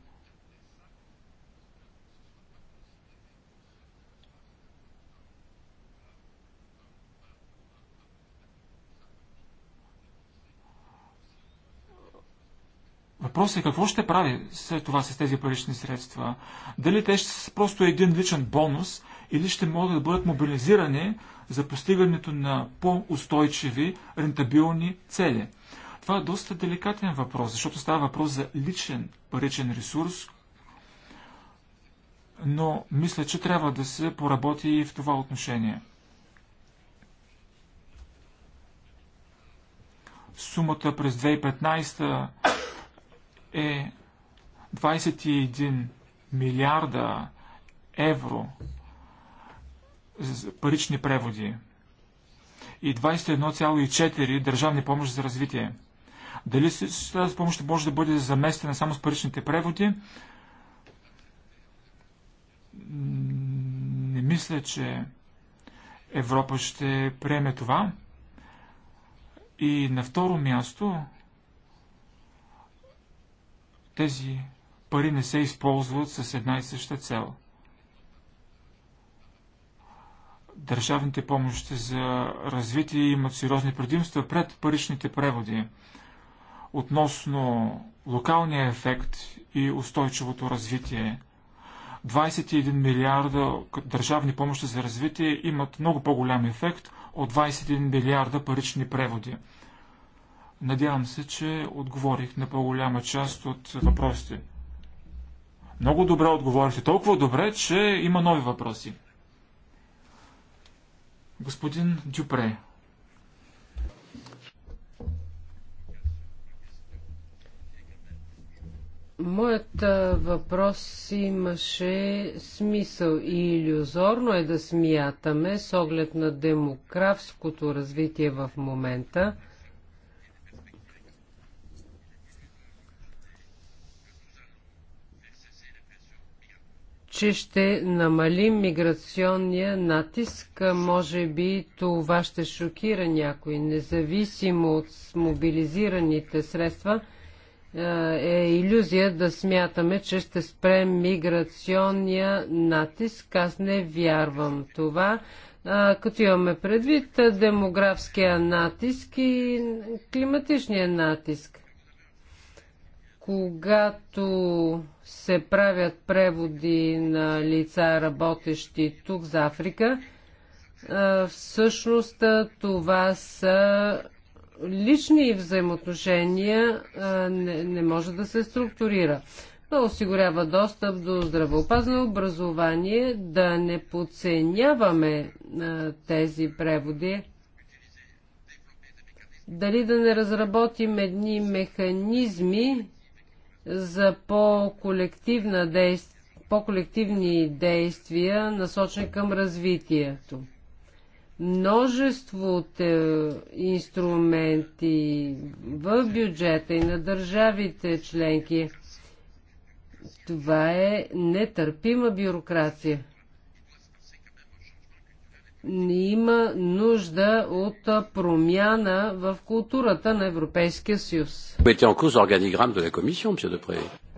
Въпросът е какво ще прави след това с тези парични средства. Дали те ще са просто един личен бонус или ще могат да бъдат мобилизирани за постигането на по-устойчиви, рентабилни цели. Това е доста деликатен въпрос, защото става въпрос за личен паричен ресурс, но мисля, че трябва да се поработи и в това отношение. Сумата през 2015 е 21 милиарда евро парични преводи и 21,4 държавни помощи за развитие. Дали тази помощ може да бъде заместена само с паричните преводи? Не мисля, че Европа ще приеме това. И на второ място тези пари не се използват с една и съща цел – Държавните помощи за развитие имат сериозни предимства пред паричните преводи относно локалния ефект и устойчивото развитие. 21 милиарда държавни помощи за развитие имат много по-голям ефект от 21 милиарда парични преводи. Надявам се, че отговорих на по-голяма част от въпросите. Много добре отговорихте. Толкова добре, че има нови въпроси. Господин Дюпре. Моят въпрос имаше смисъл и иллюзорно е да смятаме с оглед на демографското развитие в момента – че ще намалим миграционния натиск. Може би това ще шокира някой. Независимо от мобилизираните средства, е, е иллюзия да смятаме, че ще спрем миграционния натиск. Аз не вярвам това. Като имаме предвид демографския натиск и климатичния натиск. Когато се правят преводи на лица, работещи тук за Африка, всъщност това са лични взаимоотношения, не, може да се структурира. Да осигурява достъп до здравеопазно образование, да не подценяваме тези преводи. Дали да не разработим едни механизми, за по-колективна действ... по-колективни действия, насочени към развитието. Множество от е, инструменти в бюджета и на държавите членки. Това е нетърпима бюрокрация има нужда от промяна в културата на Европейския съюз.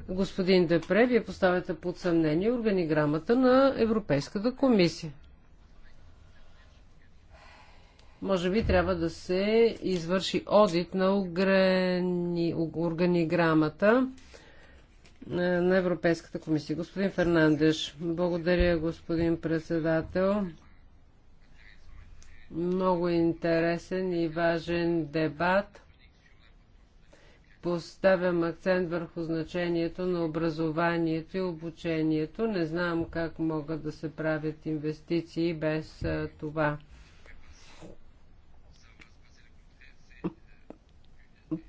Господин Депре, вие поставяте под съмнение органиграмата на Европейската комисия. Може би трябва да се извърши одит на ограни... органиграмата е, на Европейската комисия. Господин Фернандеш, благодаря, господин председател. Много интересен и важен дебат. Поставям акцент върху значението на образованието и обучението. Не знам как могат да се правят инвестиции без това.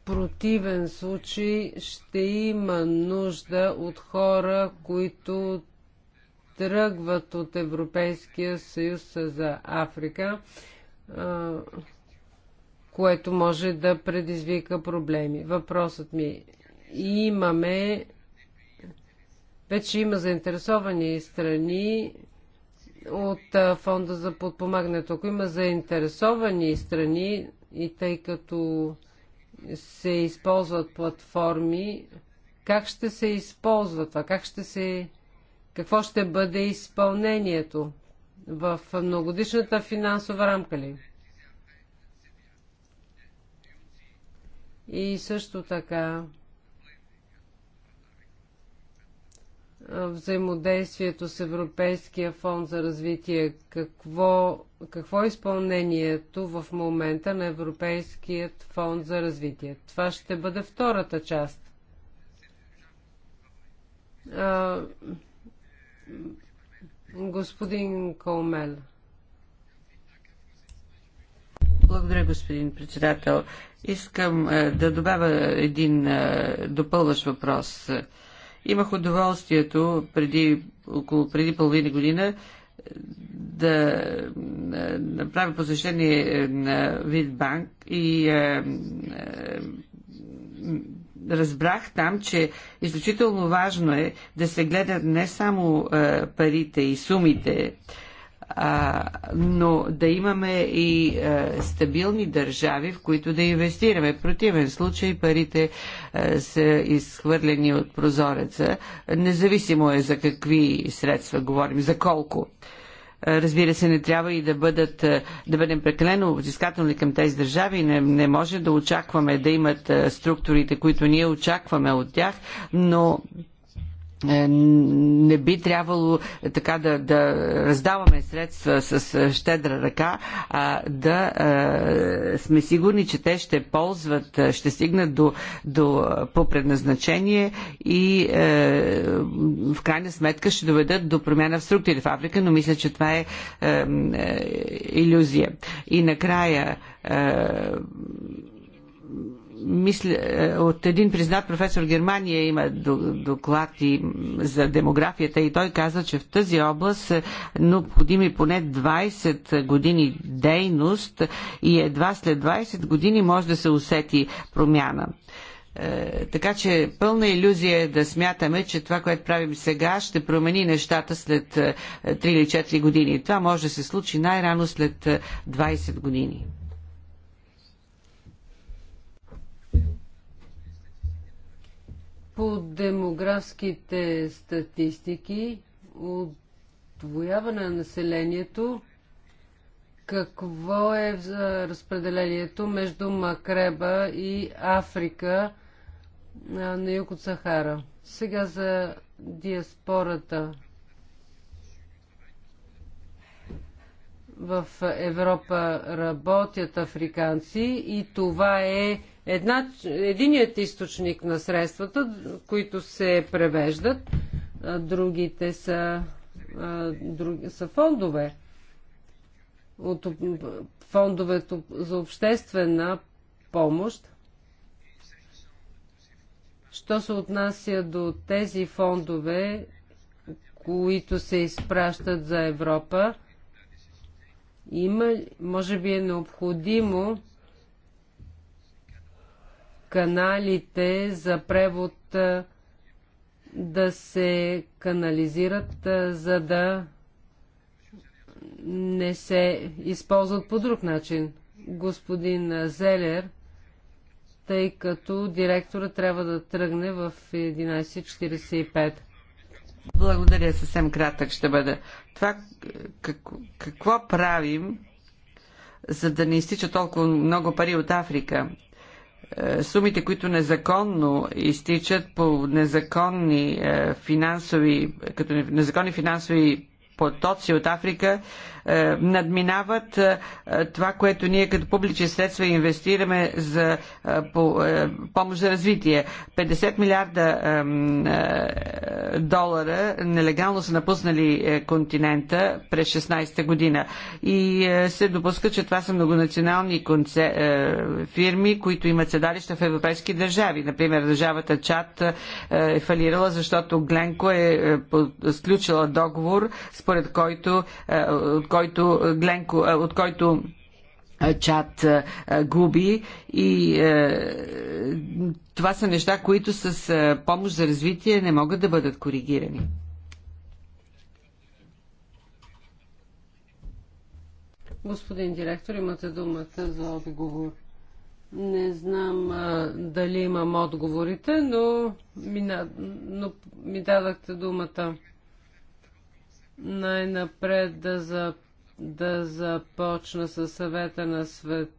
противен случай ще има нужда от хора, които тръгват от Европейския съюз за Африка което може да предизвика проблеми. Въпросът ми имаме вече има заинтересовани страни от фонда за подпомагането. Ако има заинтересовани страни и тъй като се използват платформи, как ще се използва това? Как ще се... Какво ще бъде изпълнението? в многодишната финансова рамка ли? И също така взаимодействието с Европейския фонд за развитие. Какво, какво е изпълнението в момента на Европейският фонд за развитие? Това ще бъде втората част. Господин Колмел. Благодаря, господин председател. Искам е, да добавя един е, допълващ въпрос. Имах удоволствието преди около преди половина година е, да е, направя посещение на Витбанк и е, е разбрах там, че изключително важно е да се гледат не само е, парите и сумите, а, но да имаме и а, е, стабилни държави, в които да инвестираме. В противен случай парите а, е, са изхвърлени от прозореца, независимо е за какви средства говорим, за колко. Разбира се, не трябва и да, бъдат, е, да бъдем прекалено взискателни към тези държави. Не, не може да очакваме да имат е, структурите, които ние очакваме от тях, но е, не би трябвало е, така да, да раздаваме средства с е, щедра ръка, а да а, сме сигурни, че те ще ползват, ще стигнат до, до по предназначение и а, в крайна сметка ще доведат до промяна в структури в Африка, но мисля, че това е, а, иллюзия. И накрая а, мисля, е, от един признат професор в Германия има доклад и за демографията и той каза, че в тази област са необходими поне 20 години дейност и едва след 20 години може да се усети промяна е, така че пълна иллюзия е да смятаме, че това, което правим сега, ще промени нещата след 3 е, или 4 години. Това може да се случи най-рано след 20 години. По демографските статистики, отвояване на населението, какво е, е разпределението между Макреба и Африка е, на юг от Сахара? Сега за диаспората. В Европа работят африканци и това е Една, единият източник на средствата, които се превеждат, другите са, други, са фондове. От фондовете за обществена помощ. Що се отнася до тези фондове, които се изпращат за Европа, има, може би е необходимо каналите за превод да се канализират, за да не се използват по друг начин. Господин Зелер, тъй като директора трябва да тръгне в 11.45. Благодаря, съвсем кратък ще бъде. Това какво, какво правим, за да не изтича толкова много пари от Африка? Е, сумите, които незаконно изтичат по незаконни е, финансови, като незаконни финансови потоци от Африка, е, надминават е, това, което ние като публични средства инвестираме за е, помощ за развитие. 50 милиарда долара нелегално са напуснали континента през 16-та година. И се допуска, че това са многонационални фирми, които имат седалища в европейски държави. Например, държавата Чад е фалирала, защото Гленко е сключила договор, според който, който, е, Гленко, е, от който е, чат губи и това са неща, които с помощ за развитие не могат да бъдат коригирани. Господин директор, имате думата за отговор. Не знам а, дали имам отговорите, но ми, но ми дадахте думата. Най-напред да за да започна със съвета на, свет...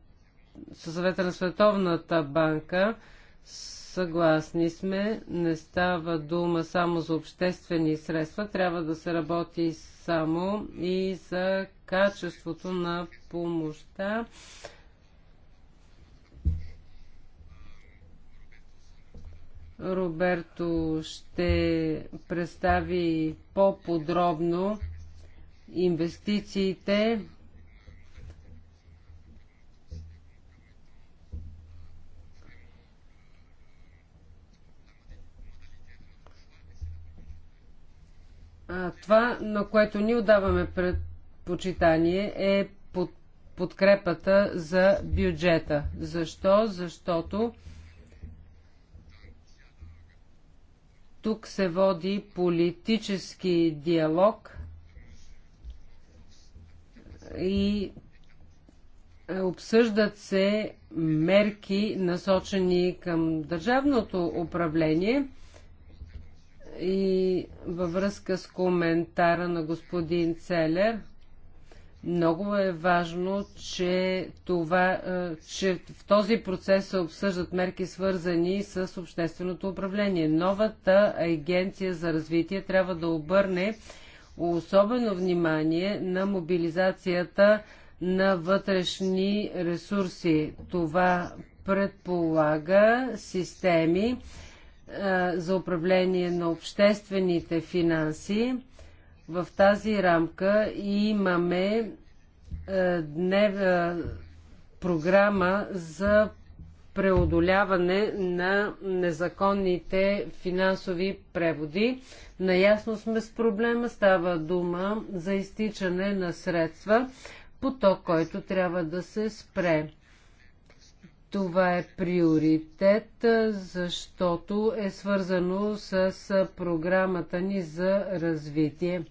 със съвета на Световната банка. Съгласни сме, не става дума само за обществени средства, трябва да се работи само и за качеството на помощта. Роберто ще представи по-подробно инвестициите А, това, на което ни отдаваме предпочитание е под, подкрепата за бюджета. Защо? Защото тук се води политически диалог и е, обсъждат се мерки насочени към държавното управление и във връзка с коментара на господин Целер, много е важно, че, това, е, че в този процес се обсъждат мерки свързани с общественото управление. Новата агенция за развитие трябва да обърне особено внимание на мобилизацията на вътрешни ресурси. Това предполага системи за управление на обществените финанси. В тази рамка имаме днев, програма за преодоляване на незаконните финансови преводи. Наясно сме с проблема, става дума за изтичане на средства, поток, който трябва да се спре. Това е приоритет, защото е свързано с програмата ни за развитие.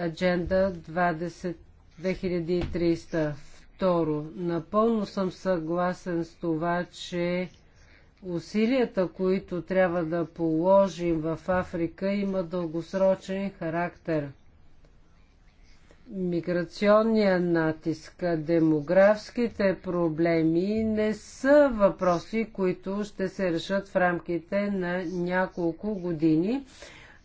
Адженда 20... 2300. Второ, напълно съм съгласен с това, че усилията, които трябва да положим в Африка, имат дългосрочен характер. Миграционния натиск, демографските проблеми не са въпроси, които ще се решат в рамките на няколко години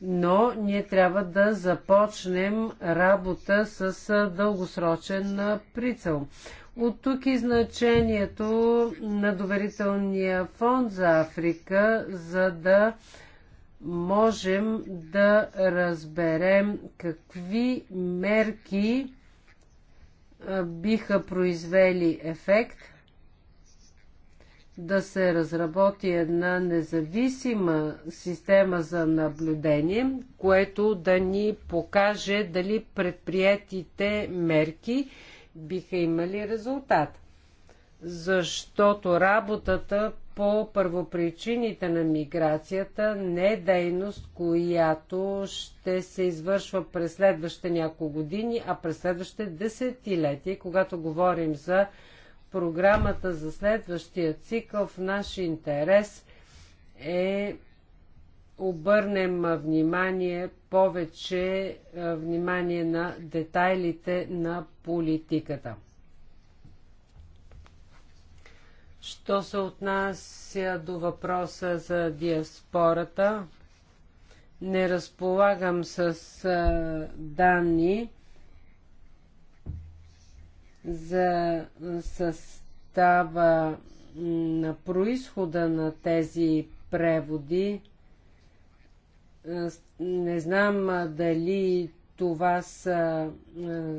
но ние трябва да започнем работа с дългосрочен прицел. От тук и е значението на доверителния фонд за Африка, за да можем да разберем какви мерки биха произвели ефект – да се разработи една независима система за наблюдение, което да ни покаже дали предприятите мерки биха имали резултат. Защото работата по първопричините на миграцията не е дейност, която ще се извършва през следващите няколко години, а през следващите десетилетия, когато говорим за програмата за следващия цикъл в наш интерес е обърнем внимание повече е, внимание на детайлите на политиката. Що се отнася до въпроса за диаспората, не разполагам с е, данни за състава на происхода на тези преводи. Не знам дали това са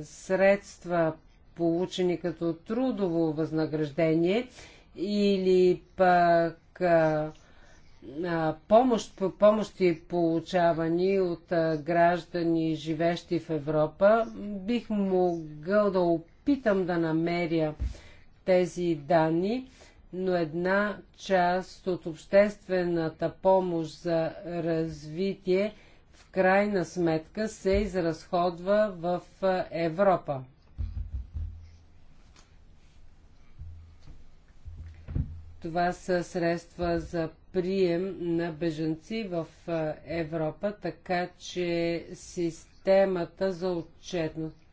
средства, получени като трудово възнаграждение или пък помощ, помощи получавани от граждани, живещи в Европа. Бих могъл да опитам опитам да намеря тези данни, но една част от обществената помощ за развитие в крайна сметка се изразходва в Европа. Това са средства за прием на бежанци в Европа, така че системата за отчетност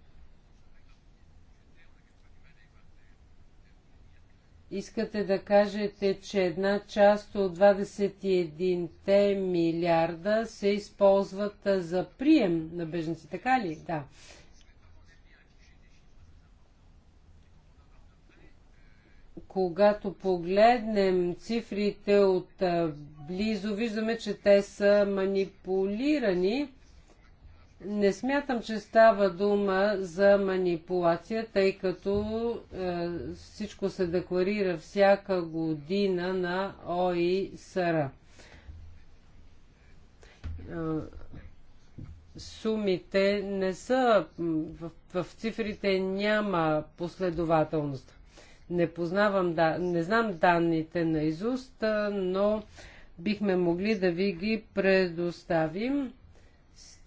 Искате да кажете, че една част от 21-те милиарда се използват за прием на беженци, така ли? Да. Когато погледнем цифрите от близо, виждаме, че те са манипулирани не смятам, че става дума за манипулация, тъй като е, всичко се декларира всяка година на ОИСР. Е, сумите не са, в, в цифрите няма последователност. Не познавам, да, не знам данните на изуст, е, но бихме могли да ви ги предоставим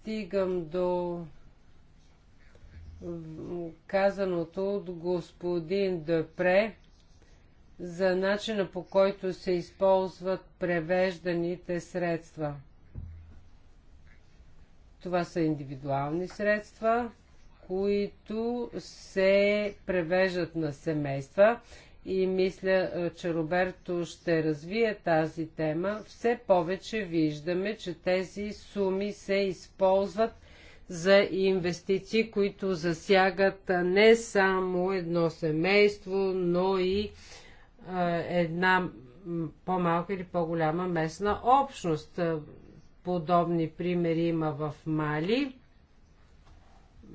стигам до казаното от господин Депре за начина по който се използват превежданите средства. Това са индивидуални средства, които се превеждат на семейства и мисля, е, че Роберто ще развие тази тема, все повече виждаме, че тези суми се използват за инвестиции, които засягат не само едно семейство, но и една по-малка или по-голяма местна общност. Подобни примери има в Мали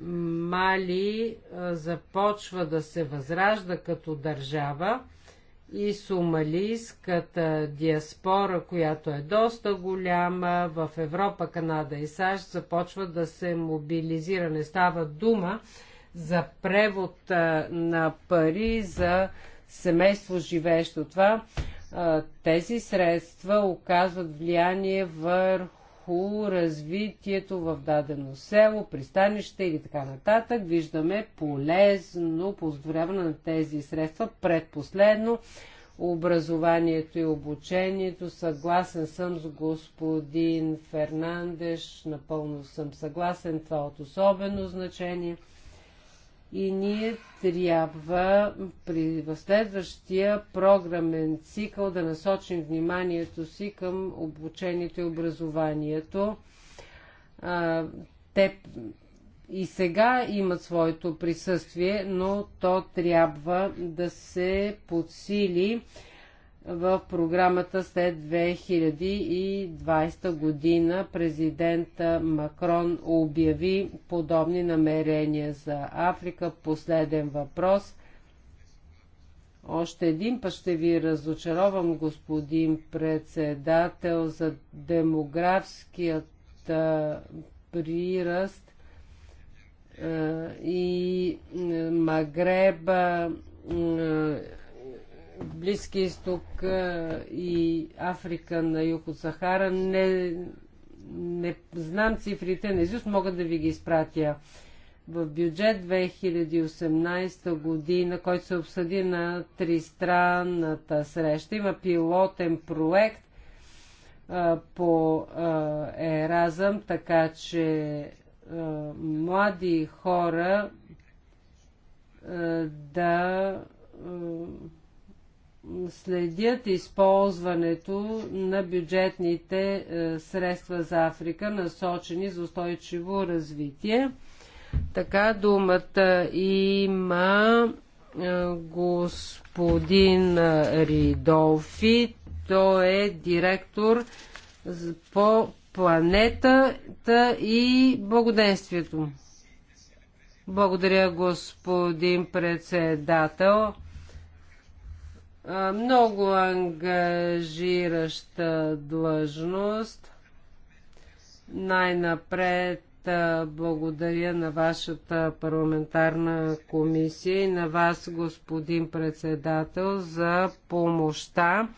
Мали започва да се възражда като държава и сумалийската диаспора, която е доста голяма в Европа, Канада и САЩ, започва да се мобилизира. Не става дума за превод на пари за семейство живеещо това. Тези средства оказват влияние върху върху развитието в дадено село, пристанище или така нататък. Виждаме полезно поздравяване на тези средства. Предпоследно образованието и обучението. Съгласен съм с господин Фернандеш, напълно съм съгласен, това е от особено значение – и ние трябва при, в следващия програмен цикъл да насочим вниманието си към обучението и образованието. А, те и сега имат своето присъствие, но то трябва да се подсили в програмата след 2020 година президента Макрон обяви подобни намерения за Африка. Последен въпрос. Още един път ще ви разочаровам, господин председател, за демографският приръст и Магреба Близки изток и Африка на юг от Сахара. Не, не знам цифрите, не изюст мога да ви ги изпратя. В бюджет 2018 година, който се обсъди на тристранната среща, има пилотен проект а, по а, Еразъм, така че а, млади хора да следят използването на бюджетните е, средства за Африка, насочени за устойчиво развитие. Така думата има е, господин Ридолфи. Той е директор по планетата и благоденствието. Благодаря, господин председател много ангажираща длъжност. Най-напред благодаря на вашата парламентарна комисия и на вас, господин председател, за помощта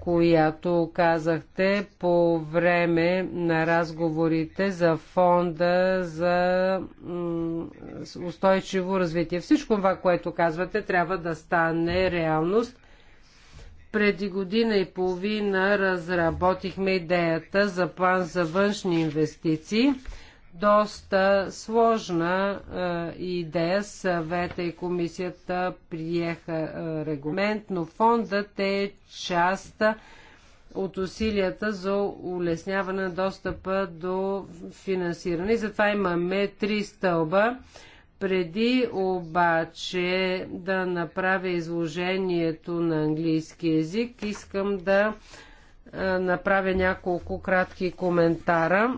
която казахте по време на разговорите за фонда за устойчиво развитие. Всичко това, което казвате, трябва да стане реалност. Преди година и половина разработихме идеята за план за външни инвестиции доста сложна идея. Съвета и комисията приеха регламент, но фондът е част от усилията за улесняване на достъпа до финансиране. затова имаме три стълба. Преди обаче да направя изложението на английски язик, искам да направя няколко кратки коментара.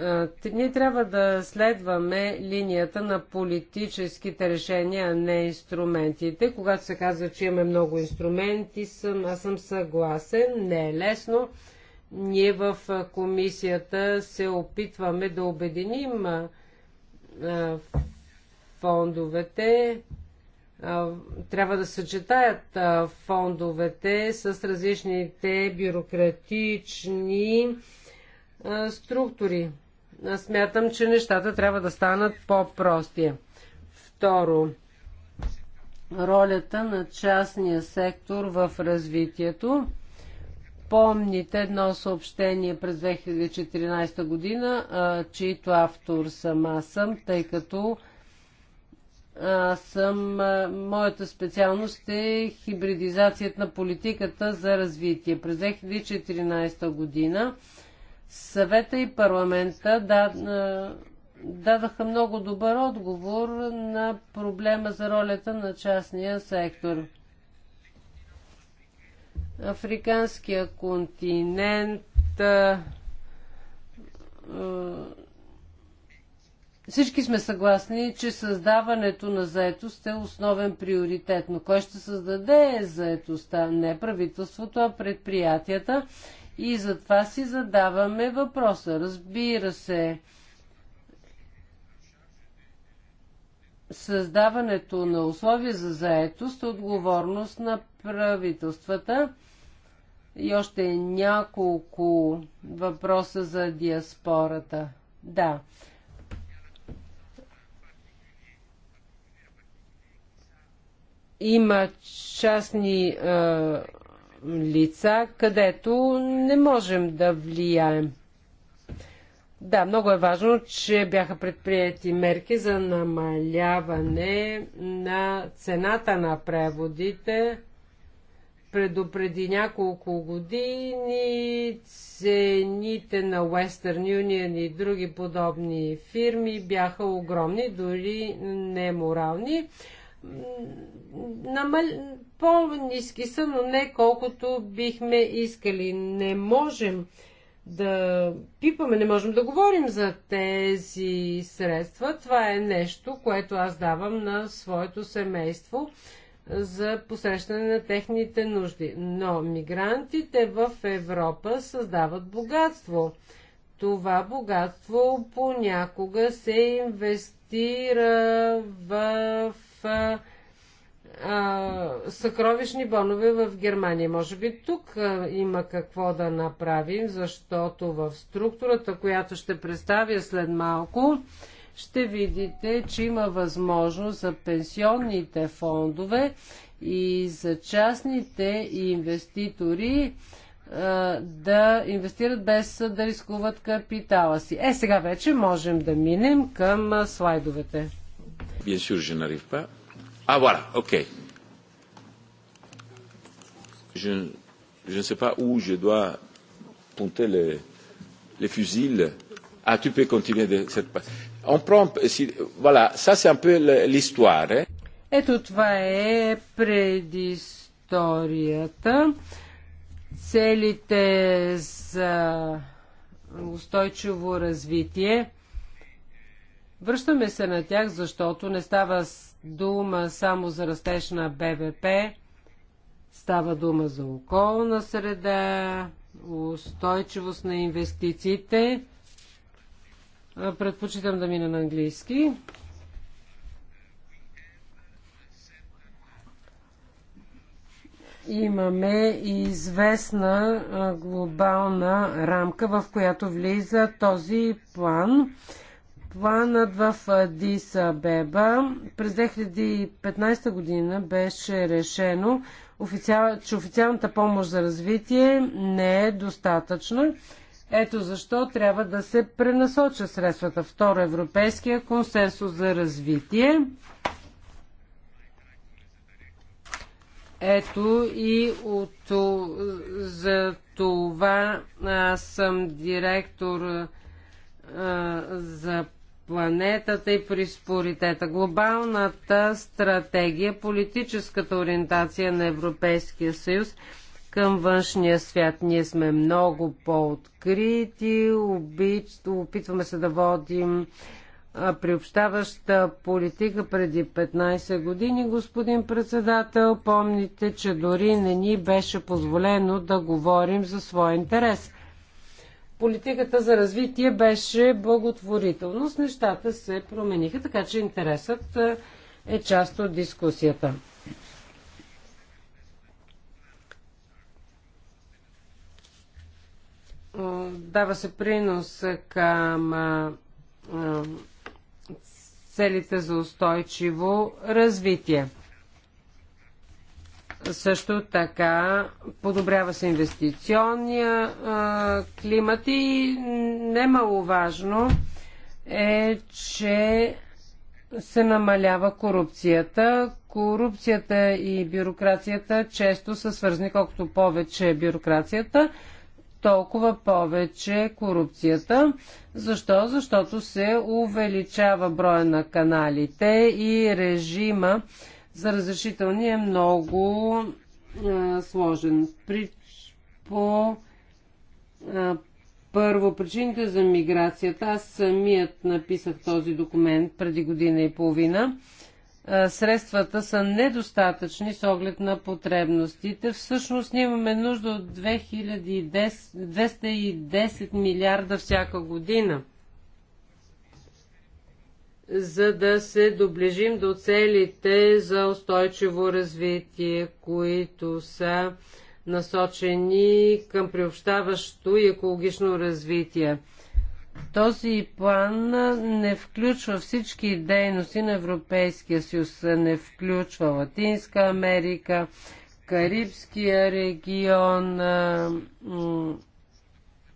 Е, ние трябва да следваме линията на политическите решения, а не инструментите. Когато се казва, че имаме много инструменти, съм, аз съм съгласен. Не е лесно. Ние в е, комисията се опитваме да обединим а, е, фондовете. А, трябва да съчетаят а, фондовете с различните бюрократични структури. Аз смятам, че нещата трябва да станат по-прости. Второ, ролята на частния сектор в развитието. Помните едно съобщение през 2014 година, чието автор съм аз съм, тъй като аз съм, моята специалност е хибридизацията на политиката за развитие. През 2014 година Съвета и парламента дадаха много добър отговор на проблема за ролята на частния сектор. Африканския континент. всички сме съгласни, че създаването на заетост е основен приоритет, но кой ще създаде заетостта? Не правителството, а предприятията и затова си задаваме въпроса. Разбира се, създаването на условия за заетост е отговорност на правителствата. И още няколко въпроса за диаспората. Да. Има частни лица, където не можем да влияем. Да, много е важно, че бяха предприяти мерки за намаляване на цената на преводите. Предупреди няколко години цените на Western Union и други подобни фирми бяха огромни, дори неморални намал... по-низки са, но не колкото бихме искали. Не можем да пипаме, не можем да говорим за тези средства. Това е нещо, което аз давам на своето семейство за посрещане на техните нужди. Но мигрантите в Европа създават богатство. Това богатство понякога се инвестира в а, съкровищни бонове в Германия. Може би тук а, има какво да направим, защото в структурата, която ще представя след малко, ще видите, че има възможност за пенсионните фондове и за частните инвеститори да инвестират без да рискуват капитала си. Е, сега вече можем да минем към слайдовете. Bien sûr, je n'arrive pas. Ah voilà, ok. Je, je ne sais pas où je dois punter les, les fusils. Ah, tu peux continuer de cette part. On prend, si, voilà, ça c'est un peu l'histoire. Et tout va être предисторията. Целите за устойчиво развитие – Връщаме се на тях, защото не става дума само за растеж на БВП, става дума за околна среда, устойчивост на инвестициите. Предпочитам да мина на английски. имаме и известна глобална рамка, в която влиза този план. Планът в Адиса Беба през 2015 година беше решено, че официалната помощ за развитие не е достатъчна. Ето защо трябва да се пренасочат средствата. Второ, Европейския консенсус за развитие. Ето и от, за това аз съм директор а, за планетата и приспоритета. Глобалната стратегия, политическата ориентация на Европейския съюз към външния свят. Ние сме много по-открити, обич... опитваме се да водим приобщаваща политика преди 15 години, господин председател. Помните, че дори не ни беше позволено да говорим за своя интерес политиката за развитие беше благотворителност, нещата се промениха, така че интересът е, е част от дискусията. Дава се принос към целите за устойчиво развитие. Също така подобрява се инвестиционния а, климат и немаловажно е, че се намалява корупцията. Корупцията и бюрокрацията често са свързани, колкото повече е бюрокрацията, толкова повече е корупцията. Защо? Защото се увеличава броя на каналите и режима за разрешителни е много а, сложен. При, по а, първо причините за миграцията. Аз самият написах този документ преди година и половина. А, средствата са недостатъчни с оглед на потребностите. Всъщност ние имаме нужда от 2010, 210 милиарда всяка година – за да се доближим до целите за устойчиво развитие, които са насочени към приобщаващо и екологично развитие. Този план не включва всички дейности на Европейския съюз, не включва Латинска Америка, Карибския регион,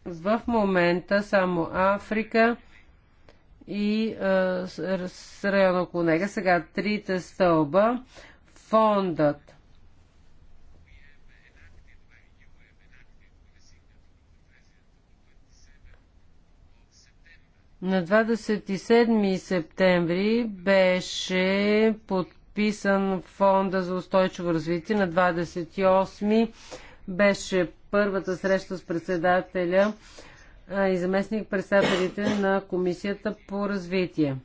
в момента само Африка – и с района около него. Сега трите стълба. Фондът. На 27 септември беше подписан фонда за устойчиво развитие. На 28 беше първата среща с председателя и заместник председателите на Комисията по развитие.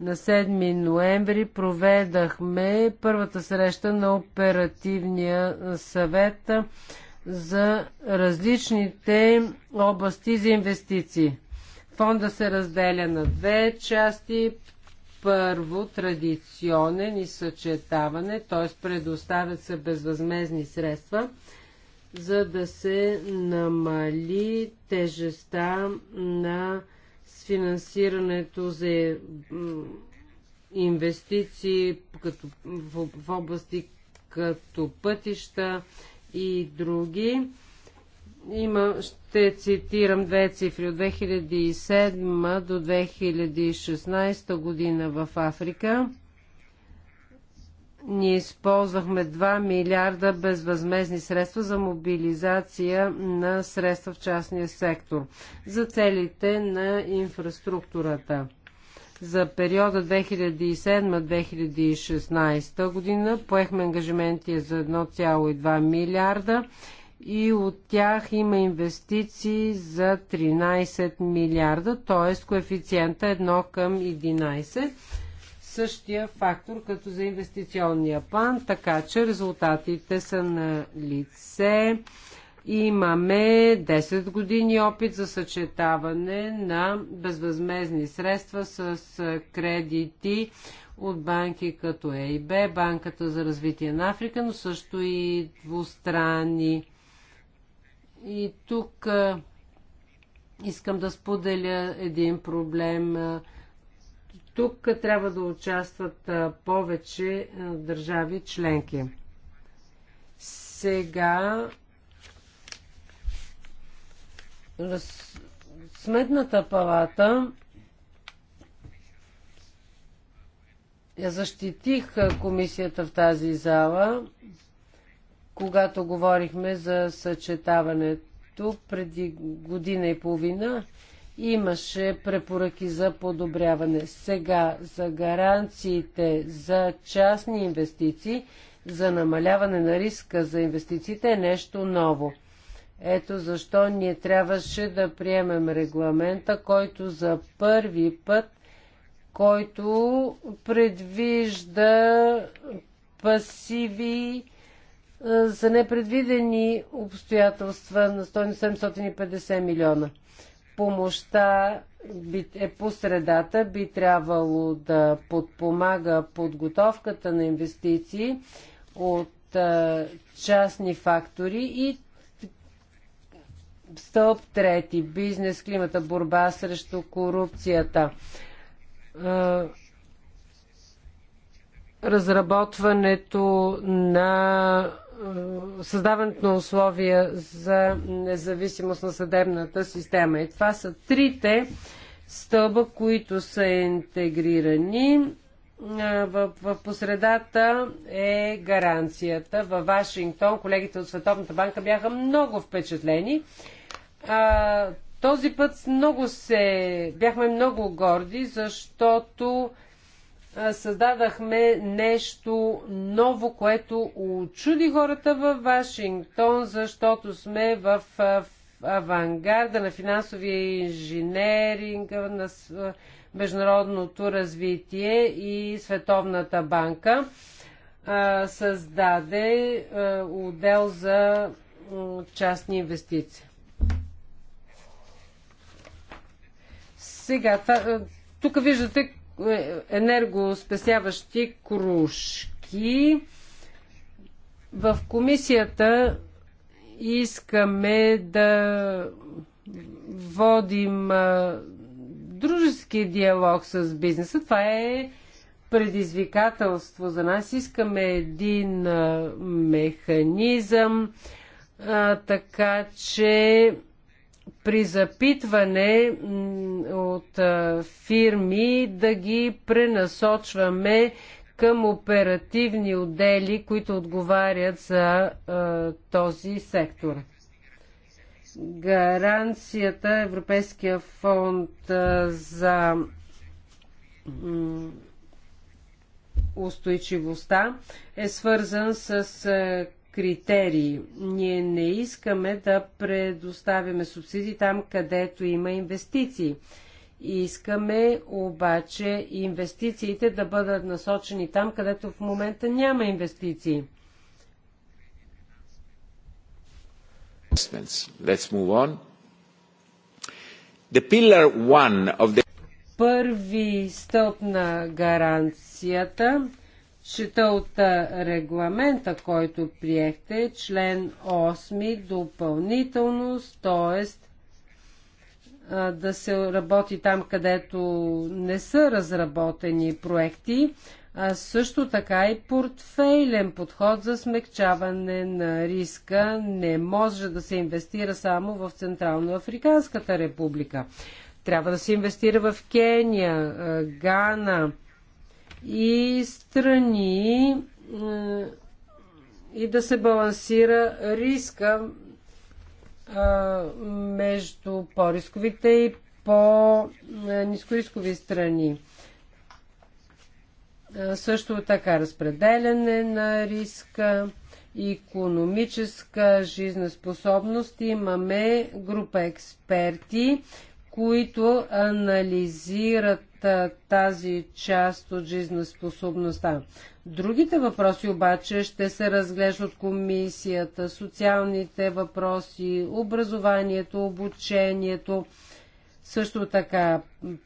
На 7 ноември проведахме първата среща на оперативния съвет за различните области за инвестиции. Фонда се разделя на две части. Първо, традиционен и съчетаване, т.е. предоставят се безвъзмезни средства – за да се намали тежеста на финансирането за инвестиции като, в, в области като пътища и други. Има, ще цитирам две цифри от 2007 до 2016 година в Африка. Ние използвахме 2 милиарда безвъзмезни средства за мобилизация на средства в частния сектор за целите на инфраструктурата. За периода 2007-2016 година поехме ангажименти за 1,2 милиарда и от тях има инвестиции за 13 милиарда, т.е. коефициента 1 към 11 същия фактор като за инвестиционния план, така че резултатите са на лице. Имаме 10 години опит за съчетаване на безвъзмезни средства с кредити от банки като ЕИБ, Банката за развитие на Африка, но също и двустранни. И тук искам да споделя един проблем тук трябва да участват повече държави членки. Сега Сметната палата я защитих комисията в тази зала, когато говорихме за съчетаването преди година и половина. Имаше препоръки за подобряване. Сега за гаранциите за частни инвестиции, за намаляване на риска за инвестициите е нещо ново. Ето защо ние трябваше да приемем регламента, който за първи път, който предвижда пасиви за непредвидени обстоятелства на 100 750 милиона помощта е по средата, би трябвало да подпомага подготовката на инвестиции от частни фактори и стълб трети бизнес, климата, борба срещу корупцията разработването на е, създаването на условия за независимост на съдебната система. И това са трите стълба, които са интегрирани. Е, в, в посредата е гаранцията. Във Вашингтон колегите от Световната банка бяха много впечатлени. А, този път много се бяхме много горди, защото създадахме нещо ново, което очуди хората във Вашингтон, защото сме в авангарда на финансовия инженеринг, на международното развитие и Световната банка създаде отдел за частни инвестиции. Сега, тук виждате енергоспесяващи кружки. В комисията искаме да водим дружески диалог с бизнеса. Това е предизвикателство за нас. Искаме един механизъм, така че при запитване от фирми да ги пренасочваме към оперативни отдели, които отговарят за този сектор. Гаранцията Европейския фонд за устойчивостта е свързан с критерии. Ние не искаме да предоставяме субсидии там, където има инвестиции. Искаме обаче инвестициите да бъдат насочени там, където в момента няма инвестиции. The... Първи стълб на гаранцията чета от регламента, който приехте, член 8, допълнителност, т.е. да се работи там, където не са разработени проекти, а също така и портфейлен подход за смягчаване на риска не може да се инвестира само в Централно-Африканската република. Трябва да се инвестира в Кения, Гана, и страни е, и да се балансира риска е, между по-рисковите и по-низкорискови страни. Е, също така разпределяне на риска и економическа жизнеспособност. Имаме група експерти, които анализират тази част от жизнеспособността. Другите въпроси обаче ще се разглеждат от комисията, социалните въпроси, образованието, обучението, също така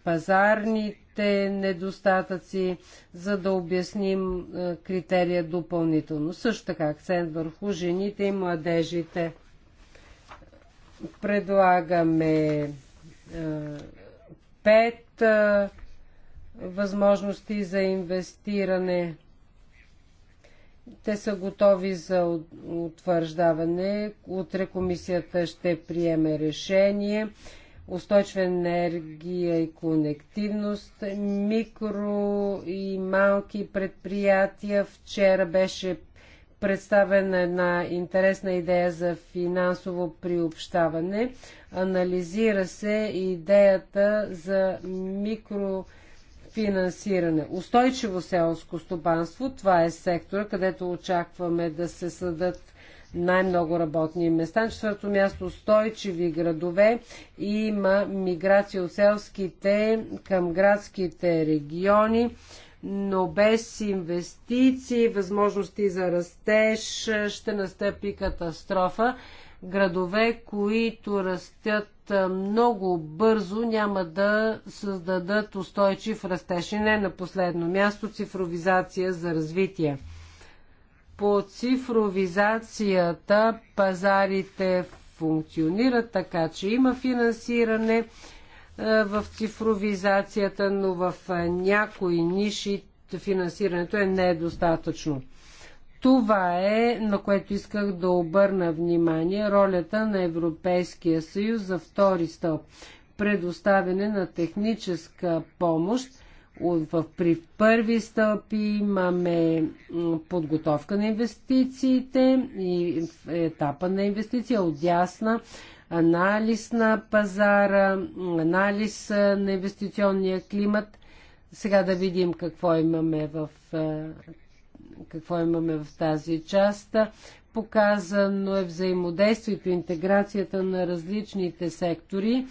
пазарните недостатъци, за да обясним е, критерия допълнително. Също така акцент върху жените и младежите. Предлагаме пет възможности за инвестиране. Те са готови за утвърждаване. Утре комисията ще приеме решение. Устойчива енергия и конективност, микро и малки предприятия. Вчера беше представена една интересна идея за финансово приобщаване. Анализира се идеята за микро финансиране. Устойчиво селско стопанство, това е сектора, където очакваме да се съдат най-много работни места. На четвърто място устойчиви градове. Има миграция от селските към градските региони, но без инвестиции, възможности за растеж ще настъпи катастрофа. Градове, които растят много бързо няма да създадат устойчив растеж. И не на последно място цифровизация за развитие. По цифровизацията пазарите функционират така, че има финансиране в цифровизацията, но в някои ниши финансирането е недостатъчно. Това е, на което исках да обърна внимание, ролята на Европейския съюз за втори стълб предоставяне на техническа помощ. При първи стълб имаме подготовка на инвестициите и етапа на инвестиция, ясна анализ на пазара, анализ на инвестиционния климат. Сега да видим какво имаме в какво имаме в тази част. Показано е взаимодействието, интеграцията на различните сектори.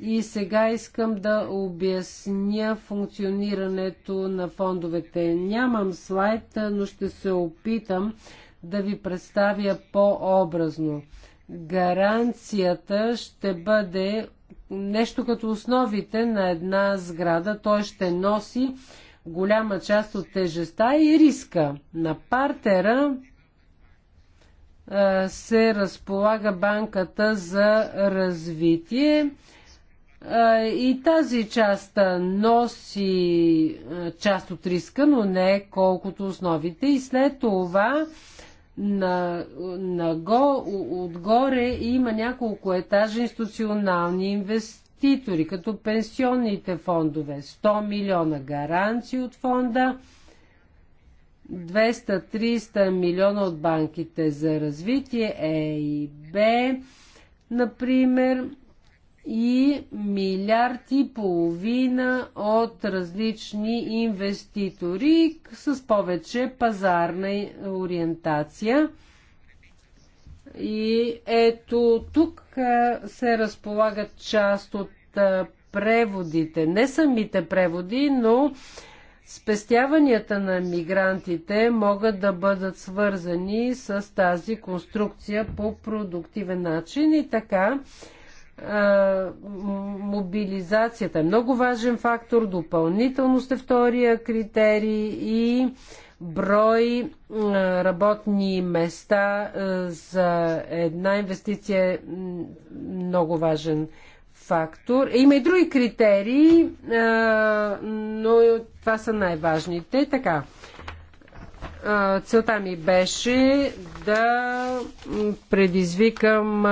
И сега искам да обясня функционирането на фондовете. Нямам слайд, но ще се опитам да ви представя по-образно. Гаранцията ще бъде нещо като основите на една сграда. Той ще носи голяма част от тежеста и риска. На партера се разполага банката за развитие и тази част носи част от риска, но не колкото основите. И след това на, на го, отгоре има няколко етажа институционални инвестиции инвеститори, като пенсионните фондове. 100 милиона гаранции от фонда, 200-300 милиона от банките за развитие, е Б, например, и милиард и половина от различни инвеститори с повече пазарна ориентация. И ето тук се разполагат част от преводите. Не самите преводи, но спестяванията на мигрантите могат да бъдат свързани с тази конструкция по продуктивен начин и така мобилизацията е много важен фактор, допълнително сте втория критерий и брой работни места е, за една инвестиция е много важен фактор. Има и други критерии, е, но това са най-важните. Така, е, целта ми беше да предизвикам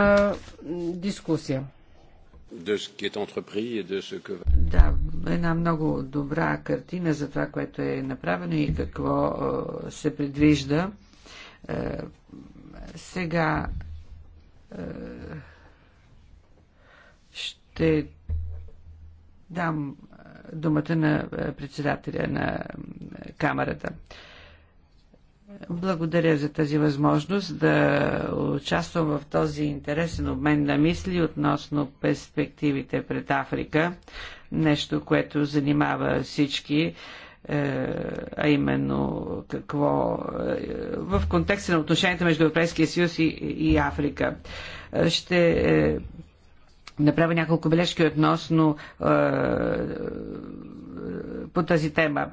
дискусия. Да, една много добра картина за това, което е направено и какво се предвижда. Сега ще дам думата на председателя на камерата. Благодаря за тази възможност да участвам в този интересен обмен на мисли относно перспективите пред Африка, нещо, което занимава всички, е, а именно какво е, в контекста на отношенията между Европейския съюз и Африка. Ще е, направя няколко бележки относно по тази тема.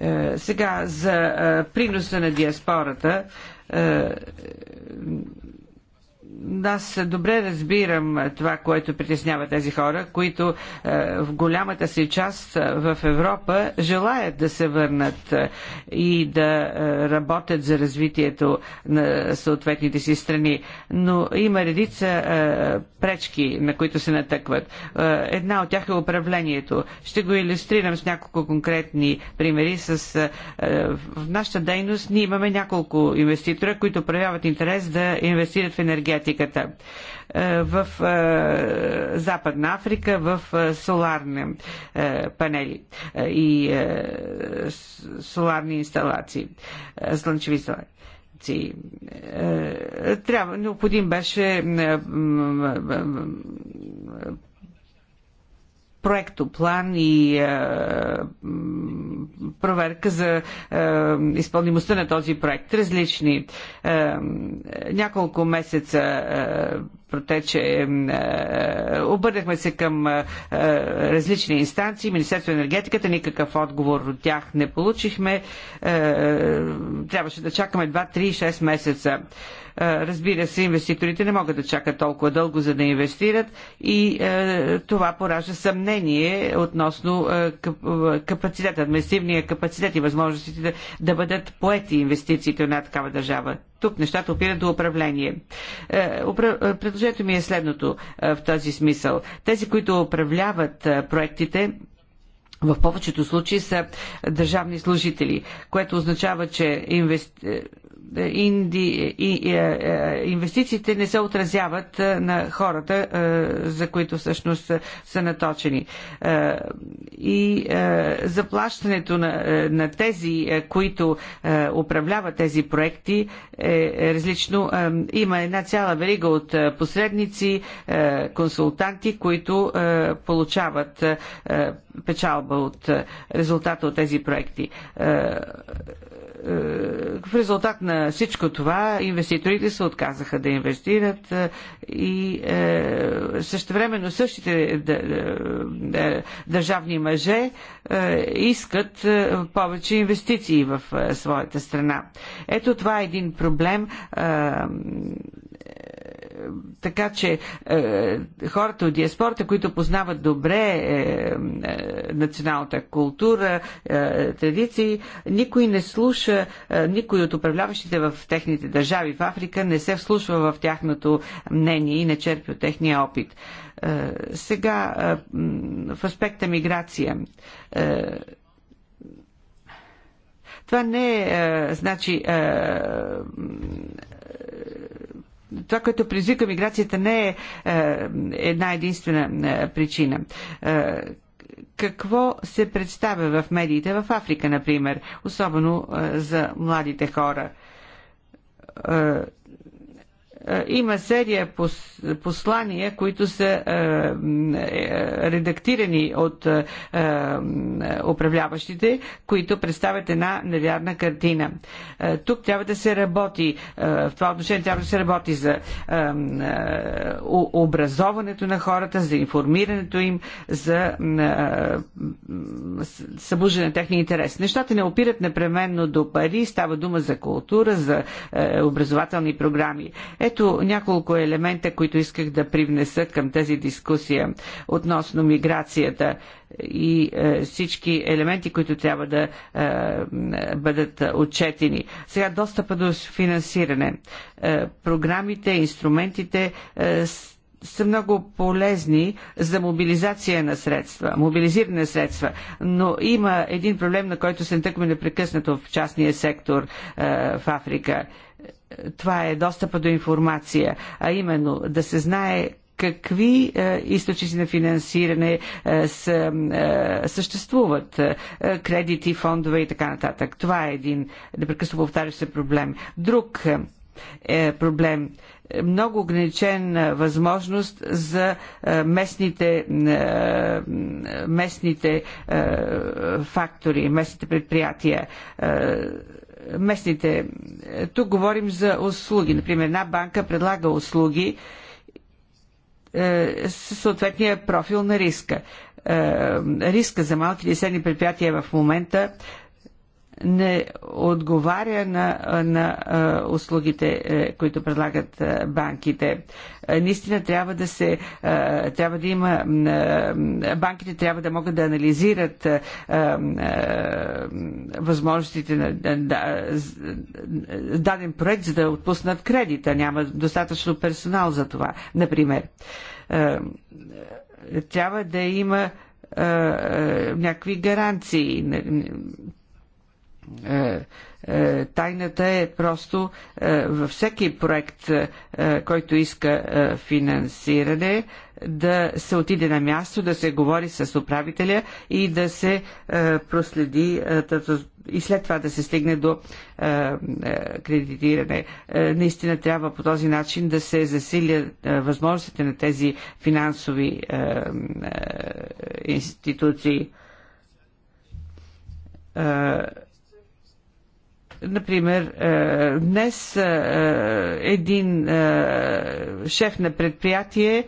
Е, сега за е, приноса на диаспората е, аз добре разбирам това, което притеснява тези хора, които е, в голямата си част е, в Европа желаят да се върнат е, и да работят за развитието на съответните си страни. Но има редица пречки, на които се натъкват. Една от тях е управлението. Ще го иллюстрирам с няколко конкретни примери. С, в нашата дейност ние имаме няколко инвеститора, които проявяват интерес да инвестират в енергетика климатиката е, в е, Западна Африка в е, соларни панели и соларни инсталации, слънчеви инсталации Трябва, необходим беше проектоплан и е, проверка за е, изпълнимостта на този проект. Различни. Е, няколко месеца е, протече. Е, е обърнахме се към е, е, различни инстанции. Министерство на енергетиката никакъв отговор от тях не получихме. Е, е трябваше да чакаме 2-3-6 месеца. Разбира се, инвеститорите не могат да чакат толкова дълго, за да инвестират и това поражда съмнение относно капацитет, административния капацитет и възможностите да, да бъдат поети инвестициите на такава държава. Тук нещата опират до управление. Предложението ми е следното в този смисъл. Тези, които управляват проектите, в повечето случаи са държавни служители, което означава, че инвести инди, и, и, е, е, инвестициите не се отразяват е, на хората, за които всъщност са наточени. И заплащането на, на тези, които управляват тези проекти е различно. Има една цяла верига от посредници, консултанти, които получават печалба от резултата от тези проекти е, в резултат на всичко това инвеститорите се отказаха да инвестират е, и е, същевременно същите държавни мъже искат повече инвестиции в своята страна. Ето това е един проблем така че е, хората от диаспорта, които познават добре е, е, националната култура, е, традиции, никой не слуша, е, никой от управляващите в техните държави в Африка не се вслушва в тяхното мнение и не черпи от техния опит. Е, сега в аспекта миграция. това не е, значи, това, което предизвика миграцията, не е, е една единствена е, причина е, какво се представя в медиите в Африка, например, особено за младите хора. Е, има серия послания, които са е, е, редактирани от управляващите, които представят една невярна картина. Тук трябва да се работи, в това отношение трябва да се работи за образоването на хората, за информирането им, за събуждане на техния интерес. Нещата не опират непременно до пари, става дума за култура, за образователни програми. Ето ето няколко елемента, които исках да привнеса към тази дискусия относно миграцията и е, всички елементи, които трябва да е, бъдат отчетени. Сега достъпа до финансиране. Е, програмите, инструментите е, са много полезни за мобилизация на средства, мобилизиране на средства, но има един проблем, на който се натъкваме непрекъснато в частния сектор е, в Африка това е достъпа до информация, а именно да се знае какви е, източници на финансиране е, с, е, съществуват, е, кредити, фондове и така нататък. Това е един непрекъснато повтарящ се проблем. Друг е, е проблем е, много ограничен е, възможност за местните, местните фактори, местните предприятия местните. Тук говорим за услуги. Например, една банка предлага услуги е, с със съответния профил на риска. Е, риска за малките и средни предприятия в момента не отговаря на, на а, услугите, а, е, които предлагат а, банките. А, наистина трябва да се, а, трябва да има, а, банките трябва да могат да анализират а, а, възможностите на да, даден проект, за да отпуснат кредита. Няма достатъчно персонал за това, например. А, трябва да има а, а, някакви гаранции е, е, тайната е просто е, във всеки проект, който иска финансиране, да се отиде на място, да се говори с управителя и да се проследи и след това да се стигне до кредитиране. Наистина трябва по този начин да се засилят възможностите на тези финансови институции Например, е, днес е, един е, шеф на предприятие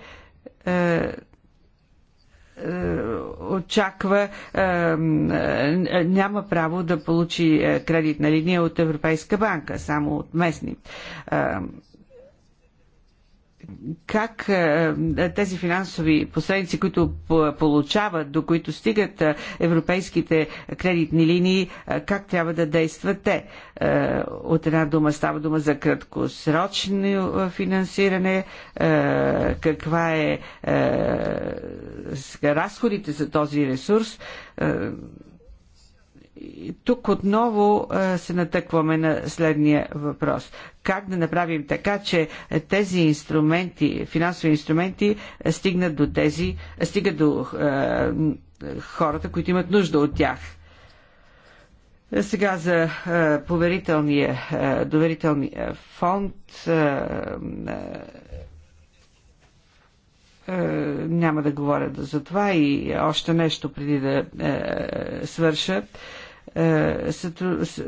очаква, няма право да получи кредитна линия от Европейска банка, само от местни как е, е, тези финансови посредници, които получават, до които стигат е, европейските кредитни линии, как трябва да действат те? От една дума става дума за краткосрочно финансиране, каква е разходите за този ресурс, тук отново се натъкваме на следния въпрос. Как да направим така, че тези инструменти, финансови инструменти, стигнат до тези, стигат до хората, които имат нужда от тях? Сега за поверителния, доверителния фонд. няма да говоря за това и още нещо преди да свърша. Е,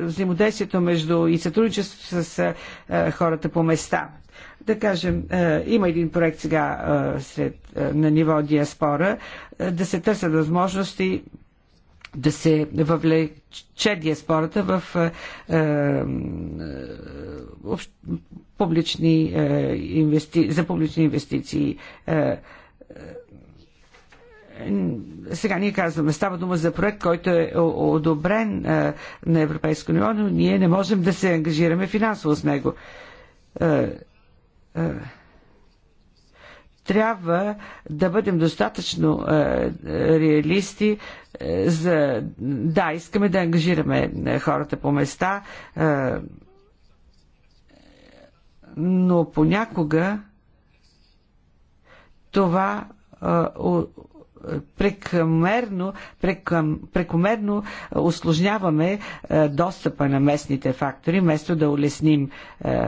взаимодействието между и сътрудничеството с е, е, хората по места. Да кажем, има един проект сега сред, на ниво диаспора, да се търсят възможности да се въвлече диаспората в е, общ, публични, е, инвести... за публични инвестиции. Е, сега ние казваме, става дума за проект, който е одобрен е, на европейско ниво, но ние не можем да се ангажираме финансово с него. Е, е, трябва да бъдем достатъчно реалисти, за да искаме да ангажираме хората по места, но понякога това прекомерно, прекъм, прекомерно е, достъпа на местните фактори, вместо да улесним, е,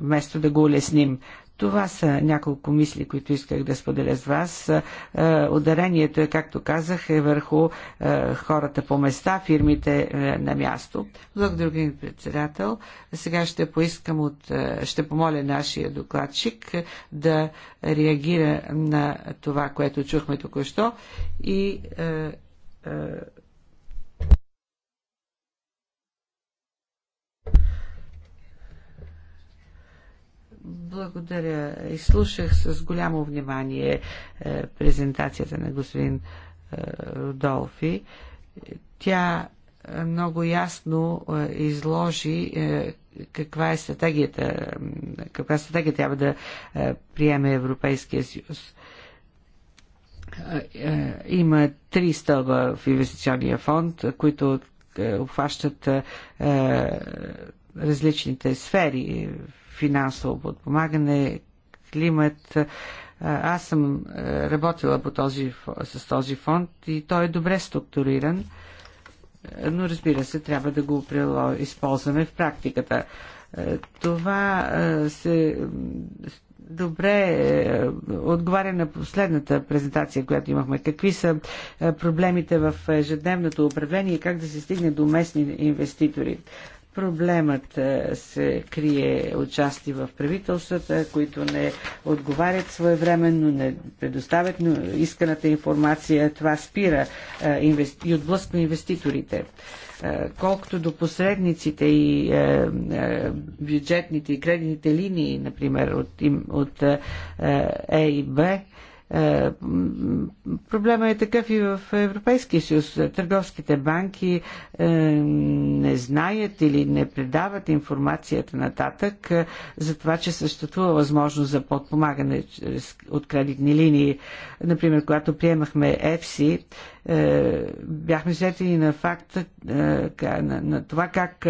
вместо да го улесним. Това са няколко мисли, които исках да споделя с вас. Е, е, ударението е, както казах, е върху е, хората по места, фирмите на място. Благодаря, господин председател. Сега ще поискам от, ще помоля нашия докладчик да реагира на това, което чухме току-що и Благодаря. Изслушах с голямо внимание е, презентацията на господин е, Рудолфи. Тя е, много ясно изложи каква е стратегията, каква стратегия трябва да приеме Европейския съюз. Има три стълба в инвестиционния фонд, които обхващат различните сфери в финансово подпомагане, климат. Аз съм работила по този, с този фонд и той е добре структуриран, но разбира се, трябва да го използваме в практиката. Това се добре отговаря на последната презентация, която имахме. Какви са проблемите в ежедневното управление и как да се стигне до местни инвеститори? Проблемът е, се крие отчасти в правителствата, които не отговарят своевременно, не предоставят исканата информация. Това спира е, и отблъсква инвеститорите е, колкото до посредниците и бюджетните и кредитните линии, например, от, от Е и Б, е, проблема е такъв и в Европейския съюз. Търговските банки е, не знаят или не предават информацията нататък е, за това, че съществува възможност за подпомагане от кредитни линии. Например, когато приемахме EFSI, бяхме свидетели на факта, на това как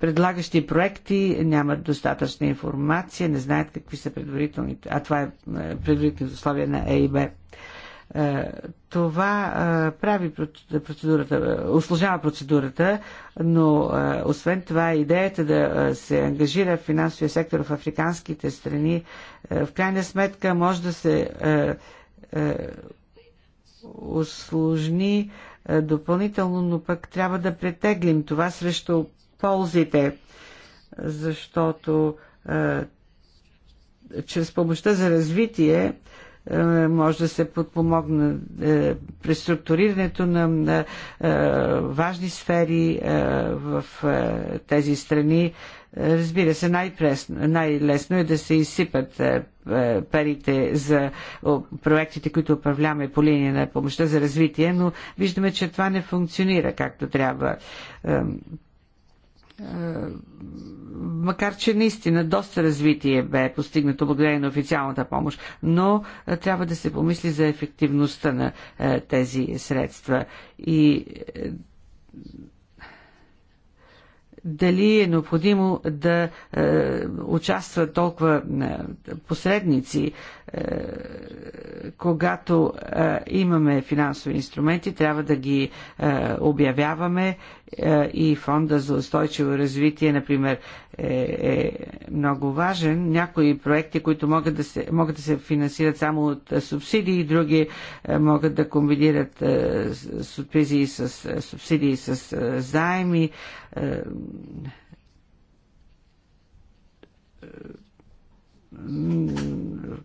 предлагащи проекти нямат достатъчна информация, не знаят какви са предварителните, а това е, е предварителните условия на ЕИБ. Е, това е, прави процедурата, осложнява процедурата, но освен това идеята да се ангажира в финансовия сектор в африканските страни, в крайна сметка може да се осложни допълнително, но пък трябва да претеглим това срещу ползите, защото е, чрез помощта за развитие е, може да се подпомогне е, преструктурирането на, на е, важни сфери е, в е, тези страни. Разбира се, най-лесно най е да се изсипат е, парите за проектите, които управляваме по линия на помощта за развитие, но виждаме, че това не функционира както трябва. Е, макар че наистина доста развитие бе постигнато благодарение на официалната помощ, но е, трябва да се помисли за ефективността на е, тези средства и дали е необходимо да е, участват толкова е, посредници е, когато е, имаме финансови инструменти, трябва да ги е, обявяваме и фонда за устойчиво развитие, например, е, е много важен. Някои проекти, които могат да се, могат да се финансират само от субсидии, други могат да комбинират субсидии с, субсидии с заеми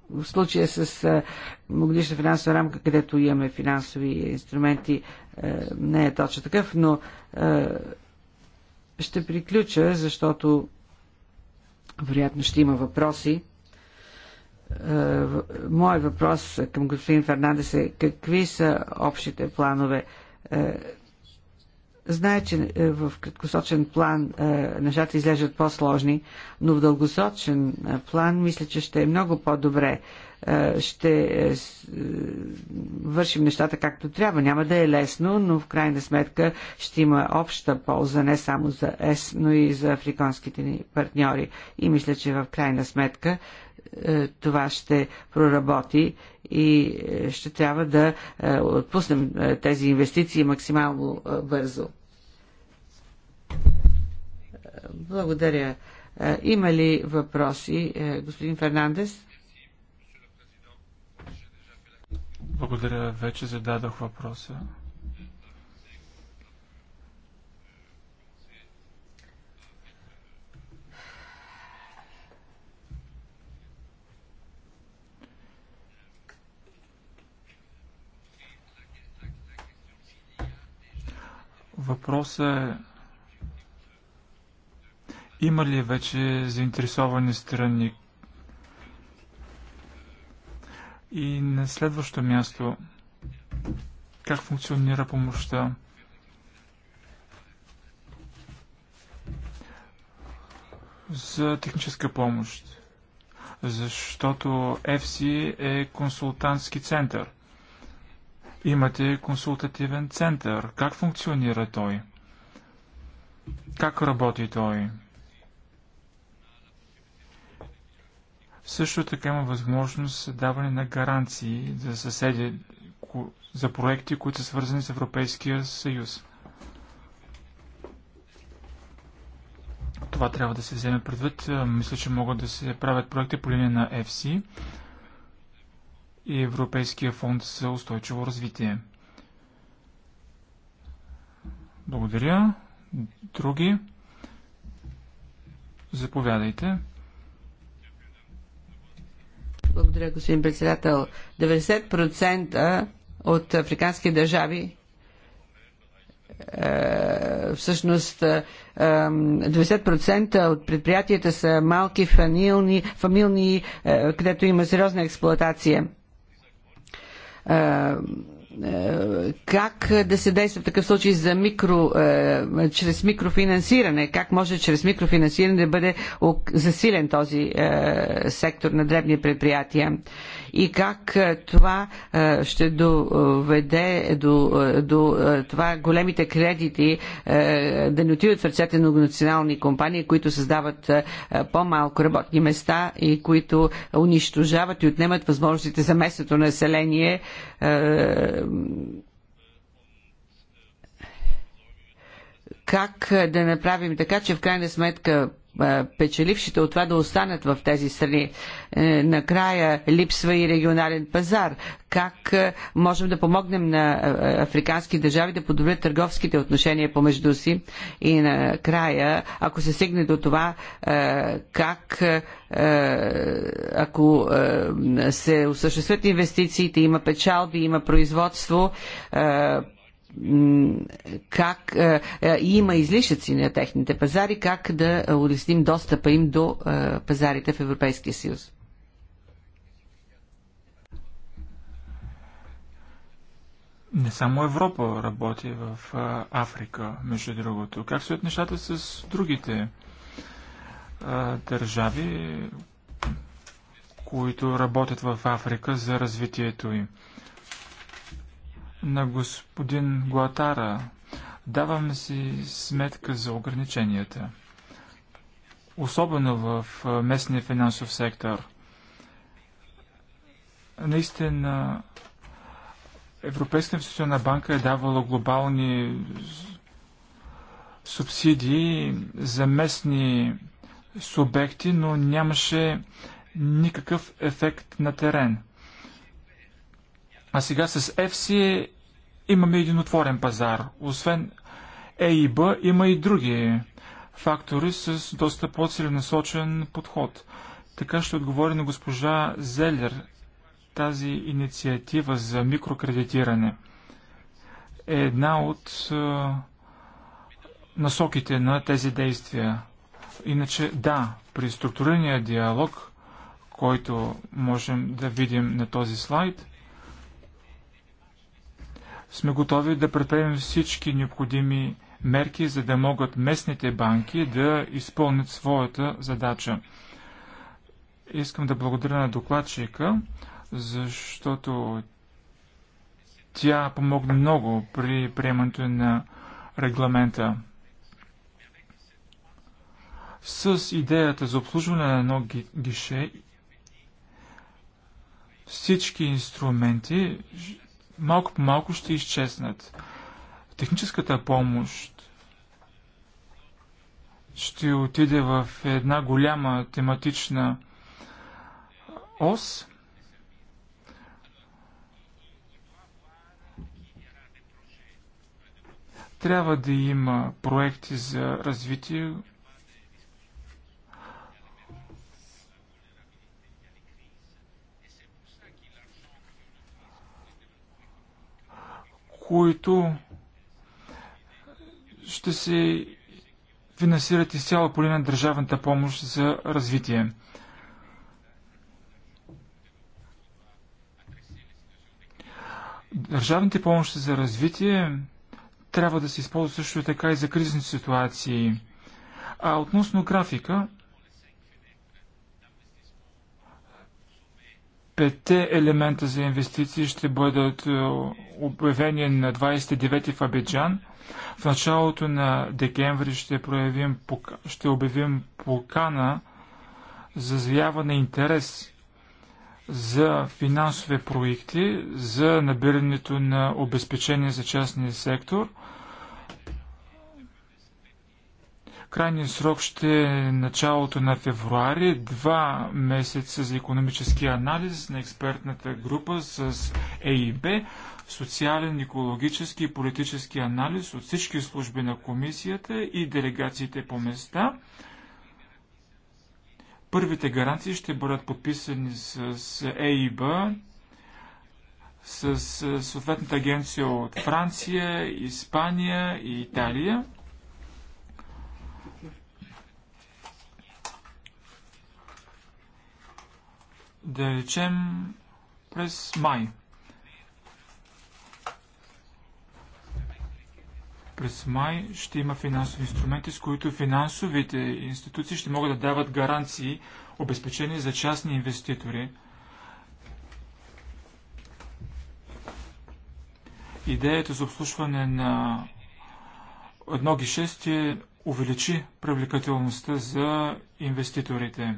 в случая с многодишна финансова рамка, където имаме финансови инструменти, не е точно такъв, но ще приключа, защото вероятно ще има въпроси. Мой въпрос към господин Фернандес е какви са общите планове Знае, че е, в краткосочен план е, нещата излежат по-сложни, но в дългосочен е, план мисля, че ще е много по-добре. Ще вършим нещата както трябва. Няма да е лесно, но в крайна сметка ще има обща полза не само за ЕС, но и за африканските ни партньори. И мисля, че в крайна сметка това ще проработи и ще трябва да отпуснем тези инвестиции максимално бързо. Благодаря. Има ли въпроси, е, господин Фернандес? Благодаря. Вече зададох въпроса. Въпросът е има ли вече заинтересовани страни? И на следващо място, как функционира помощта? за техническа помощ, защото FC е консултантски център. Имате консултативен център. Как функционира той? Как работи той? Също така има възможност за даване на гаранции за съседи, за проекти, които са свързани с Европейския съюз. Това трябва да се вземе предвид. Мисля, че могат да се правят проекти по линия на FC и Европейския фонд за устойчиво развитие. Благодаря. Други? Заповядайте. Благодаря, господин председател. 90% от африкански държави е, всъщност 90% е, от предприятията са малки фамилни, фамилни е, където има сериозна експлоатация как да се действа в такъв случай за микро, е, чрез микрофинансиране? Как може чрез микрофинансиране да бъде засилен този е, сектор на дребни предприятия? И как е, това ще доведе до, до това големите кредити да не отиват в ръцете на национални компании, които създават по-малко работни места и които унищожават и отнемат възможностите за местното население е, как да направим така, че в крайна сметка е, печелившите от това да останат в тези страни. Е, накрая липсва и регионален пазар. Как е, можем да помогнем на африкански държави да подобрят търговските отношения помежду си? И накрая, ако се стигне до това, как ако се осъществят инвестициите, има печалби, има производство, как е, е, има излишъци на техните пазари, как да улесним достъпа им до е, пазарите в Европейския съюз. Не само Европа работи в Африка, между другото. Как стоят нещата с другите държави, които работят в Африка за развитието им? на господин Гуатара. Даваме си сметка за ограниченията, особено в местния финансов сектор. Наистина, Европейска инвестиционна банка е давала глобални субсидии за местни субекти, но нямаше никакъв ефект на терен. А сега с FC е имаме един отворен пазар. Освен B има и други фактори с доста по-целенасочен подход. Така ще отговори на госпожа Зелер тази инициатива за микрокредитиране. Е една от е, насоките на тези действия. Иначе, да, при структурирания диалог, който можем да видим на този слайд, сме готови да предприемем всички необходими мерки, за да могат местните банки да изпълнят своята задача. Искам да благодаря на докладчика, защото тя помогна много при приемането на регламента. С идеята за обслужване на едно гише, всички инструменти малко по малко ще изчезнат. Техническата помощ ще отиде в една голяма тематична ос. Трябва да има проекти за развитие, които ще се финансират изцяло по линия на държавната помощ за развитие. Държавните помощи за развитие трябва да се използват също така и за кризисни ситуации. А относно графика, Петте елемента за инвестиции ще бъдат е, обявени на 29 в Абиджан. В началото на декември ще, проявим, ще обявим покана за заява на интерес за финансови проекти, за набирането на обезпечение за частния сектор – Крайният срок ще е началото на февруари, два месеца за економически анализ на експертната група с ЕИБ, социален, екологически и политически анализ от всички служби на комисията и делегациите по места. Първите гаранции ще бъдат подписани с ЕИБ, с съответната агенция от Франция, Испания и Италия. да речем през май. През май ще има финансови инструменти, с които финансовите институции ще могат да дават гаранции, обезпечени за частни инвеститори. Идеята за обслужване на едно гише увеличи привлекателността за инвеститорите.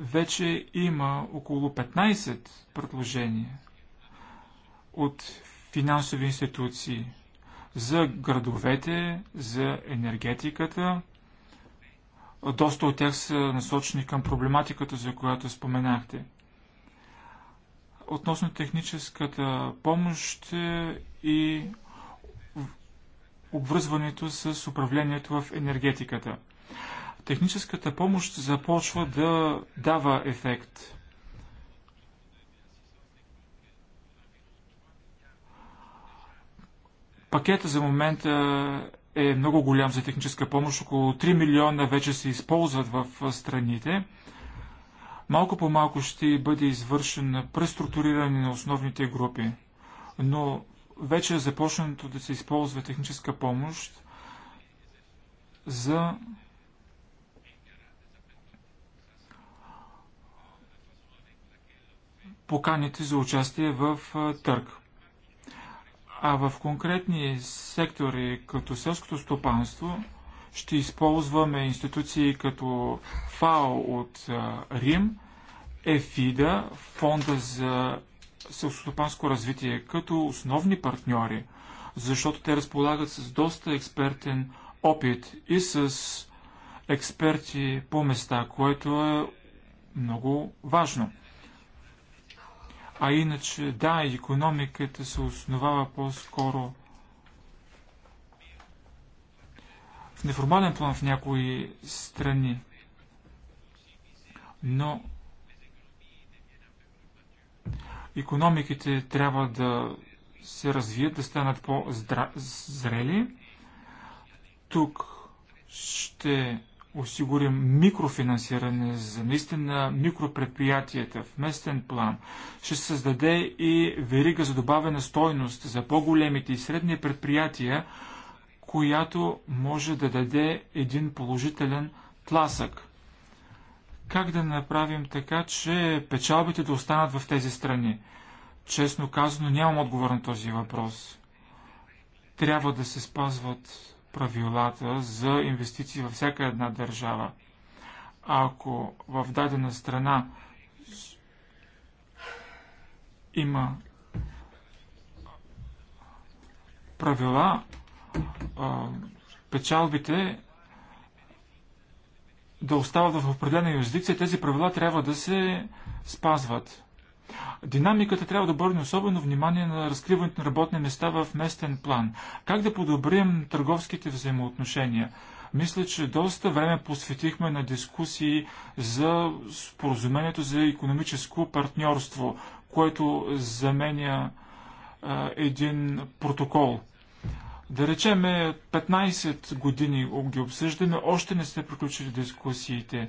вече има около 15 предложения от финансови институции за градовете, за енергетиката. Доста от тях са насочени към проблематиката, за която споменахте. Относно техническата помощ и обвързването с управлението в енергетиката – техническата помощ започва да дава ефект. Пакета за момента е много голям за техническа помощ. Около 3 милиона вече се използват в страните. Малко по малко ще бъде извършен преструктуриране на основните групи. Но вече е започнато да се използва техническа помощ за поканите за участие в търг. А в конкретни сектори, като селското стопанство, ще използваме институции като ФАО от Рим, ЕФИДА, Фонда за селскостопанско развитие като основни партньори, защото те разполагат с доста експертен опит и с експерти по места, което е много важно. А иначе, да, економиката се основава по-скоро в неформален план в някои страни. Но економиките трябва да се развият, да станат по-зрели. Тук ще осигурим микрофинансиране за наистина микропредприятията в местен план, ще създаде и верига за добавена стойност за по-големите и средни предприятия, която може да даде един положителен тласък. Как да направим така, че печалбите да останат в тези страни? Честно казано, нямам отговор на този въпрос. Трябва да се спазват правилата за инвестиции във всяка една държава. Ако в дадена страна има правила, печалбите да остават в определена юрисдикция, тези правила трябва да се спазват. Динамиката трябва да обърне особено внимание на разкриването на работни места в местен план. Как да подобрим търговските взаимоотношения? Мисля, че доста време посветихме на дискусии за споразумението за економическо партньорство, което заменя а, един протокол. Да речеме, 15 години ги обсъждаме, още не сте приключили дискусиите.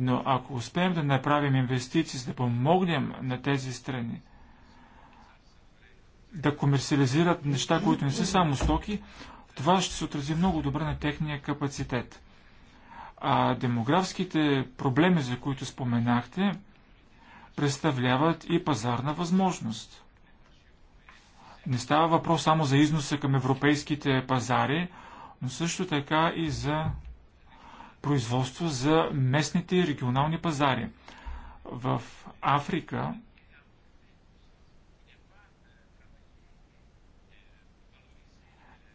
Но ако успеем да направим инвестиции, за да помогнем на тези страни да комерциализират неща, които не са само стоки, това ще се отрази много добре на техния капацитет. А демографските проблеми, за които споменахте, представляват и пазарна възможност. Не става въпрос само за износа към европейските пазари, но също така и за производство за местните и регионални пазари. В Африка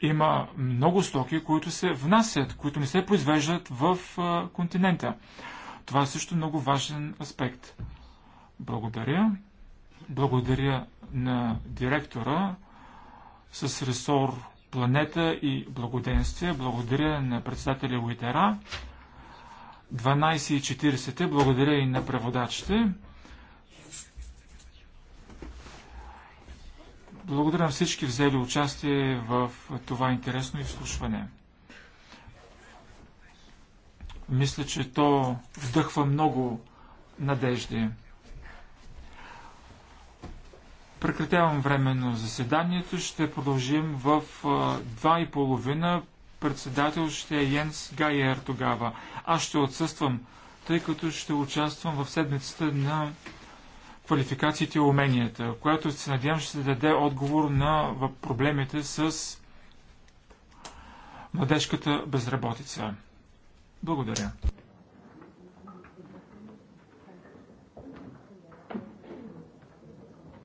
има много стоки, които се внасят, които не се произвеждат в континента. Това е също много важен аспект. Благодаря. Благодаря на директора с ресор Планета и Благоденствие. Благодаря на председателя Уитера. 12.40. Благодаря и на преводачите. Благодаря на всички взели участие в това интересно изслушване. Мисля, че то вдъхва много надежди. Прекратявам временно заседанието. Ще продължим в 2.30 председател ще е Йенс Гайер тогава. Аз ще отсъствам, тъй като ще участвам в седмицата на квалификациите и уменията, която се надявам ще даде отговор на проблемите с младежката безработица. Благодаря.